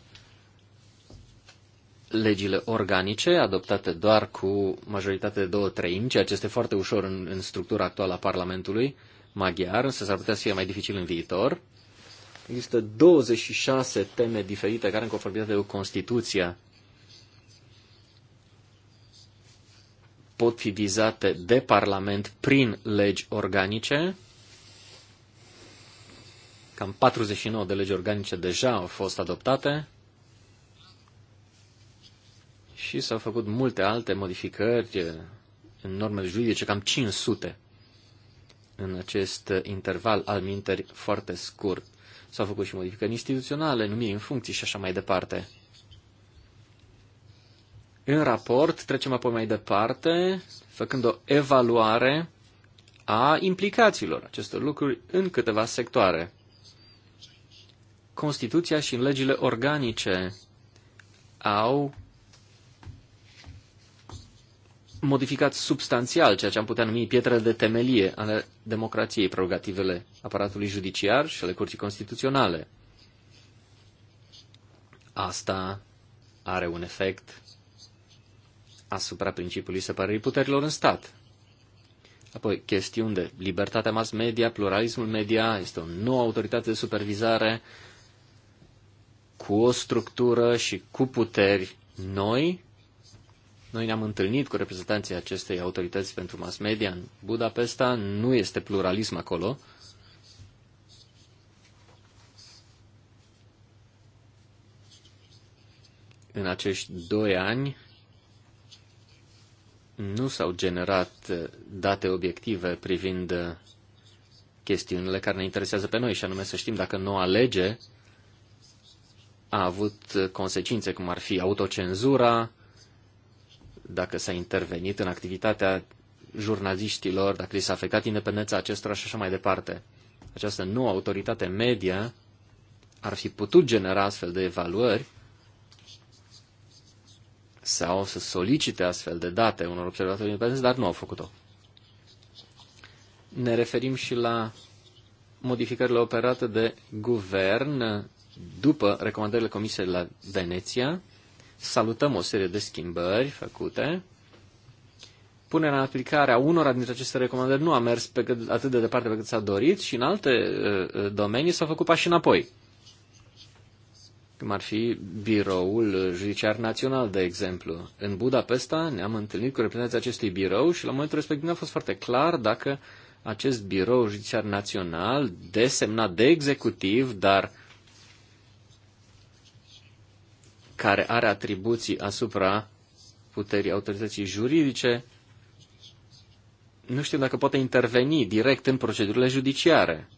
legile organice adoptate doar cu majoritate de două treimi, ceea ce este foarte ușor în, în structura actuală a Parlamentului maghiar, însă s-ar putea să fie mai dificil în viitor. Există 26 teme diferite care, în conformitate cu Constituția, pot fi vizate de Parlament prin legi organice. Cam 49 de legi organice deja au fost adoptate și s-au făcut multe alte modificări în normele juridice, cam 500 în acest interval al minteri foarte scurt. S-au făcut și modificări instituționale, numiri în funcții și așa mai departe. În raport trecem apoi mai departe, făcând o evaluare a implicațiilor acestor lucruri în câteva sectoare. Constituția și în legile organice au modificat substanțial ceea ce am putea numi pietrele de temelie ale democrației, prerogativele aparatului judiciar și ale curții constituționale. Asta are un efect asupra principiului separării puterilor în stat. Apoi, chestiuni de libertatea mass media, pluralismul media, este o nouă autoritate de supervizare, cu o structură și cu puteri noi. Noi ne-am întâlnit cu reprezentanții acestei autorități pentru mass media în Budapesta, nu este pluralism acolo. În acești doi ani nu s-au generat uh, date obiective privind uh, chestiunile care ne interesează pe noi, și anume să știm dacă noua lege a avut consecințe cum ar fi autocenzura, dacă s-a intervenit în activitatea jurnaliștilor, dacă li s-a afectat independența acestora și așa mai departe. Această nouă autoritate media ar fi putut genera astfel de evaluări sau să solicite astfel de date unor observatori independenți, dar nu au făcut-o. Ne referim și la modificările operate de guvern după recomandările comisiei la Veneția, salutăm o serie de schimbări făcute. Punerea în aplicare a unora dintre aceste recomandări nu a mers pe cât, atât de departe pe cât s-a dorit și în alte uh, domenii s-au făcut pași înapoi. Cum ar fi biroul judiciar național, de exemplu. În Budapesta ne-am întâlnit cu reprezentanții acestui birou și la momentul respectiv nu a fost foarte clar dacă acest birou judiciar național, desemnat de executiv, dar uh, care are atribuții asupra puterii autorității juridice, nu știu dacă poate interveni direct în procedurile judiciare.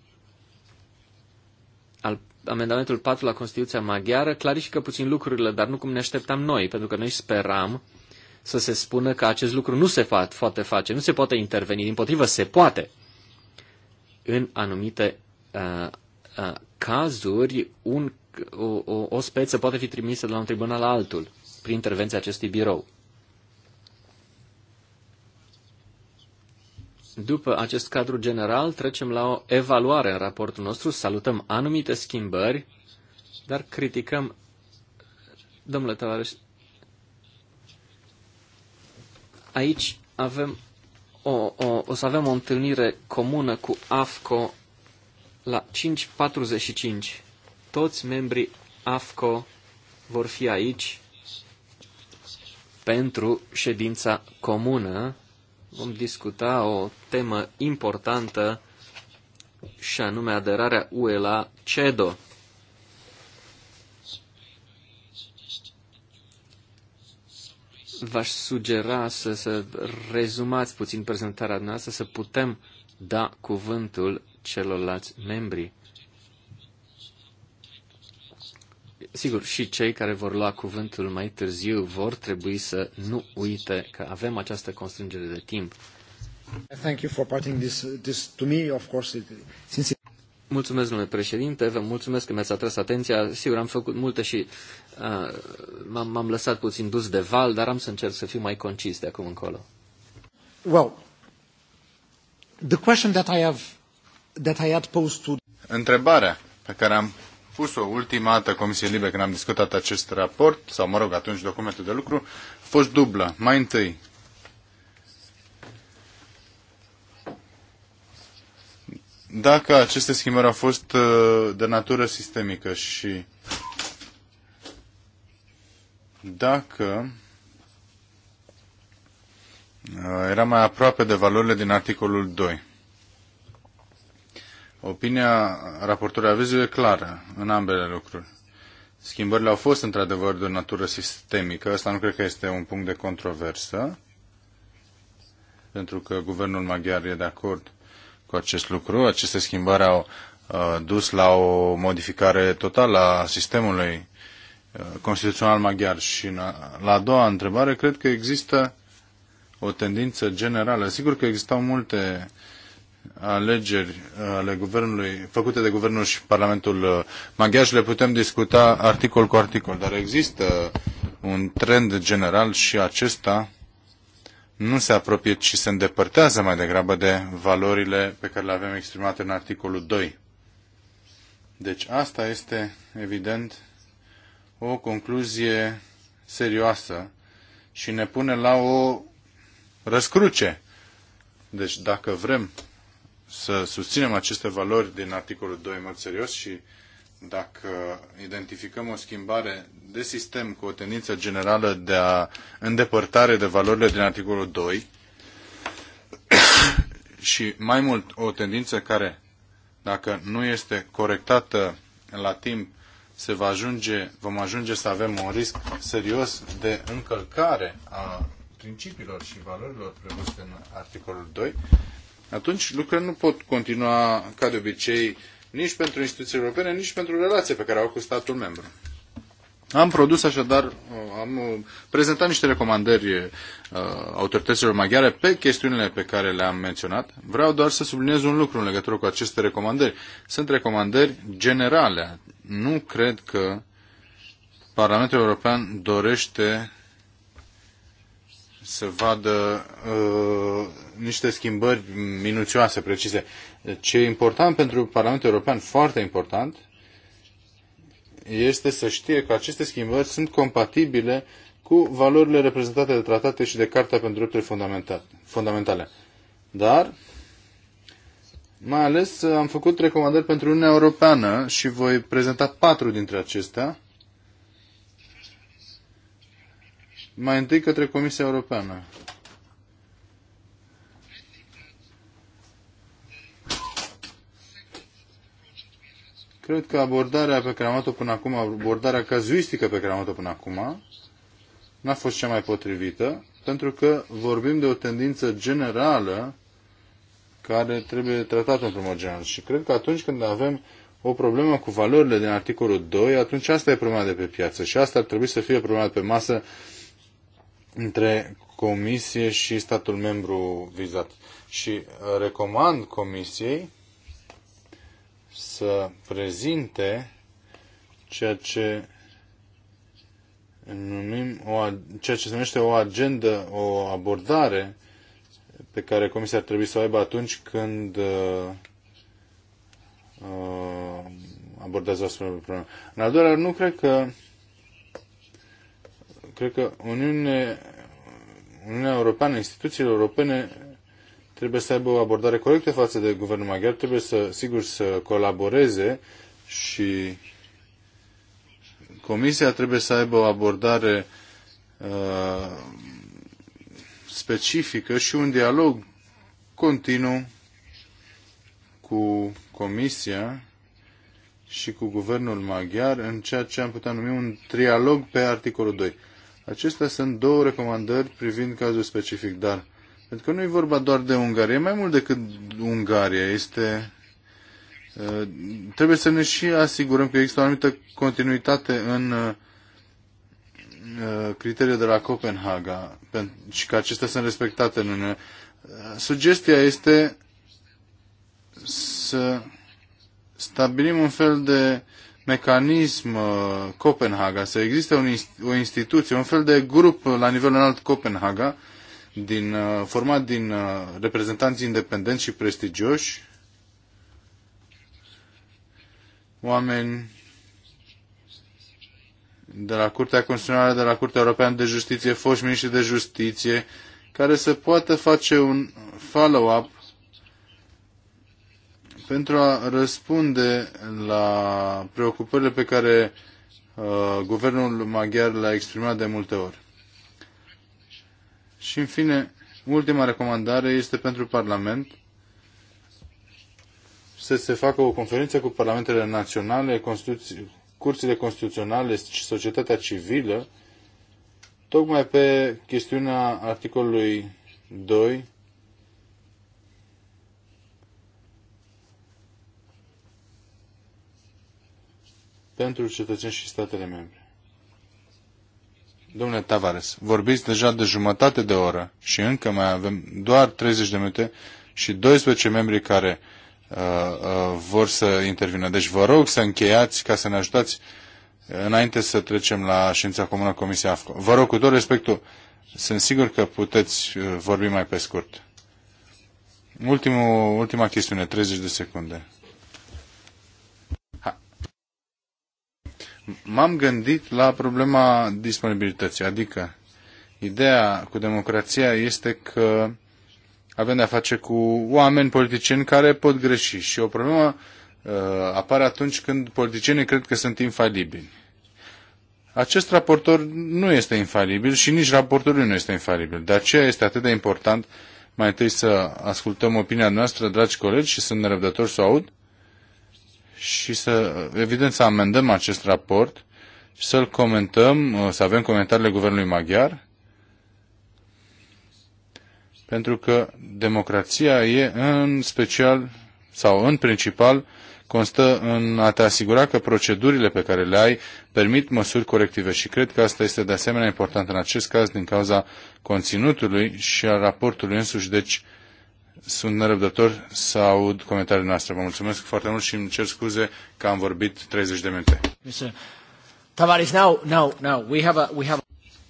Al, amendamentul 4 la Constituția Maghiară clarifică puțin lucrurile, dar nu cum ne așteptam noi, pentru că noi speram să se spună că acest lucru nu se poate face, nu se poate interveni, din potrivă se poate în anumite uh, uh, cazuri un o, o, o speță poate fi trimisă de la un tribunal la altul prin intervenția acestui birou. După acest cadru general, trecem la o evaluare în raportul nostru, salutăm anumite schimbări, dar criticăm, domnule tovarăș, aici avem o, o, o să avem o întâlnire comună cu AFCO la 5.45. Toți membrii AFCO vor fi aici pentru ședința comună. Vom discuta o temă importantă și anume aderarea UE la CEDO. V-aș sugera să, să rezumați puțin prezentarea noastră, să putem da cuvântul celorlalți membri. Sigur, și cei care vor lua cuvântul mai târziu vor trebui să nu uite că avem această constrângere de timp. Thank you for this, this to me, of course, it, since it... Mulțumesc, domnule președinte, vă mulțumesc că mi-ați atras atenția. Sigur, am făcut multe și uh, m-am, lăsat puțin dus de val, dar am să încerc să fiu mai concis de acum încolo. Well, the question that I have, that I had posed to... Întrebarea pe care am pus o ultima dată Comisiei Libe când am discutat acest raport, sau mă rog, atunci documentul de lucru, a fost dublă. Mai întâi, dacă aceste schimbări au fost uh, de natură sistemică și dacă uh, era mai aproape de valorile din articolul 2. Opinia raportorului avizului e clară în ambele lucruri. Schimbările au fost într-adevăr de o natură sistemică, asta nu cred că este un punct de controversă, pentru că guvernul maghiar e de acord cu acest lucru. Aceste schimbări au uh, dus la o modificare totală a sistemului uh, constituțional maghiar. Și la a doua întrebare, cred că există o tendință generală. Sigur că existau multe uh, alegeri uh, ale guvernului, făcute de guvernul și Parlamentul uh, maghiar și le putem discuta articol cu articol, dar există un trend general și acesta nu se apropie, ci se îndepărtează mai degrabă de valorile pe care le avem exprimate în articolul 2. Deci asta este, evident, o concluzie serioasă și ne pune la o răscruce. Deci dacă vrem să susținem aceste valori din articolul 2 în mod serios și dacă identificăm o schimbare de sistem cu o tendință generală de a îndepărtare de valorile din articolul 2 și mai mult o tendință care, dacă nu este corectată la timp, se va ajunge, vom ajunge să avem un risc serios de încălcare a principiilor și valorilor prevăzute în articolul 2 atunci lucrurile nu pot continua ca de obicei nici pentru instituțiile europene, nici pentru relația pe care au cu statul membru. Am produs așadar, am prezentat niște recomandări uh, autorităților maghiare pe chestiunile pe care le-am menționat. Vreau doar să subliniez un lucru în legătură cu aceste recomandări. Sunt recomandări generale. Nu cred că Parlamentul European dorește să vadă uh, niște schimbări minuțioase, precise. Deci, ce e important pentru Parlamentul European, foarte important, este să știe că aceste schimbări sunt compatibile cu valorile reprezentate de tratate și de Carta pentru Drepturile Fundamentale. Dar, mai ales, am făcut recomandări pentru Uniunea Europeană și voi prezenta patru dintre acestea. Mai întâi către Comisia Europeană. Cred că abordarea pe care am avut-o până acum, abordarea cazuistică pe care am avut-o până acum, n-a fost cea mai potrivită, pentru că vorbim de o tendință generală care trebuie tratată într-un mod general. Și cred că atunci când avem o problemă cu valorile din articolul 2, atunci asta e problema de pe piață și asta ar trebui să fie problema de pe masă între Comisie și statul membru vizat. Și recomand Comisiei să prezinte ceea ce numim o, ceea ce se numește o agendă, o abordare pe care Comisia ar trebui să o aibă atunci când uh, uh, abordează o astfel de problemă. În al doilea nu cred că cred că Uniune, Uniunea Europeană, instituțiile europene trebuie să aibă o abordare corectă față de guvernul maghiar, trebuie să, sigur, să colaboreze și Comisia trebuie să aibă o abordare uh, specifică și un dialog continuu cu Comisia și cu guvernul maghiar în ceea ce am putea numi un trialog pe articolul 2. Acestea sunt două recomandări privind cazul specific, dar pentru că nu e vorba doar de Ungaria, e mai mult decât Ungaria. Este, uh, trebuie să ne și asigurăm că există o anumită continuitate în uh, uh, criteriile de la Copenhaga și că acestea sunt respectate în Uniune. Sugestia este să stabilim un fel de mecanism Copenhaga, să existe un, o instituție, un fel de grup la nivel înalt Copenhaga, din, uh, format din uh, reprezentanți independenți și prestigioși, oameni de la Curtea Constituțională, de la Curtea Europeană de Justiție, foști miniștri de justiție, care să poată face un follow-up pentru a răspunde la preocupările pe care uh, guvernul maghiar le-a exprimat de multe ori. Și, în fine, ultima recomandare este pentru Parlament să se facă o conferință cu parlamentele naționale, curțile constituționale și societatea civilă, tocmai pe chestiunea articolului 2 pentru cetățeni și statele membre. Domnule Tavares, vorbiți deja de jumătate de oră și încă mai avem doar 30 de minute și 12 membri care uh, uh, vor să intervină. Deci vă rog să încheiați ca să ne ajutați înainte să trecem la ședința comună Comisia AFCO. Vă rog cu tot respectul, sunt sigur că puteți uh, vorbi mai pe scurt. Ultimul, ultima chestiune, 30 de secunde. m-am gândit la problema disponibilității, adică ideea cu democrația este că avem de-a face cu oameni politicieni care pot greși și o problemă uh, apare atunci când politicienii cred că sunt infalibili. Acest raportor nu este infalibil și nici raportorul nu este infalibil. De aceea este atât de important mai întâi să ascultăm opinia noastră, dragi colegi, și sunt nerăbdători să o aud, și să, evident, să amendăm acest raport și să-l comentăm, uh, să avem comentariile guvernului maghiar, pentru că democrația e în special sau în principal constă în a te asigura că procedurile pe care le ai permit măsuri corective și cred că asta este de asemenea important în acest caz din cauza conținutului și al raportului însuși, deci sunt nerăbdător să aud comentariile noastre. Vă mulțumesc foarte mult și îmi cer scuze că am vorbit 30 de minute. Tavares, now, now, now. We have a, we have...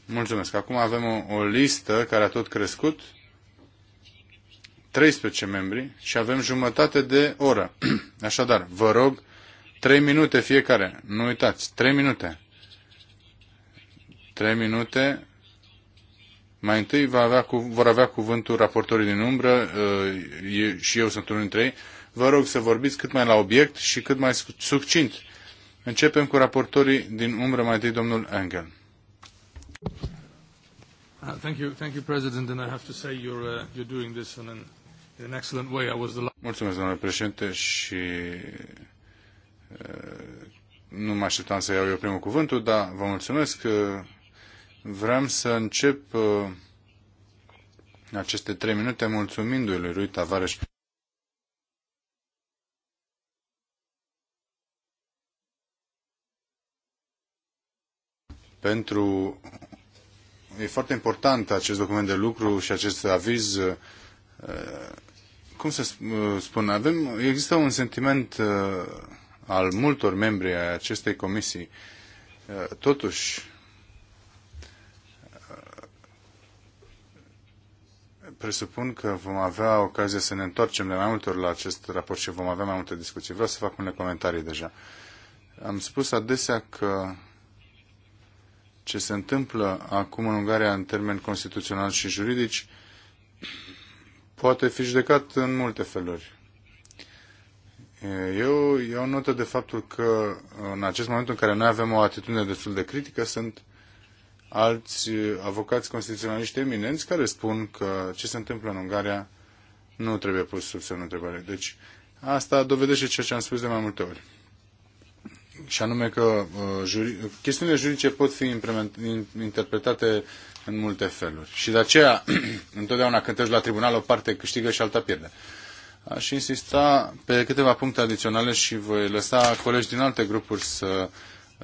Mulțumesc. Acum avem o, o listă care a tot crescut. 13 membri și avem jumătate de oră. Așadar, vă rog, 3 minute fiecare. Nu uitați, 3 minute. 3 minute mai întâi va avea cu, vor avea cuvântul raportorii din umbră uh, eu, și eu sunt unul dintre ei. Vă rog să vorbiți cât mai la obiect și cât mai succint. Începem cu raportorii din umbră, mai întâi domnul Engel. Mulțumesc, domnule președinte, și uh, nu mă așteptam să iau eu primul cuvântul, dar vă mulțumesc. că uh, Vreau să încep uh, aceste trei minute mulțumindu-i lui Rui Tavares. Pentru... E foarte important acest document de lucru și acest aviz. Uh, cum să uh, spun? Avem, există un sentiment uh, al multor membri ai acestei comisii. Totuși, presupun că vom avea ocazia să ne întoarcem de mai multe ori la acest raport și vom avea mai multe discuții. Vreau să fac unele comentarii deja. Am spus adesea că ce se întâmplă acum în Ungaria în termeni constituțional și juridici poate fi judecat în multe feluri. Eu iau notă de faptul că în acest moment în care noi avem o atitudine destul de critică, sunt uh, alți uh, avocați constituționaliști eminenți care spun că ce se întâmplă în Ungaria nu trebuie pus sub semnul întrebare. Deci asta dovedește ceea ce am spus de mai multe ori. Și anume că uh, juri... chestiunile juridice pot fi interpretate în multe feluri. Și de aceea, întotdeauna când treci la tribunal, o parte câștigă și alta pierde. Aș insista pe câteva puncte adiționale și voi lăsa colegi din alte grupuri să uh,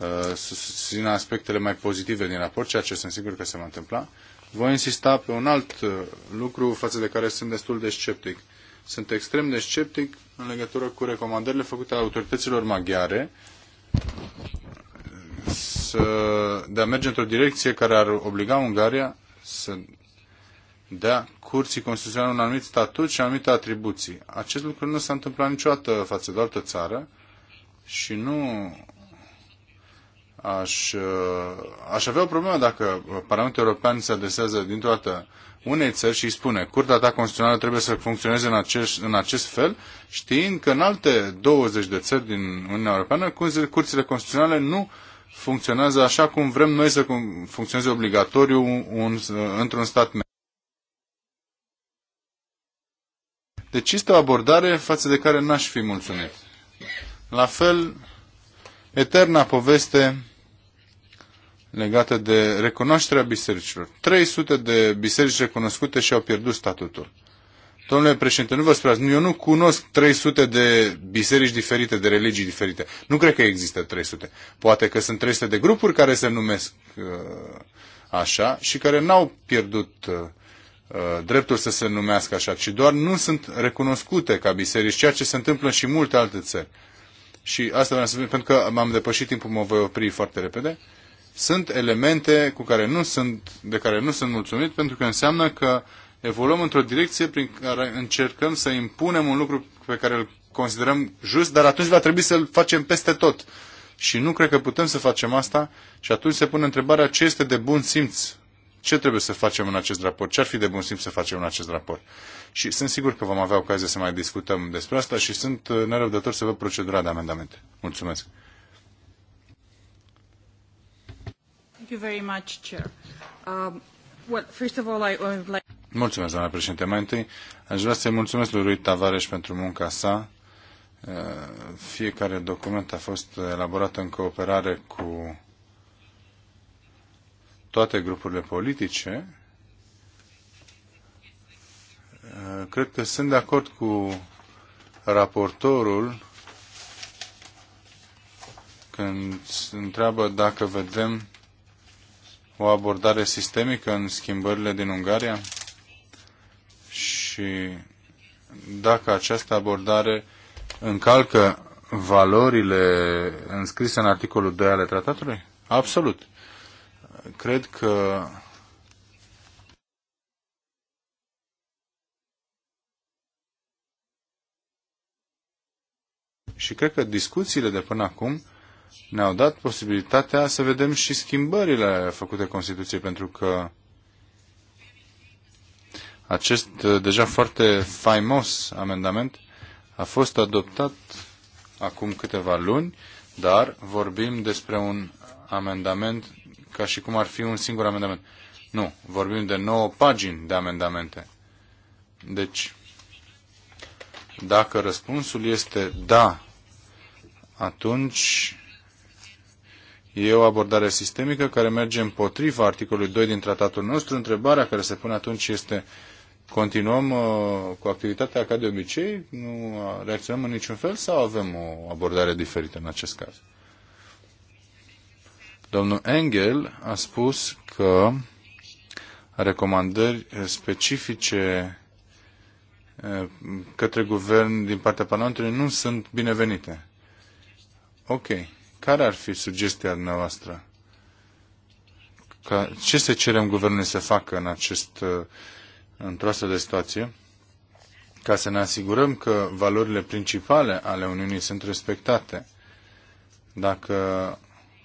Uh, să susțină aspectele mai pozitive din raport, ceea ce sunt sigur că se va întâmpla. Voi insista pe un alt uh, lucru față de care sunt destul de sceptic. Sunt extrem de sceptic în legătură cu recomandările făcute a autorităților maghiare să, de a merge într-o direcție care ar obliga Ungaria să dea curții constituționale un anumit statut și anumite atribuții. Acest lucru nu s-a întâmplat niciodată față de altă țară și nu aș, uh, aș avea o problemă dacă Parlamentul European se adresează dintr-o dată unei țări și îi spune Curtea ta constituțională trebuie să funcționeze în acest, în acest fel, știind că în alte 20 de țări din Uniunea Europeană curțile constituționale nu funcționează așa cum vrem noi să funcționeze obligatoriu un, într-un stat membru. Deci este o abordare față de care n-aș fi mulțumit. La fel, eterna poveste legată de recunoașterea bisericilor. 300 de biserici recunoscute și-au pierdut statutul. Domnule președinte, nu vă spuneați, eu nu cunosc 300 de biserici diferite, de religii diferite. Nu cred că există 300. Poate că sunt 300 de grupuri care se numesc uh, așa și care n-au pierdut uh, uh, dreptul să se numească așa, ci doar nu sunt recunoscute ca biserici, ceea ce se întâmplă și în multe alte țări. Și asta vreau să spun, pentru că m-am depășit timpul, mă voi opri foarte repede. Uh, sunt elemente cu care nu sunt, de care nu sunt mulțumit, pentru că înseamnă că evoluăm într-o direcție prin care încercăm să impunem un lucru pe care îl considerăm just, dar atunci va trebui să-l facem peste tot. Și nu cred că putem să facem asta și atunci se pune întrebarea ce este de bun simț. Ce trebuie să facem în acest raport? Ce ar fi de bun simț să facem în acest raport? Și sunt sigur că vom avea ocazia să mai discutăm despre asta și sunt nerăbdător să vă procedura de amendamente. Mulțumesc! you very much, Chair. Um, well, first of all, I would like... Mulțumesc, doamna președinte. Mai întâi, aș vrea să-i mulțumesc lui Rui Tavares pentru munca sa. Uh, fiecare document a fost elaborat în cooperare cu toate grupurile politice. Uh, cred că sunt de acord cu raportorul când se întreabă dacă vedem o abordare sistemică în schimbările din Ungaria? Și dacă această abordare încalcă valorile înscrise în articolul 2 ale tratatului? Absolut. Cred că Și cred că discuțiile de până acum ne-au dat posibilitatea să vedem și schimbările făcute Constituției, pentru că acest uh, deja foarte faimos amendament a fost adoptat acum câteva luni, dar vorbim despre un amendament ca și cum ar fi un singur amendament. Nu, vorbim de 9 pagini de amendamente. Deci, dacă răspunsul este da, atunci E o abordare sistemică care merge împotriva articolului 2 din tratatul nostru. Întrebarea care se pune atunci este continuăm uh, cu activitatea ca de obicei, nu reacționăm în niciun fel sau avem o abordare diferită în acest caz? Domnul Engel a spus că recomandări specifice uh, către guvern din partea Parlamentului nu sunt binevenite. Ok, care ar fi sugestia dumneavoastră? Ca, ce să cerem guvernului să facă în acest, uh, într-o astfel de situație? Ca să ne asigurăm că valorile principale ale Uniunii sunt respectate. Dacă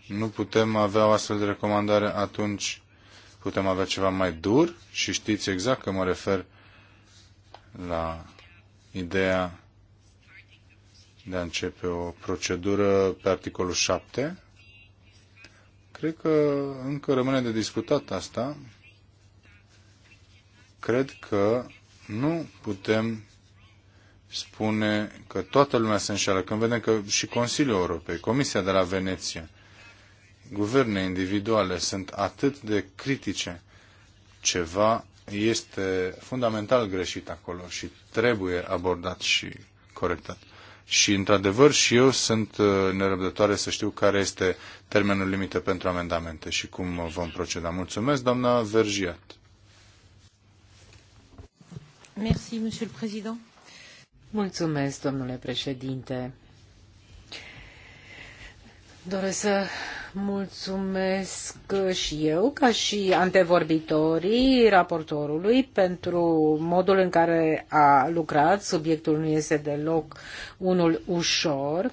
nu putem avea o astfel de recomandare, atunci putem avea ceva mai dur și știți exact că mă refer la ideea de a începe o procedură pe articolul 7. Cred că încă rămâne de discutat asta. Cred că nu putem spune că toată lumea se înșeală. Când vedem că și Consiliul Europei, Comisia de la Veneția, guverne individuale sunt atât de critice, ceva este fundamental greșit acolo și trebuie abordat și corectat și, într-adevăr, și eu sunt uh, nerăbdătoare să știu care este termenul limită pentru amendamente și cum vom proceda. Mulțumesc, doamna Vergiat. Merci, monsieur le président. Mulțumesc, domnule președinte. Doresc să Mulțumesc și eu, ca și antevorbitorii raportorului, pentru modul în care a lucrat. Subiectul nu este deloc unul ușor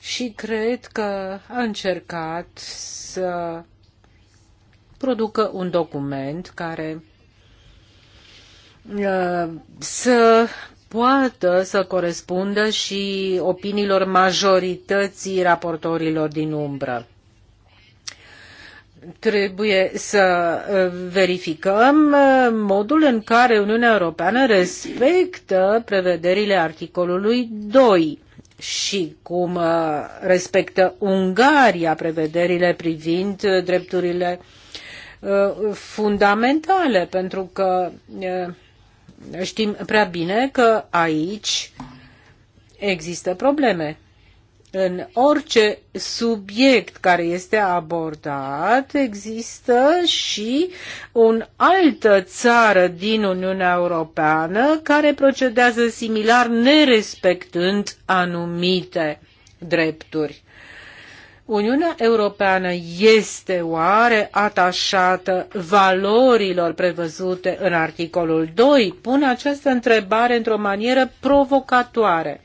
și cred că a încercat să producă un document care uh, să poată să corespundă și opiniilor majorității raportorilor din umbră trebuie să uh, verificăm uh, modul în care Uniunea Europeană respectă prevederile articolului 2 și cum uh, respectă Ungaria prevederile privind drepturile fundamentale, pentru că știm prea bine că aici există probleme. În orice subiect care este abordat există și un altă țară din Uniunea Europeană care procedează similar nerespectând anumite drepturi. Uniunea Europeană este oare atașată valorilor prevăzute în articolul 2? Pun această întrebare într-o manieră provocatoare.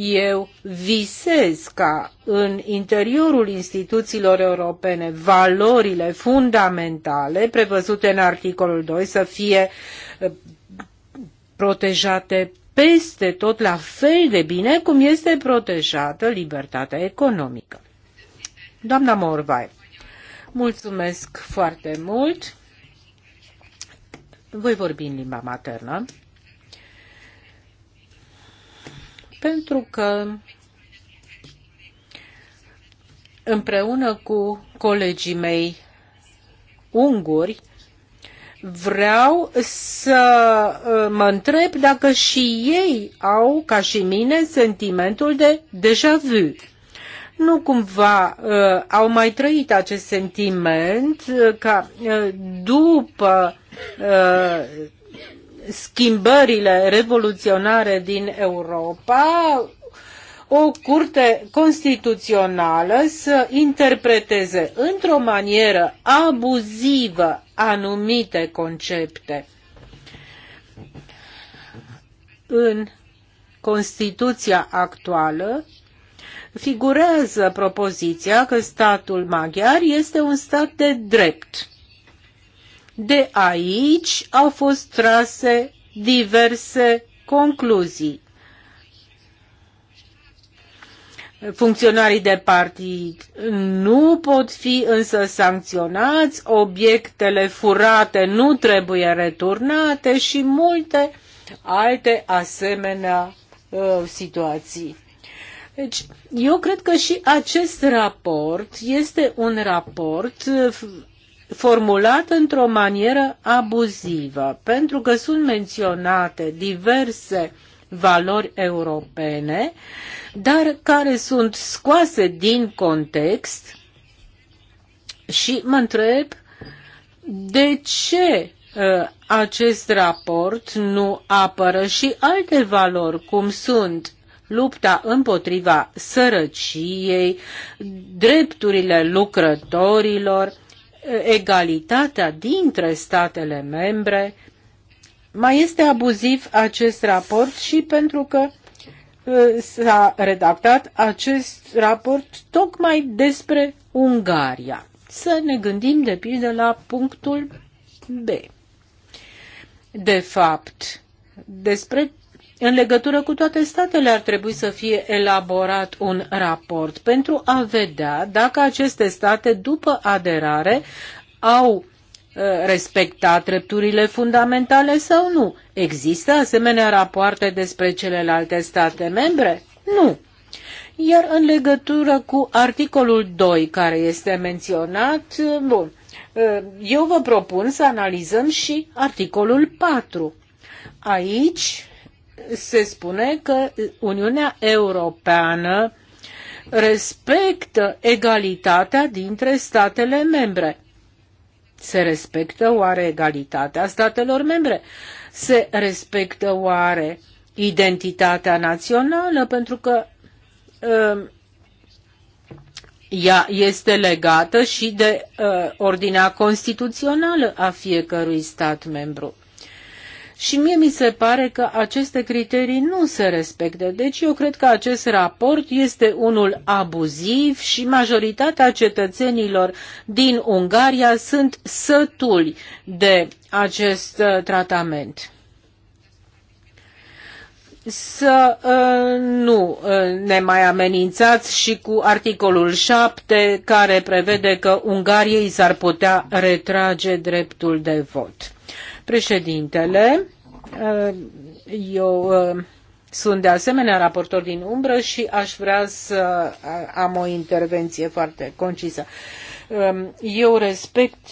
Eu visez ca în interiorul instituțiilor europene valorile fundamentale prevăzute în articolul 2 să fie eh, protejate peste tot la fel de bine cum este protejată libertatea economică. Doamna Morvai, mulțumesc foarte mult. Voi vorbi în limba maternă. pentru că împreună cu colegii mei unguri vreau să uh, mă întreb dacă și ei au, ca și mine, sentimentul de deja vu. Nu cumva uh, au mai trăit acest sentiment uh, ca uh, după uh, schimbările revoluționare din Europa, o curte constituțională să interpreteze într-o manieră abuzivă anumite concepte. În Constituția actuală figurează propoziția că statul maghiar este un stat de drept. De aici au fost trase diverse concluzii. Funcționarii de partid nu pot fi însă sancționați, obiectele furate nu trebuie returnate și multe alte asemenea uh, situații. Deci, eu cred că și acest raport este un raport uh, formulat într-o manieră abuzivă, pentru că sunt menționate diverse valori europene, dar care sunt scoase din context și mă întreb de ce ă, acest raport nu apără și alte valori, cum sunt lupta împotriva sărăciei, drepturile lucrătorilor, egalitatea dintre statele membre. Mai este abuziv acest raport și pentru că uh, s-a redactat acest raport tocmai despre Ungaria. Să ne gândim de pildă la punctul B. De fapt, despre în legătură cu toate statele ar trebui să fie elaborat un raport pentru a vedea dacă aceste state, după aderare, au uh, respectat drepturile fundamentale sau nu. Există asemenea rapoarte despre celelalte state membre? Nu. Iar în legătură cu articolul 2 care este menționat, uh, bun, uh, eu vă propun să analizăm și articolul 4. Aici se spune că Uniunea Europeană respectă egalitatea dintre statele membre. Se respectă oare egalitatea statelor membre? Se respectă oare identitatea națională? Pentru că uh, ea este legată și de uh, ordinea constituțională a fiecărui stat membru. Și mie mi se pare că aceste criterii nu se respectă. Deci eu cred că acest raport este unul abuziv și majoritatea cetățenilor din Ungaria sunt sătuli de acest uh, tratament să uh, nu uh, ne mai amenințați și cu articolul 7 care prevede că Ungariei s-ar putea retrage dreptul de vot. Președintele, uh, eu uh, sunt de asemenea raportor din umbră și aș vrea să uh, am o intervenție foarte concisă. Um, eu respect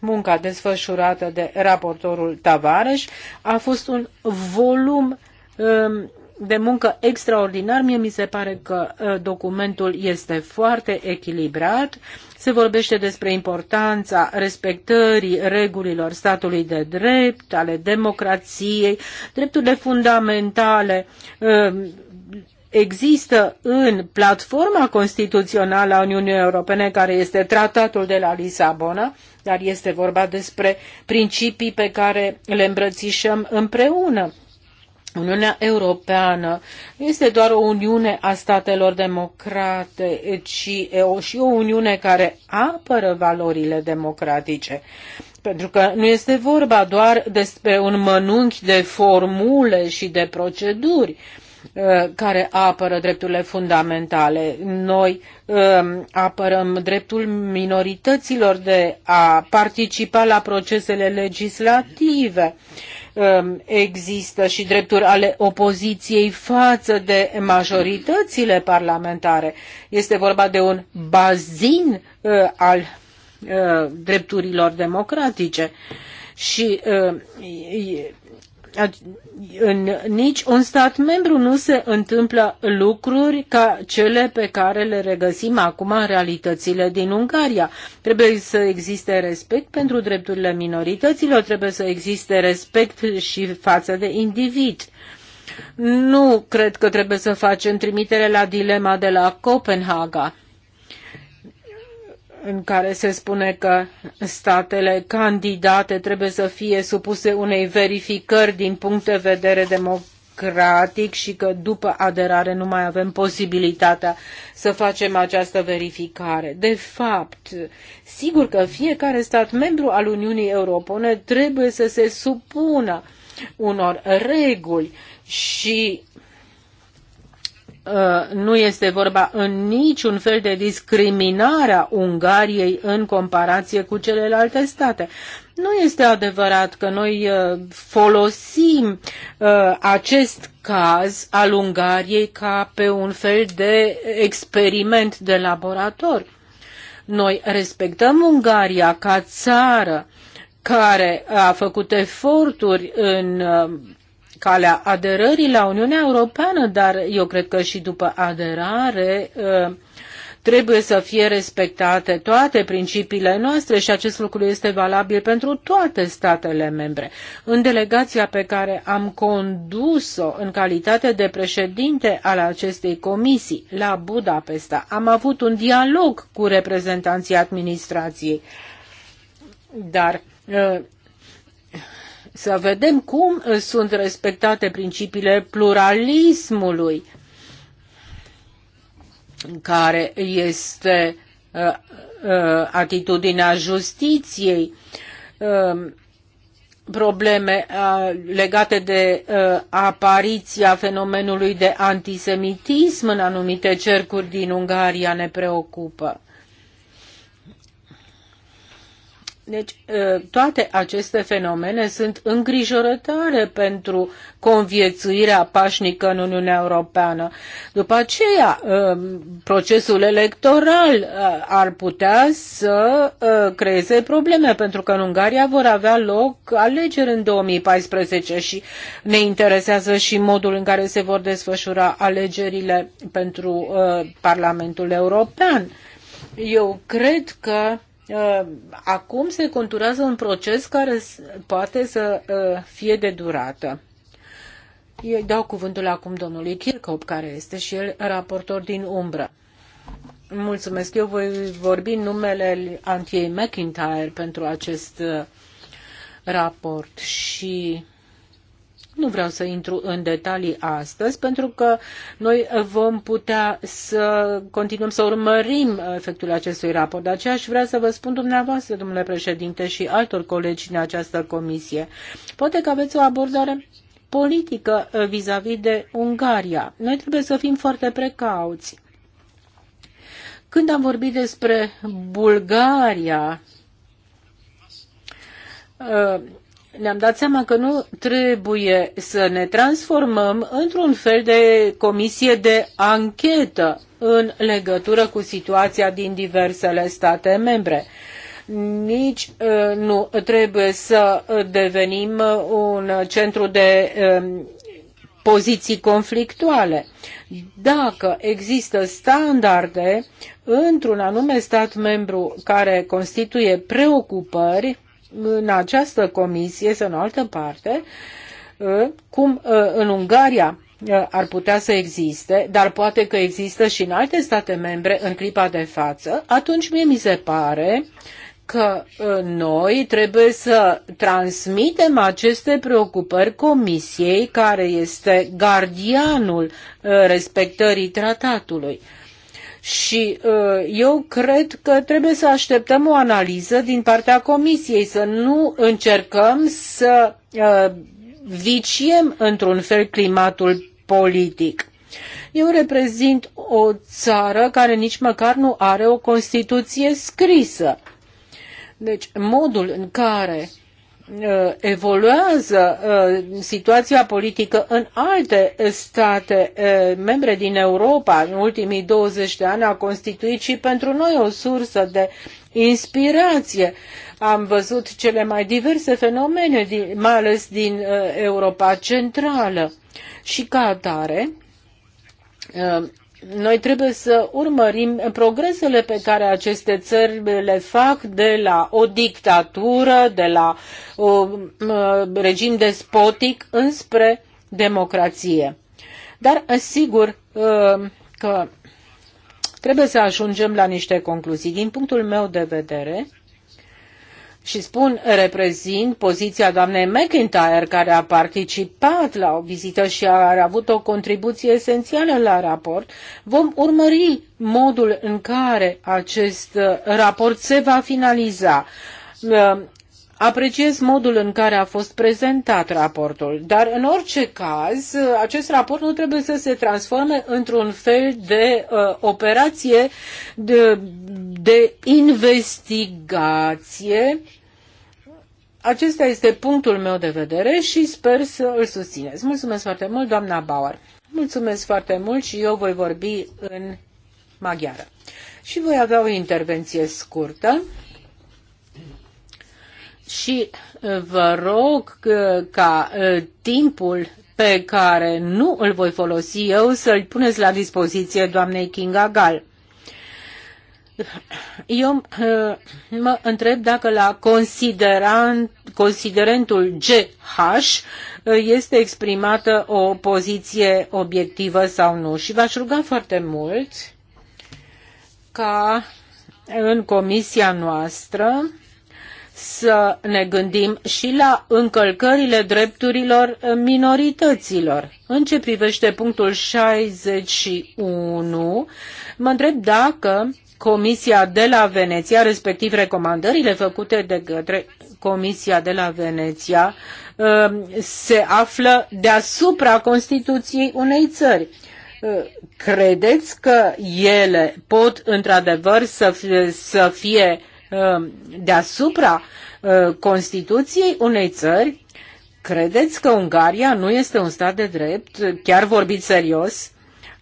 munca desfășurată de raportorul Tavares. A fost un volum um, de muncă extraordinar. Mie mi se pare că uh, documentul este foarte echilibrat. Se vorbește despre importanța respectării regulilor statului de drept, ale democrației, drepturile fundamentale uh, există în platforma constituțională a Uniunii Europene, care este tratatul de la Lisabona, dar este vorba despre principii pe care le îmbrățișăm împreună. Uniunea Europeană nu este doar o uniune a statelor democrate, ci o, și o uniune care apără valorile democratice. Pentru că nu este vorba doar despre un mănunchi de formule și de proceduri uh, care apără drepturile fundamentale. Noi um, apărăm dreptul minorităților de a participa la procesele legislative Um, există și drepturi ale opoziției față de majoritățile parlamentare. Este vorba de un bazin uh, al uh, drepturilor democratice și uh, în nici un stat membru nu se întâmplă lucruri ca cele pe care le regăsim acum în realitățile din Ungaria. Trebuie să existe respect pentru drepturile minorităților, trebuie să existe respect și față de individ. Nu cred că trebuie să facem trimitere la dilema de la Copenhaga în care se spune că statele candidate trebuie să fie supuse unei verificări din punct de vedere democratic și că după aderare nu mai avem posibilitatea să facem această verificare. De fapt, sigur că fiecare stat membru al Uniunii Europene trebuie să se supună unor reguli și Uh, nu este vorba în niciun fel de discriminare a Ungariei în comparație cu celelalte state. Nu este adevărat că noi uh, folosim uh, acest caz al Ungariei ca pe un fel de experiment de laborator. Noi respectăm Ungaria ca țară care a făcut eforturi în calea aderării la Uniunea Europeană, dar eu cred că și după aderare uh, trebuie să fie respectate toate principiile noastre și acest lucru este valabil pentru toate statele membre. În delegația pe care am condus-o în calitate de președinte al acestei comisii la Budapesta, am avut un dialog cu reprezentanții administrației. Dar uh, să vedem cum sunt respectate principiile pluralismului, care este uh, uh, atitudinea justiției, um, probleme uh, legate de apariția fenomenului de antisemitism în anumite cercuri din Ungaria ne preocupă. Deci, toate aceste fenomene sunt îngrijorătoare pentru conviețuirea pașnică în Uniunea Europeană. După aceea, procesul electoral ar putea să creeze probleme, pentru că în Ungaria vor avea loc alegeri în 2014 și ne interesează și modul în care se vor desfășura alegerile pentru Parlamentul European. Eu cred că Uh, acum se conturează un proces care poate să uh, fie de durată. Eu dau cuvântul acum domnului Kirchhoff, care este și el raportor din umbră. Mulțumesc. Eu voi vorbi în numele Antiei McIntyre pentru acest uh, raport și nu vreau să intru în detalii astăzi, pentru că noi vom putea să continuăm să urmărim efectul acestui raport. De aceea aș vrea să vă spun dumneavoastră, domnule președinte, și altor colegi în această comisie. Poate că aveți o abordare politică vis-a-vis -vis de Ungaria. Noi trebuie să fim foarte precauți. Când am vorbit despre Bulgaria, uh, ne-am dat seama că nu trebuie să ne transformăm într-un fel de comisie de anchetă în legătură cu situația din diversele state membre. Nici uh, nu trebuie să devenim uh, un centru de um, poziții conflictuale. Dacă există standarde într-un anume stat membru care constituie preocupări, în această comisie sau în altă parte, ă, cum ă, în Ungaria ă, ar putea să existe, dar poate că există și în alte state membre în clipa de față, atunci mie mi se pare că noi trebuie să transmitem aceste preocupări Comisiei, care este gardianul respectării tratatului. Și uh, eu cred că trebuie să așteptăm o analiză din partea Comisiei, să nu încercăm să uh, viciem într-un fel climatul politic. Eu reprezint o țară care nici măcar nu are o Constituție scrisă. Deci, modul în care Uh, evoluează uh, situația politică în alte state uh, membre din Europa în ultimii 20 de ani a constituit și pentru noi o sursă de inspirație. Am văzut cele mai diverse fenomene, mai ales din Europa Centrală. Și ca atare, noi trebuie să urmărim progresele pe care aceste țări le fac de la o dictatură, de la un regim despotic înspre democrație. Dar sigur ă, că trebuie să ajungem la niște concluzii. Din punctul meu de vedere, și spun, reprezint poziția doamnei McIntyre, care a participat la o vizită și a avut o contribuție esențială la raport, vom urmări modul în care acest uh, raport se va finaliza uh, Apreciez modul în care a fost prezentat raportul, dar în orice caz, acest raport nu trebuie să se transforme într-un fel de uh, operație de, de investigație. Acesta este punctul meu de vedere și sper să îl susțineți. Mulțumesc foarte mult, doamna Bauer. Mulțumesc foarte mult și eu voi vorbi în maghiară. Și voi avea o intervenție scurtă și uh, vă rog uh, ca uh, timpul pe care nu îl voi folosi eu să-l puneți la dispoziție doamnei Kinga Gal. Eu mă întreb dacă la considerentul GH este exprimată o poziție obiectivă sau nu și v-aș ruga foarte mult ca în comisia noastră să ne gândim și la încălcările drepturilor minorităților. În ce privește punctul 61, mă întreb dacă Comisia de la Veneția, respectiv recomandările făcute de către Comisia de la Veneția, um, se află deasupra Constituției unei țări. Uh, credeți că ele pot într-adevăr să fie, să fie Uh, deasupra uh, Constituției unei țări, credeți că Ungaria nu este un stat de drept? Chiar vorbiți serios?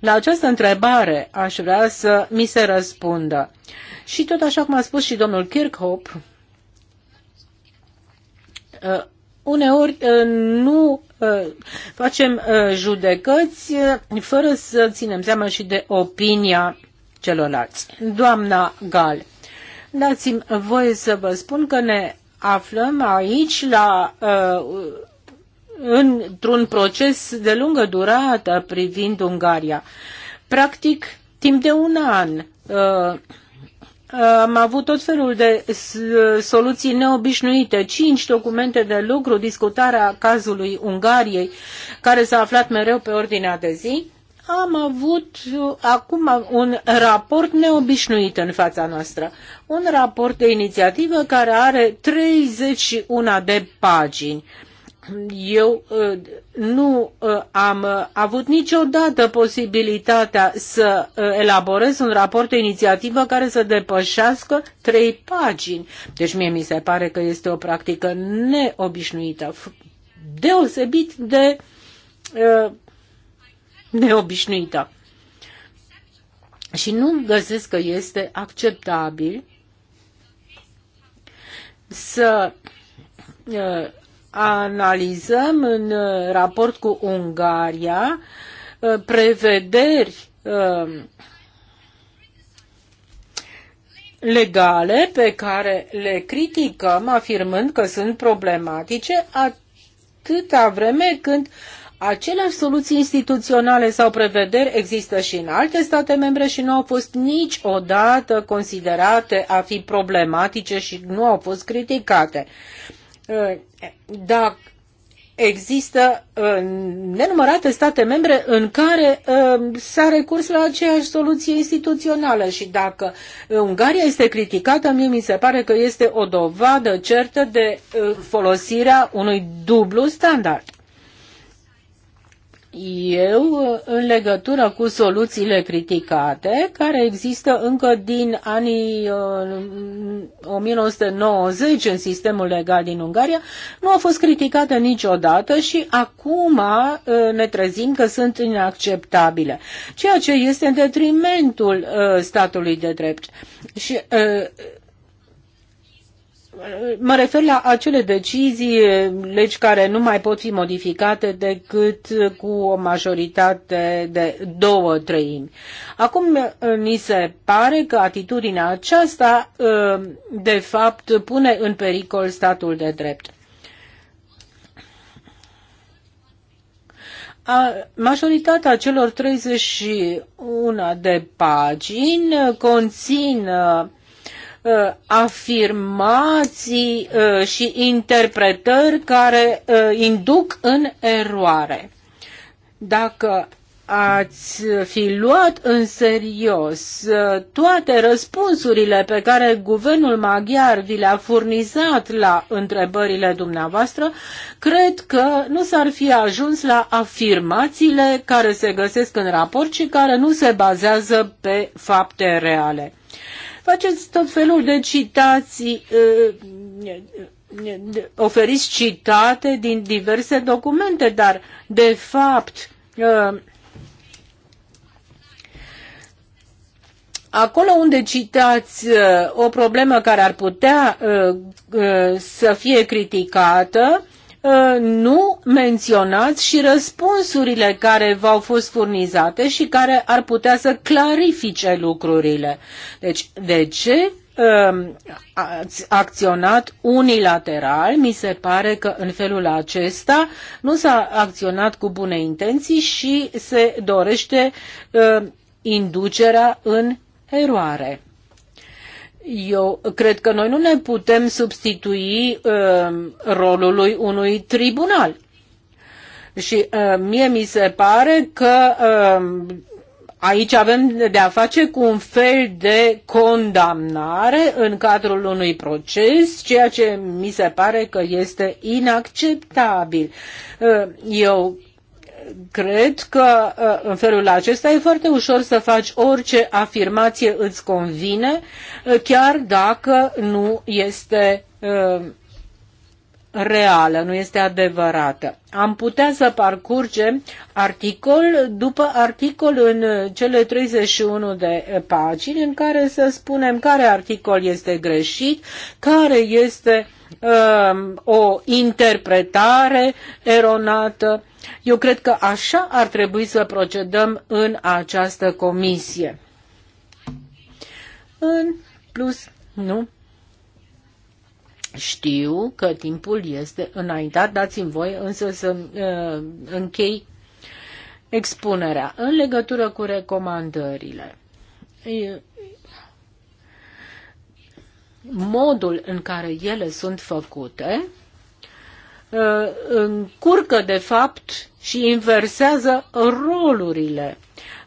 La această întrebare aș vrea să mi se răspundă. Și tot așa cum a spus și domnul Kirchhoff, uh, uneori nu facem judecăți fără să ținem seama și de opinia celorlalți. Doamna Gal, Dați-mi voie să vă spun că ne aflăm aici la uh, într-un proces de lungă durată privind Ungaria. Practic, timp de un an uh, am avut tot felul de soluții neobișnuite, cinci documente de lucru, discutarea cazului Ungariei, care s-a aflat mereu pe ordinea de zi am avut acum un raport neobișnuit în fața noastră. Un raport de inițiativă care are 31 de pagini. Eu uh, nu uh, am avut niciodată posibilitatea să uh, elaborez un raport de inițiativă care să depășească trei pagini. Deci mie mi se pare că este o practică neobișnuită, deosebit de neobișnuită. Și nu găsesc că este acceptabil să uh, analizăm în uh, raport cu Ungaria uh, prevederi legale pe care le criticăm afirmând că sunt problematice atâta vreme când Aceleași soluții instituționale sau prevederi există și în alte state membre și nu au fost niciodată considerate a fi problematice și nu au fost criticate. Uh, dacă există uh, nenumărate state membre în care uh, s-a recurs la aceeași soluție instituțională și dacă Ungaria este criticată, mie mi se pare că este o dovadă certă de folosirea unui dublu standard eu în legătură cu soluțiile criticate care există încă din anii 1990 uh, în sistemul legal din Ungaria nu au fost criticate niciodată și acum uh, ne trezim că sunt inacceptabile, ceea ce este în detrimentul uh, statului de drept. Și mă refer la acele decizii, legi care nu mai pot fi modificate decât cu o majoritate de două treimi. Acum mi se pare că atitudinea aceasta de fapt pune în pericol statul de drept. majoritatea celor 31 de pagini conțin uh, Uh, afirmații uh, și interpretări care uh, induc în eroare. Dacă ați fi luat în serios toate răspunsurile pe care guvernul maghiar vi le-a furnizat la întrebările dumneavoastră, cred că nu s-ar fi ajuns la afirmațiile care se găsesc în raport și care nu se bazează pe fapte reale. Faceți tot felul de citații, uh, oferiți citate din diverse documente, dar de fapt uh, acolo unde citați uh, o problemă care ar putea să fie criticată, Uh, nu menționați și răspunsurile care v-au fost furnizate și care ar putea să clarifice lucrurile. Deci, de ce um, ați acționat unilateral, mi se pare că în felul acesta nu s-a acționat cu bune intenții și se dorește uh, inducerea în eroare. Eu cred că noi nu ne putem substitui uh, rolului unui tribunal. Și uh, mie mi se pare că uh, aici avem de a face cu un fel de condamnare în cadrul unui proces, ceea ce mi se pare că este inacceptabil. Uh, eu cred că uh, în felul acesta e foarte ușor să faci orice afirmație îți convine, uh, chiar dacă nu este uh, reală, nu este adevărată. Am putea să parcurgem articol după articol în cele 31 de pagini în care să spunem care articol este greșit, care este Um, o interpretare eronată. Eu cred că așa ar trebui să procedăm în această comisie. În plus, nu. Știu că timpul este înaintat, dați-mi voi însă să uh, închei expunerea. În legătură cu recomandările, modul în care ele sunt făcute uh, încurcă de fapt și inversează rolurile.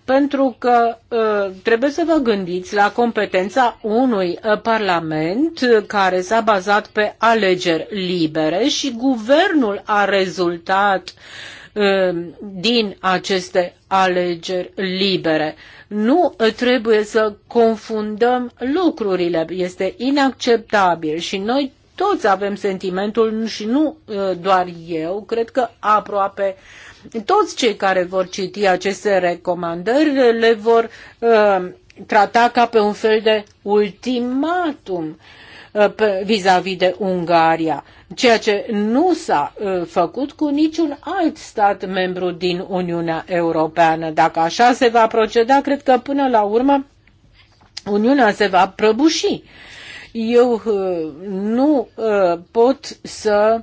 Pentru că uh, trebuie să vă gândiți la competența unui uh, parlament care s-a bazat pe alegeri libere și guvernul a rezultat din aceste alegeri libere. Nu ă, trebuie să confundăm lucrurile. Este inacceptabil și noi toți avem sentimentul și nu ă, doar eu, cred că aproape toți cei care vor citi aceste recomandări le vor uh, trata ca pe un fel de ultimatum. Uh, Uh, vis-a-vis de Ungaria, ceea ce nu s-a uh, făcut cu niciun alt stat membru din Uniunea Europeană. Dacă așa se va proceda, cred că până la urmă Uniunea se va prăbuși. Eu uh, nu pot să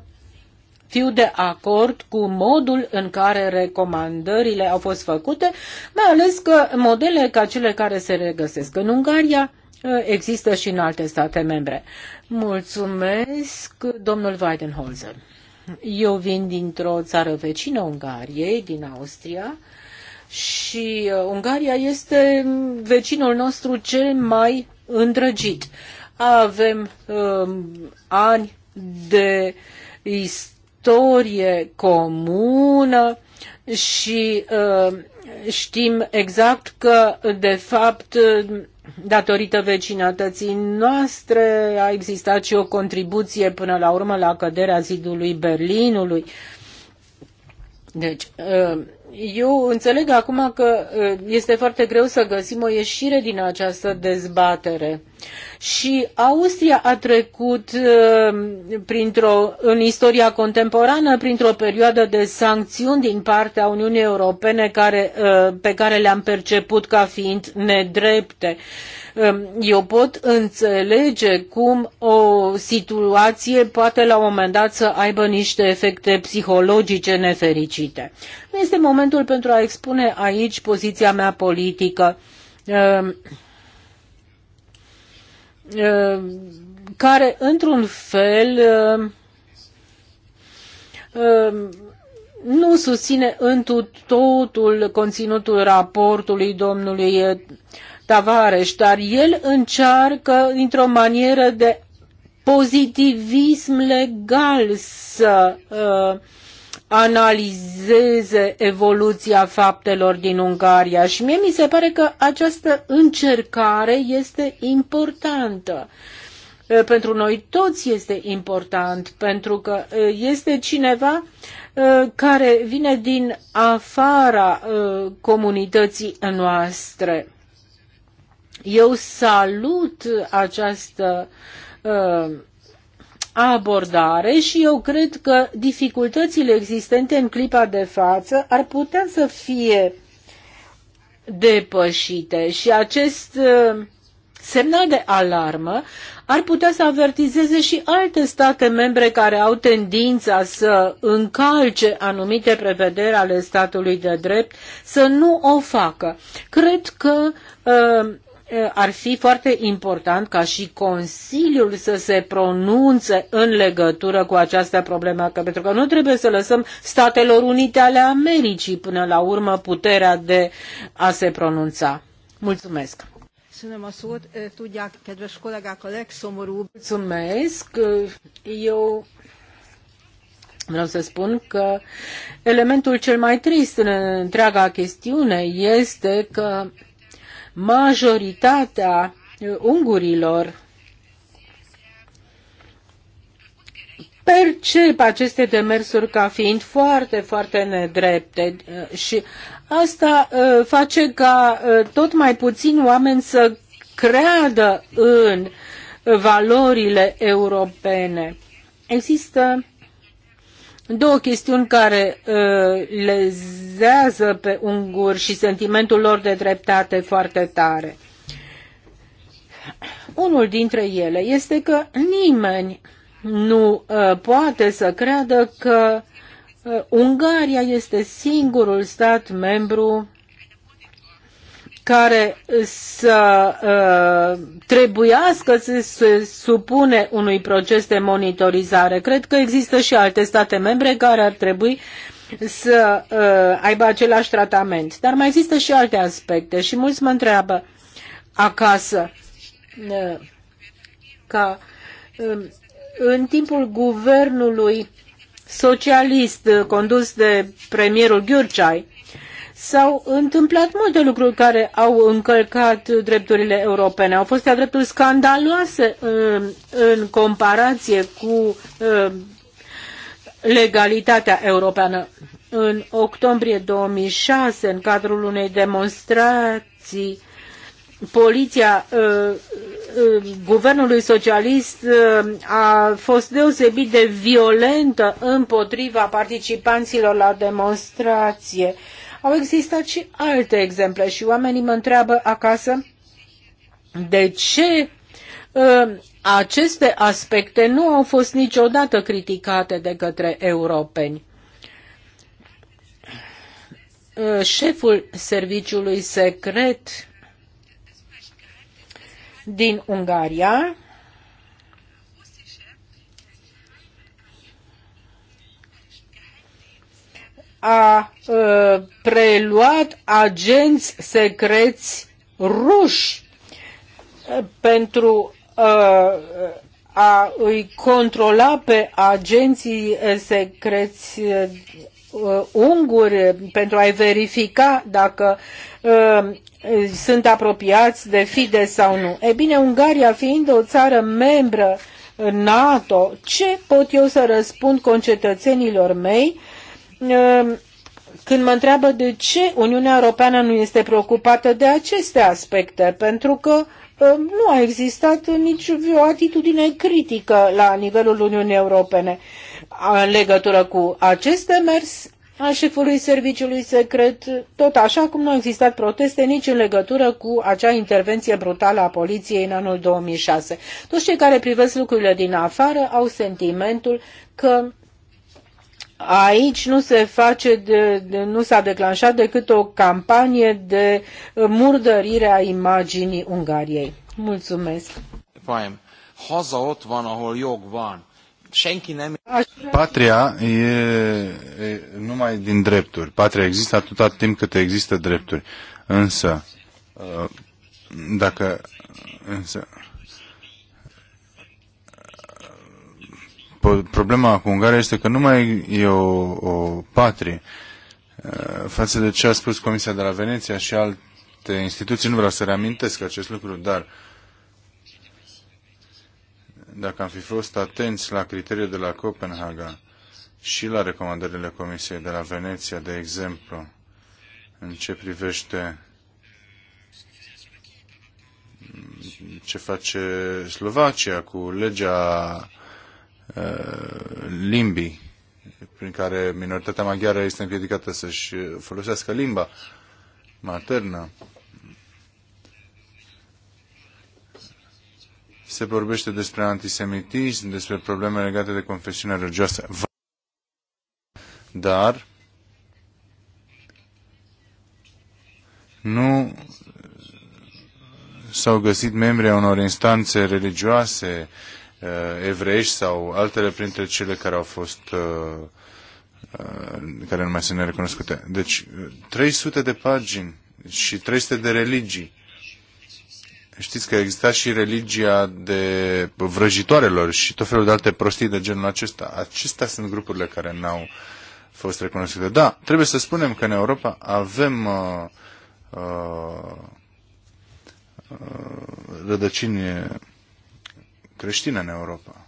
fiu de acord cu modul în care recomandările au fost făcute, mai ales că modele ca cele care se regăsesc în Ungaria Eh, există și în alte state membre. Mulțumesc, domnul Weidenholzer. Eu vin dintr-o țară vecină Ungariei, din Austria, și eh, Ungaria este vecinul nostru cel mai îndrăgit. Avem um, ani de istorie comună și uh, știm exact că, de fapt, datorită vecinătății noastre a existat și o contribuție până la urmă la căderea zidului Berlinului. Deci, ă, eu înțeleg acum că este foarte greu să găsim o ieșire din această dezbatere. Și Austria a trecut printr-o, în istoria contemporană printr-o perioadă de sancțiuni din partea Uniunii Europene care, pe care le-am perceput ca fiind nedrepte. Ehm, eu pot înțelege cum o situație poate la un moment dat să aibă niște efecte psihologice nefericite. Nu este momentul pentru a expune aici poziția mea politică ehm, ehm, care, într-un fel, nu susține întru totul conținutul raportului domnului Tavares, dar el încearcă într-o manieră de pozitivism legal să uh, analizeze evoluția faptelor din Ungaria și mie mi se pare că această încercare este importantă. Uh, pentru noi toți este important, pentru că uh, este cineva uh, care vine din afara comunității noastre. Eu salut această uh, abordare și eu cred că dificultățile existente în clipa de față ar putea să fie depășite și acest uh, semnal de alarmă ar putea să avertizeze și alte state membre care au tendința să încalce anumite prevederi ale statului de drept, să nu o facă. Cred că uh, Eh, ar fi foarte important ca și Consiliul să se pronunțe în legătură cu această problemă, că pentru că nu trebuie să lăsăm Statelor Unite ale Americii până la urmă puterea de a se pronunța. Mulțumesc! Eh, Mulțumesc! Eh, eu Vreau să spun că elementul cel mai trist în întreaga chestiune este că majoritatea uh, ungurilor percep aceste demersuri ca fiind foarte, foarte nedrepte uh, și asta uh, face ca tot mai puțini oameni să creadă în valorile europene. Există două chestiuni care uh, lezează pe unguri și sentimentul lor de dreptate foarte tare. Unul dintre ele este că nimeni nu uh, poate să creadă că uh, Ungaria este singurul stat membru care să uh, trebuiască să se supune unui proces de monitorizare. Cred că există și alte state membre care ar trebui să uh, aibă același tratament. Dar mai există și alte aspecte și mulți mă întreabă acasă uh, ca um, în timpul guvernului socialist uh, condus de premierul Gheorghe, s-au întâmplat multe lucruri care au încălcat drepturile europene. Au fost drepturi scandaloase uh, în comparație cu uh, legalitatea europeană. În octombrie 2006, în cadrul unei demonstrații, poliția uh, guvernului socialist a fost deosebit de violentă împotriva participanților la demonstrație. Au existat și alte exemple și oamenii mă întreabă acasă de ce uh, aceste aspecte nu au fost niciodată criticate de către europeni uh, șeful serviciului secret din Ungaria a uh, preluat agenți secreți ruși pentru uh, a îi controla pe agenții secreți uh, unguri pentru a-i verifica dacă uh, sunt apropiați de FIDE sau nu. E bine, Ungaria fiind o țară membră NATO, ce pot eu să răspund concetățenilor mei Ehm, când mă întreabă de ce Uniunea Europeană nu este preocupată de aceste aspecte, pentru că ehm, nu a existat nici o atitudine critică la nivelul Uniunii Europene în legătură cu acest demers a șefului serviciului secret, tot așa cum nu au existat proteste nici în legătură cu acea intervenție brutală a poliției în anul 2006. Toți cei care privesc lucrurile din afară au sentimentul că Aici nu se face, de, de, nu s-a declanșat decât o campanie de murdărire a imaginii Ungariei. Mulțumesc. Haza ott van, ahol jog van. Senki nem... Patria e, e numai din drepturi. Patria există atâta timp cât există drepturi. Însă, uh, dacă, însă problema cu Ungaria este că nu mai e o, o patrie. Uh, față de ce a spus Comisia de la Veneția și alte instituții, nu vreau să reamintesc acest lucru, dar dacă am fi fost atenți la criteriile de la Copenhaga și la recomandările Comisiei de la Veneția, de exemplu, în ce privește ce face Slovacia cu legea Uh, limbii prin care minoritatea maghiară este împiedicată să-și uh, folosească limba maternă. Se vorbește despre antisemitism, despre probleme legate de confesiunea religioasă. Dar nu s-au găsit membri a unor instanțe religioase Uh, evreiești sau altele printre cele care au fost uh, uh, care nu mai sunt nerecunoscute. Deci 300 de pagini și 300 de religii. Știți că exista și religia de vrăjitoarelor și tot felul de alte prostii de genul acesta. Acestea sunt grupurile care n-au fost recunoscute. Da, trebuie să spunem că în Europa avem uh, uh, rădăcini creștină în Europa.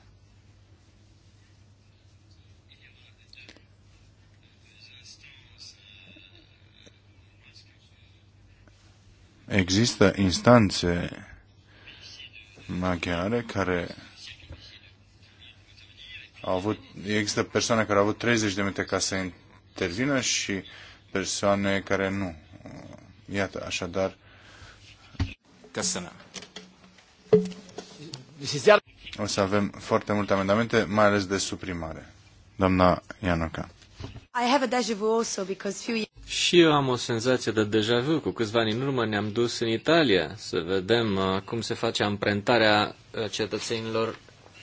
Există instanțe maghiare care au avut, există persoane care au avut 30 de minute ca să intervină și persoane care nu. Iată, așadar. Căsână. O să avem foarte multe amendamente, mai ales de suprimare. Doamna Ianoca. I have a deja vu also because few... Și eu am o senzație de deja vu. Cu câțiva ani în urmă ne-am dus în Italia să vedem uh, cum se face amprentarea uh, cetățenilor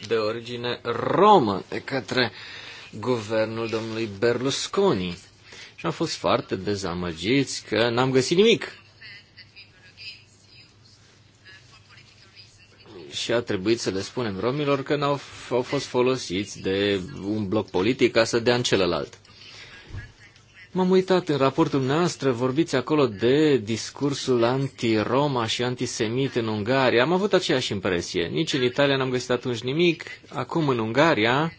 de origine romă de către guvernul domnului Berlusconi. Și am fost foarte dezamăgiți că n-am găsit nimic și a trebuit să le spunem romilor că n-au au fost folosiți de un bloc politic ca să dea în celălalt. M-am uitat în raportul noastră, vorbiți acolo de discursul anti-Roma și antisemit în Ungaria. Am avut aceeași impresie. Nici în Italia n-am găsit atunci nimic. Acum în Ungaria,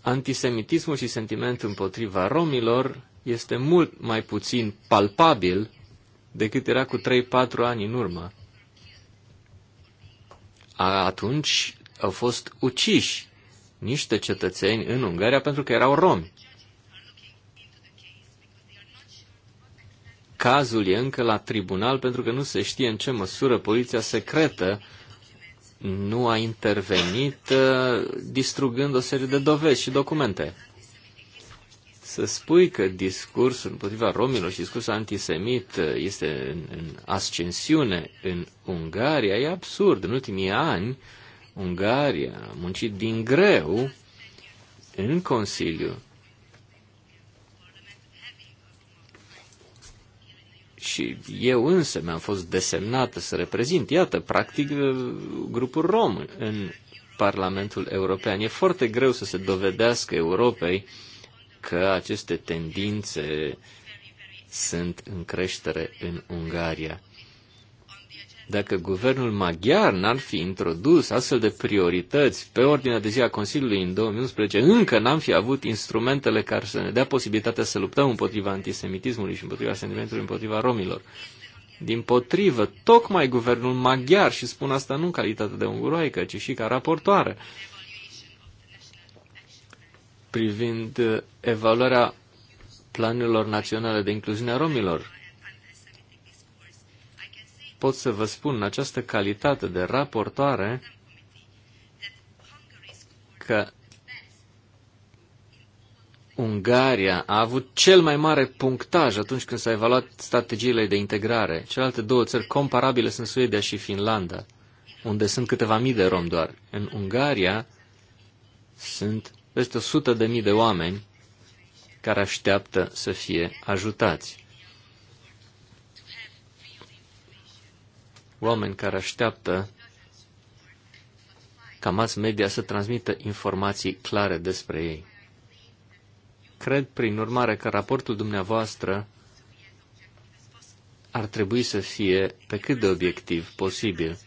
antisemitismul și sentimentul împotriva romilor este mult mai puțin palpabil decât era cu 3-4 ani în urmă atunci au fost uciși niște cetățeni în Ungaria pentru că erau romi. Cazul e încă la tribunal pentru că nu se știe în ce măsură poliția secretă nu a intervenit uh, distrugând o serie de dovezi și documente să spui că discursul împotriva romilor și discursul antisemit uh, este în, în ascensiune în Ungaria e absurd. În ultimii ani, Ungaria a muncit din greu în Consiliu și eu însă mi-am fost desemnată să reprezint, iată, practic uh, grupul rom în Parlamentul European. E foarte greu să se dovedească Europei uh, că aceste tendințe sunt în creștere în Ungaria. Dacă guvernul maghiar n-ar fi introdus astfel de priorități pe ordinea de zi a Consiliului în 2011, încă n-am fi avut instrumentele care să ne dea posibilitatea să luptăm împotriva antisemitismului și împotriva sentimentului împotriva romilor. Din potrivă, tocmai guvernul maghiar, și spun asta nu în calitate de unguroaică, ci și ca raportoare, uh, privind uh, evaluarea planurilor naționale de incluziune a romilor. Pot să vă spun în această calitate de raportoare că Ungaria a avut cel mai mare punctaj atunci când s-a evaluat strategiile de integrare. Celelalte două țări comparabile sunt Suedia și Finlanda, unde sunt câteva mii de romi doar. În Ungaria sunt peste 100 de mii de oameni care așteaptă să fie ajutați. Oameni care așteaptă ca mass media să transmită informații clare despre ei. Cred, prin urmare, că raportul dumneavoastră ar trebui să fie pe cât de obiectiv posibil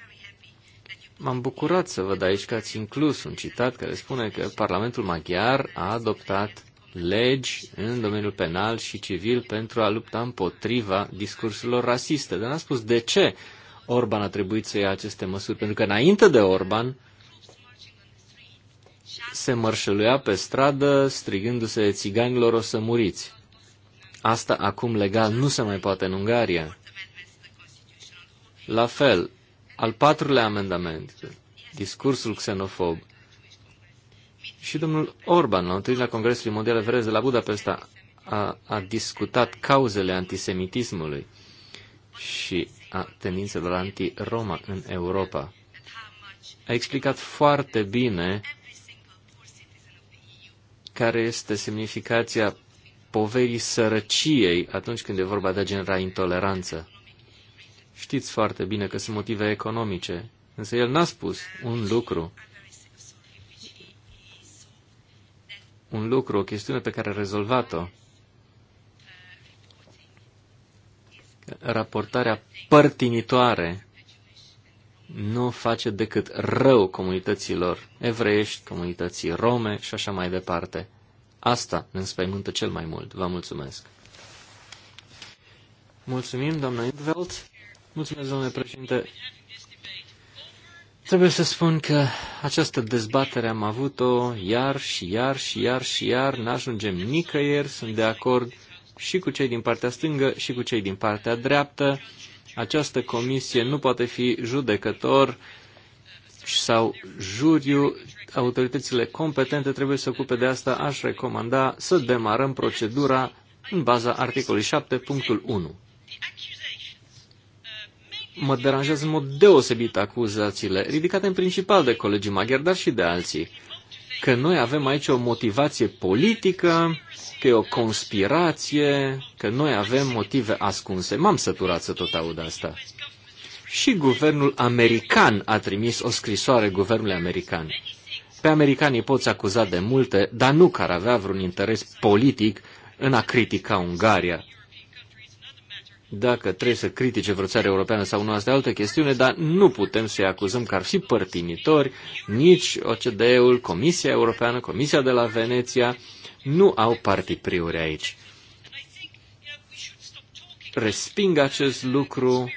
m-am bucurat să văd aici că ați inclus un citat care spune că Parlamentul Maghiar a adoptat legi în domeniul penal și civil pentru a lupta împotriva discursurilor rasiste. Dar n-a spus de ce Orban a trebuit să ia aceste măsuri, pentru că înainte de Orban se mărșăluia pe stradă strigându-se țiganilor o să muriți. Asta acum legal nu se mai poate în Ungaria. La fel, al patrulea amendament, discursul xenofob. Și domnul Orban, la întâlnirea Congresului Mondial Evrez de la Budapesta, a, a discutat cauzele antisemitismului și a tendințelor anti-Roma în Europa. A explicat foarte bine care este semnificația poverii sărăciei atunci când e vorba de genera intoleranță. Știți foarte bine că sunt motive economice, însă el n-a spus un lucru. Un lucru, o chestiune pe care a rezolvat-o. Raportarea părtinitoare nu face decât rău comunităților evreiești, comunității rome și așa mai departe. Asta ne înspăimântă cel mai mult. Vă mulțumesc. Mulțumim, doamna Indveld. Mulțumesc, domnule președinte. Trebuie să spun că această dezbatere am avut-o iar și iar și iar și iar, n-ajungem nicăieri, sunt de acord și cu cei din partea stângă și cu cei din partea dreaptă. Această comisie nu poate fi judecător sau juriu, autoritățile competente trebuie să ocupe de asta, aș recomanda să demarăm procedura în baza articolului 7.1 mă deranjează în mod deosebit acuzațiile ridicate în principal de colegii maghiari, dar și de alții, că noi avem aici o motivație politică, că e o conspirație, că noi avem motive ascunse. M-am săturat să tot aud asta. Și guvernul american a trimis o scrisoare guvernului american. Pe americanii poți acuza de multe, dar nu că ar avea vreun interes politic în a critica Ungaria dacă trebuie să critique vreo țară europeană sau nu, asta e altă chestiune, dar nu putem să-i acuzăm că ar fi părtinitori, nici OCDE-ul, Comisia Europeană, Comisia de la Veneția, nu au partipriuri aici. Resping acest lucru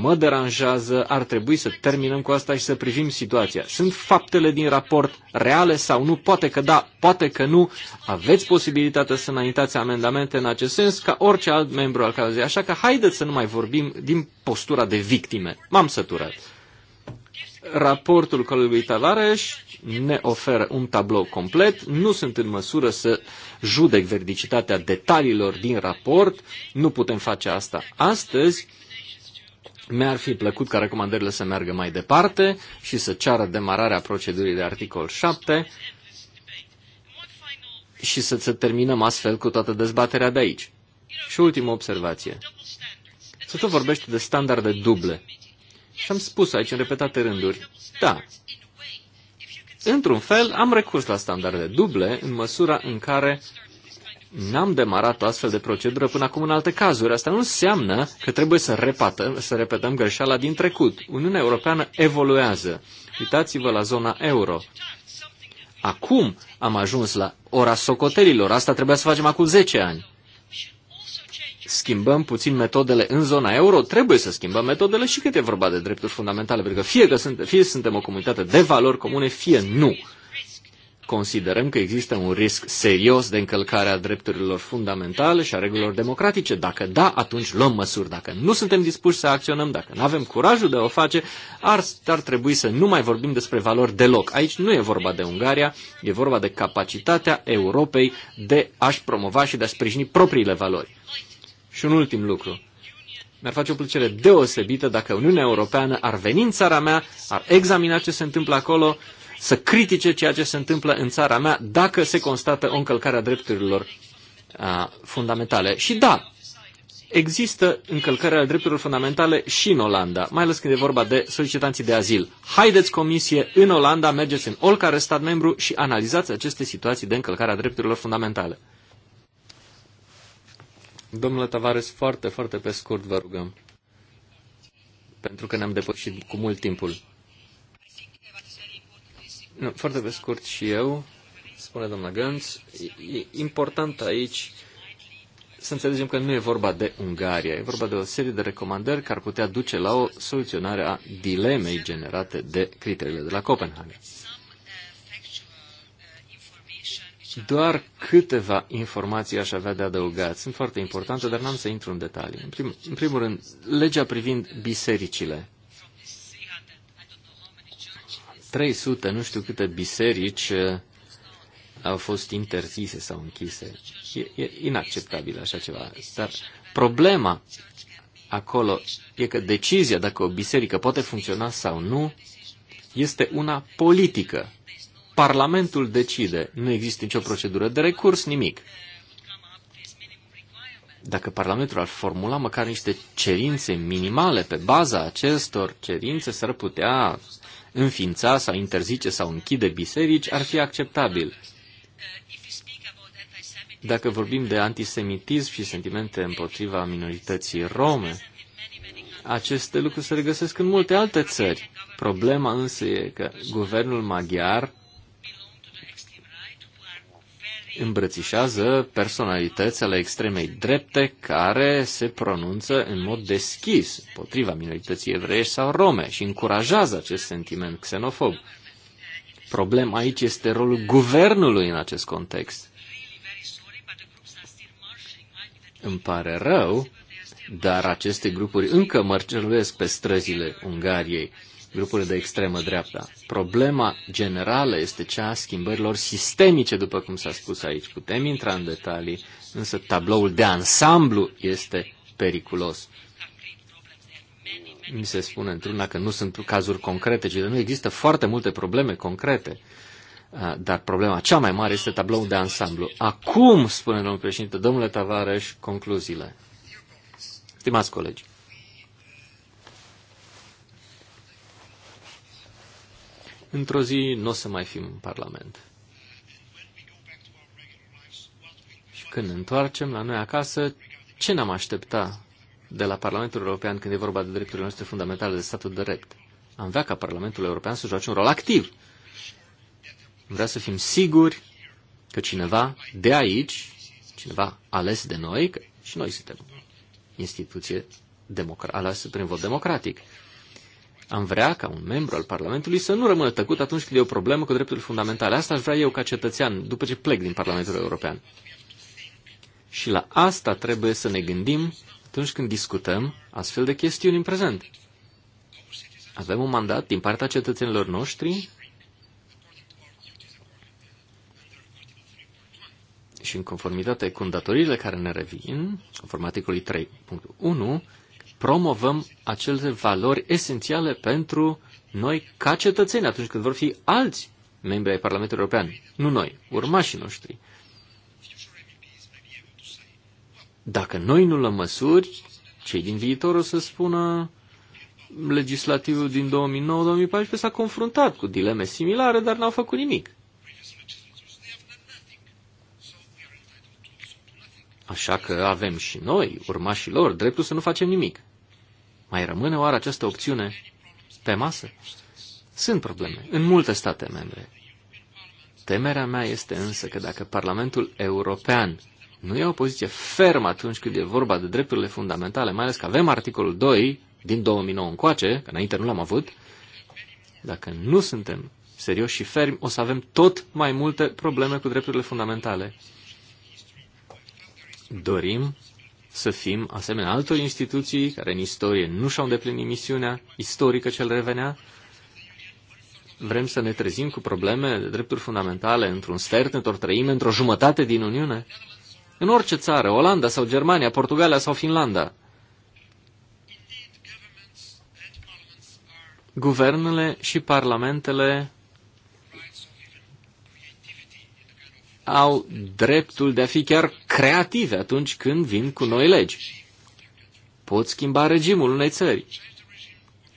mă deranjează, ar trebui să terminăm cu asta și să privim situația. Sunt faptele din raport reale sau nu? Poate că da, poate că nu. Aveți posibilitatea să înaintați amendamente în acest sens ca orice alt membru al cauzei. Așa că haideți să nu mai vorbim din postura de victime. M-am săturat. Raportul colegului Tavares ne oferă un tablou complet, nu sunt în măsură să judec verdicitatea detaliilor din raport, nu putem face asta astăzi, mi-ar fi plăcut ca recomandările să meargă mai departe și să ceară demararea procedurii de articol 7 și să, să terminăm astfel cu toată dezbaterea de aici. Și ultimă observație. să tot vorbește de standarde duble. Și am spus aici în repetate rânduri. Da, într-un fel, am recurs la standarde duble în măsura în care N-am demarat o astfel de procedură până acum în alte cazuri. Asta nu înseamnă că trebuie să, repatăm, să repetăm greșeala din trecut. Uniunea Europeană evoluează. Uitați-vă la zona euro. Acum am ajuns la ora socotelilor. Asta trebuia să facem acum 10 ani. Schimbăm puțin metodele în zona euro, trebuie să schimbăm metodele și cât e vorba de drepturi fundamentale, pentru că fie, că sunt, fie suntem o comunitate de valori comune, fie nu considerăm că există un risc serios de încălcare a drepturilor fundamentale și a regulilor democratice. Dacă da, atunci luăm măsuri. Dacă nu suntem dispuși să acționăm, dacă nu avem curajul de a o face, ar, ar trebui să nu mai vorbim despre valori deloc. Aici nu e vorba de Ungaria, e vorba de capacitatea Europei de a-și promova și de a sprijini propriile valori. Și un ultim lucru. Mi-ar face o plăcere deosebită dacă Uniunea Europeană ar veni în țara mea, ar examina ce se întâmplă acolo să critique ceea ce se întâmplă în țara mea dacă se constată o încălcare a drepturilor a, fundamentale. Și da, există încălcări ale drepturilor fundamentale și în Olanda, mai ales când e vorba de solicitanții de azil. Haideți comisie în Olanda, mergeți în oricare stat membru și analizați aceste situații de încălcare a drepturilor fundamentale. Domnule Tavares, foarte, foarte pe scurt vă rugăm, pentru că ne-am depășit cu mult timpul. Nu, foarte pe scurt și eu, spune doamna Gânț, e important aici să înțelegem că nu e vorba de Ungaria, e vorba de o serie de recomandări care ar putea duce la o soluționare a dilemei generate de criteriile de la Copenhagen. Doar câteva informații aș avea de adăugat. Sunt foarte importante, dar n-am să intru în detalii. În, prim, în primul rând, legea privind bisericile. 300, nu știu câte biserici uh, au fost interzise sau închise. E, e inacceptabil așa ceva. Dar problema acolo e că decizia dacă o biserică poate funcționa sau nu este una politică. Parlamentul decide. Nu există nicio procedură de recurs, nimic. Dacă Parlamentul ar formula măcar niște cerințe minimale pe baza acestor cerințe, s-ar putea înființa sau interzice sau închide biserici ar fi acceptabil. Dacă vorbim de antisemitism și sentimente împotriva minorității rome, aceste lucruri se regăsesc în multe alte țări. Problema însă e că guvernul maghiar îmbrățișează personalități ale extremei drepte care se pronunță în mod deschis potriva minorității evreiești sau rome și încurajează acest sentiment xenofob. Problema aici este rolul guvernului în acest context. Îmi pare rău, dar aceste grupuri încă mărceluiesc pe străzile Ungariei grupurile de extremă dreapta. Problema generală este cea a schimbărilor sistemice, după cum s-a spus aici. Putem intra în detalii, însă tabloul de ansamblu este periculos. Mi se spune într-una că nu sunt cazuri concrete, ci că nu există foarte multe probleme concrete. Dar problema cea mai mare este tabloul de ansamblu. Acum, spune domnul președinte, domnule Tavares, concluziile. Stimați colegi. într-o zi nu o să mai fim în Parlament. Și când ne întoarcem la noi acasă, ce ne-am aștepta de la Parlamentul European când e vorba de drepturile noastre fundamentale de statul de drept? Am vrea ca Parlamentul European să joace un rol activ. Vrea să fim siguri că cineva de aici, cineva ales de noi, că și noi suntem instituție democra- aleasă prin vot democratic. Am vrea ca un membru al Parlamentului să nu rămână tăcut atunci când e o problemă cu drepturile fundamentale. Asta aș vrea eu ca cetățean după ce plec din Parlamentul European. Și la asta trebuie să ne gândim atunci când discutăm astfel de chestiuni în prezent. Avem un mandat din partea cetățenilor noștri și în conformitate cu îndatoririle care ne revin, conform articolului 3.1, promovăm acele valori esențiale pentru noi ca cetățeni atunci când vor fi alți membri ai Parlamentului European, nu noi, urmașii noștri. Dacă noi nu luăm măsuri, cei din viitor o să spună legislativul din 2009-2014 s-a confruntat cu dileme similare, dar n-au făcut nimic. Așa că avem și noi, urmașii lor, dreptul să nu facem nimic. Mai rămâne oare această opțiune pe masă? Sunt probleme în multe state membre. Temerea mea este însă că dacă Parlamentul European nu e o poziție fermă atunci când e vorba de drepturile fundamentale, mai ales că avem articolul 2 din 2009 încoace, că înainte nu l-am avut, dacă nu suntem serioși și fermi, o să avem tot mai multe probleme cu drepturile fundamentale dorim să fim asemenea altor instituții care în istorie nu și-au îndeplinit misiunea istorică ce le revenea. Vrem să ne trezim cu probleme de drepturi fundamentale într-un sfert, într-o trăime, într-o jumătate din Uniune? În orice țară, Olanda sau Germania, Portugalia sau Finlanda. Guvernele și parlamentele au dreptul de a fi chiar creative atunci când vin cu noi legi. Pot schimba regimul unei țări.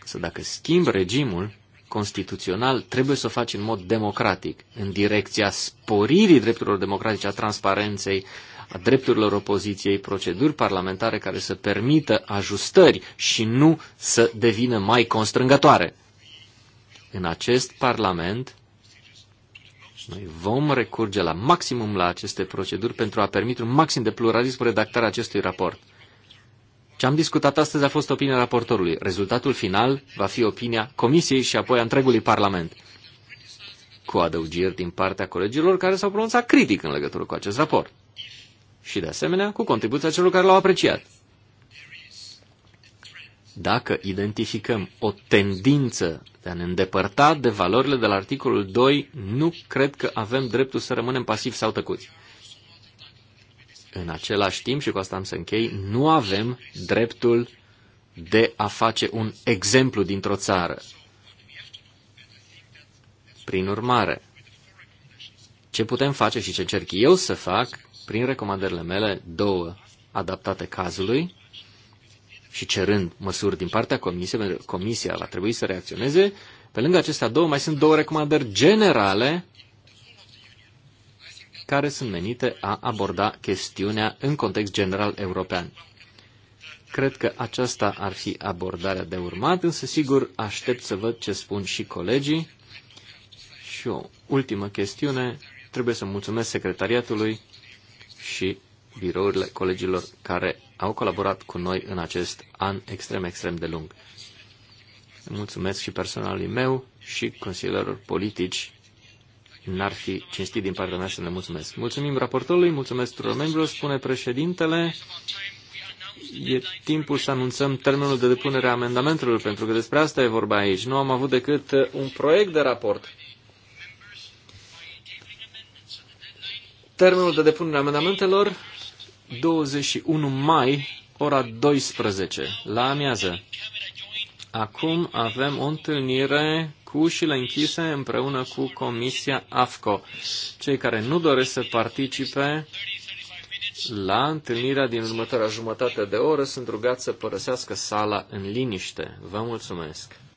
Să dacă schimb regimul constituțional, trebuie să o faci în mod democratic, în direcția sporirii drepturilor democratice, a transparenței, a drepturilor opoziției, proceduri parlamentare care să permită ajustări și nu să devină mai constrângătoare. În acest Parlament noi vom recurge la maximum la aceste proceduri pentru a permite un maxim de pluralism în redactarea acestui raport. Ce am discutat astăzi a fost opinia raportorului. Rezultatul final va fi opinia Comisiei și apoi a întregului Parlament. Cu adăugiri din partea colegilor care s-au pronunțat critic în legătură cu acest raport. Și de asemenea cu contribuția celor care l-au apreciat. Dacă identificăm o tendință de a ne îndepărta de valorile de la articolul 2, nu cred că avem dreptul să rămânem pasivi sau tăcuți. În același timp, și cu asta am să închei, nu avem dreptul de a face un exemplu dintr-o țară. Prin urmare, ce putem face și ce încerc eu să fac, prin recomandările mele, două adaptate cazului, și cerând măsuri din partea Comisiei, pentru că Comisia va trebui să reacționeze. Pe lângă acestea două, mai sunt două recomandări generale care sunt menite a aborda chestiunea în context general european. Cred că aceasta ar fi abordarea de urmat, însă sigur aștept să văd ce spun și colegii. Și o ultimă chestiune, trebuie să mulțumesc secretariatului și birourile colegilor care au colaborat cu noi în acest an extrem, extrem de lung. Mulțumesc și personalului meu și consilierilor politici. N-ar fi cinstit din partea mea să ne mulțumesc. Mulțumim raportorului, mulțumesc tuturor membrilor, spune președintele. E timpul să anunțăm termenul de depunere a amendamentelor, pentru că despre asta e vorba aici. Nu am avut decât uh, un proiect de raport. Termenul de depunere a amendamentelor 21 mai, ora 12, la amiază. Acum avem o întâlnire cu ușile închise împreună cu Comisia AFCO. Cei care nu doresc să participe la întâlnirea din următoarea jumătate de oră sunt rugați să părăsească sala în liniște. Vă mulțumesc!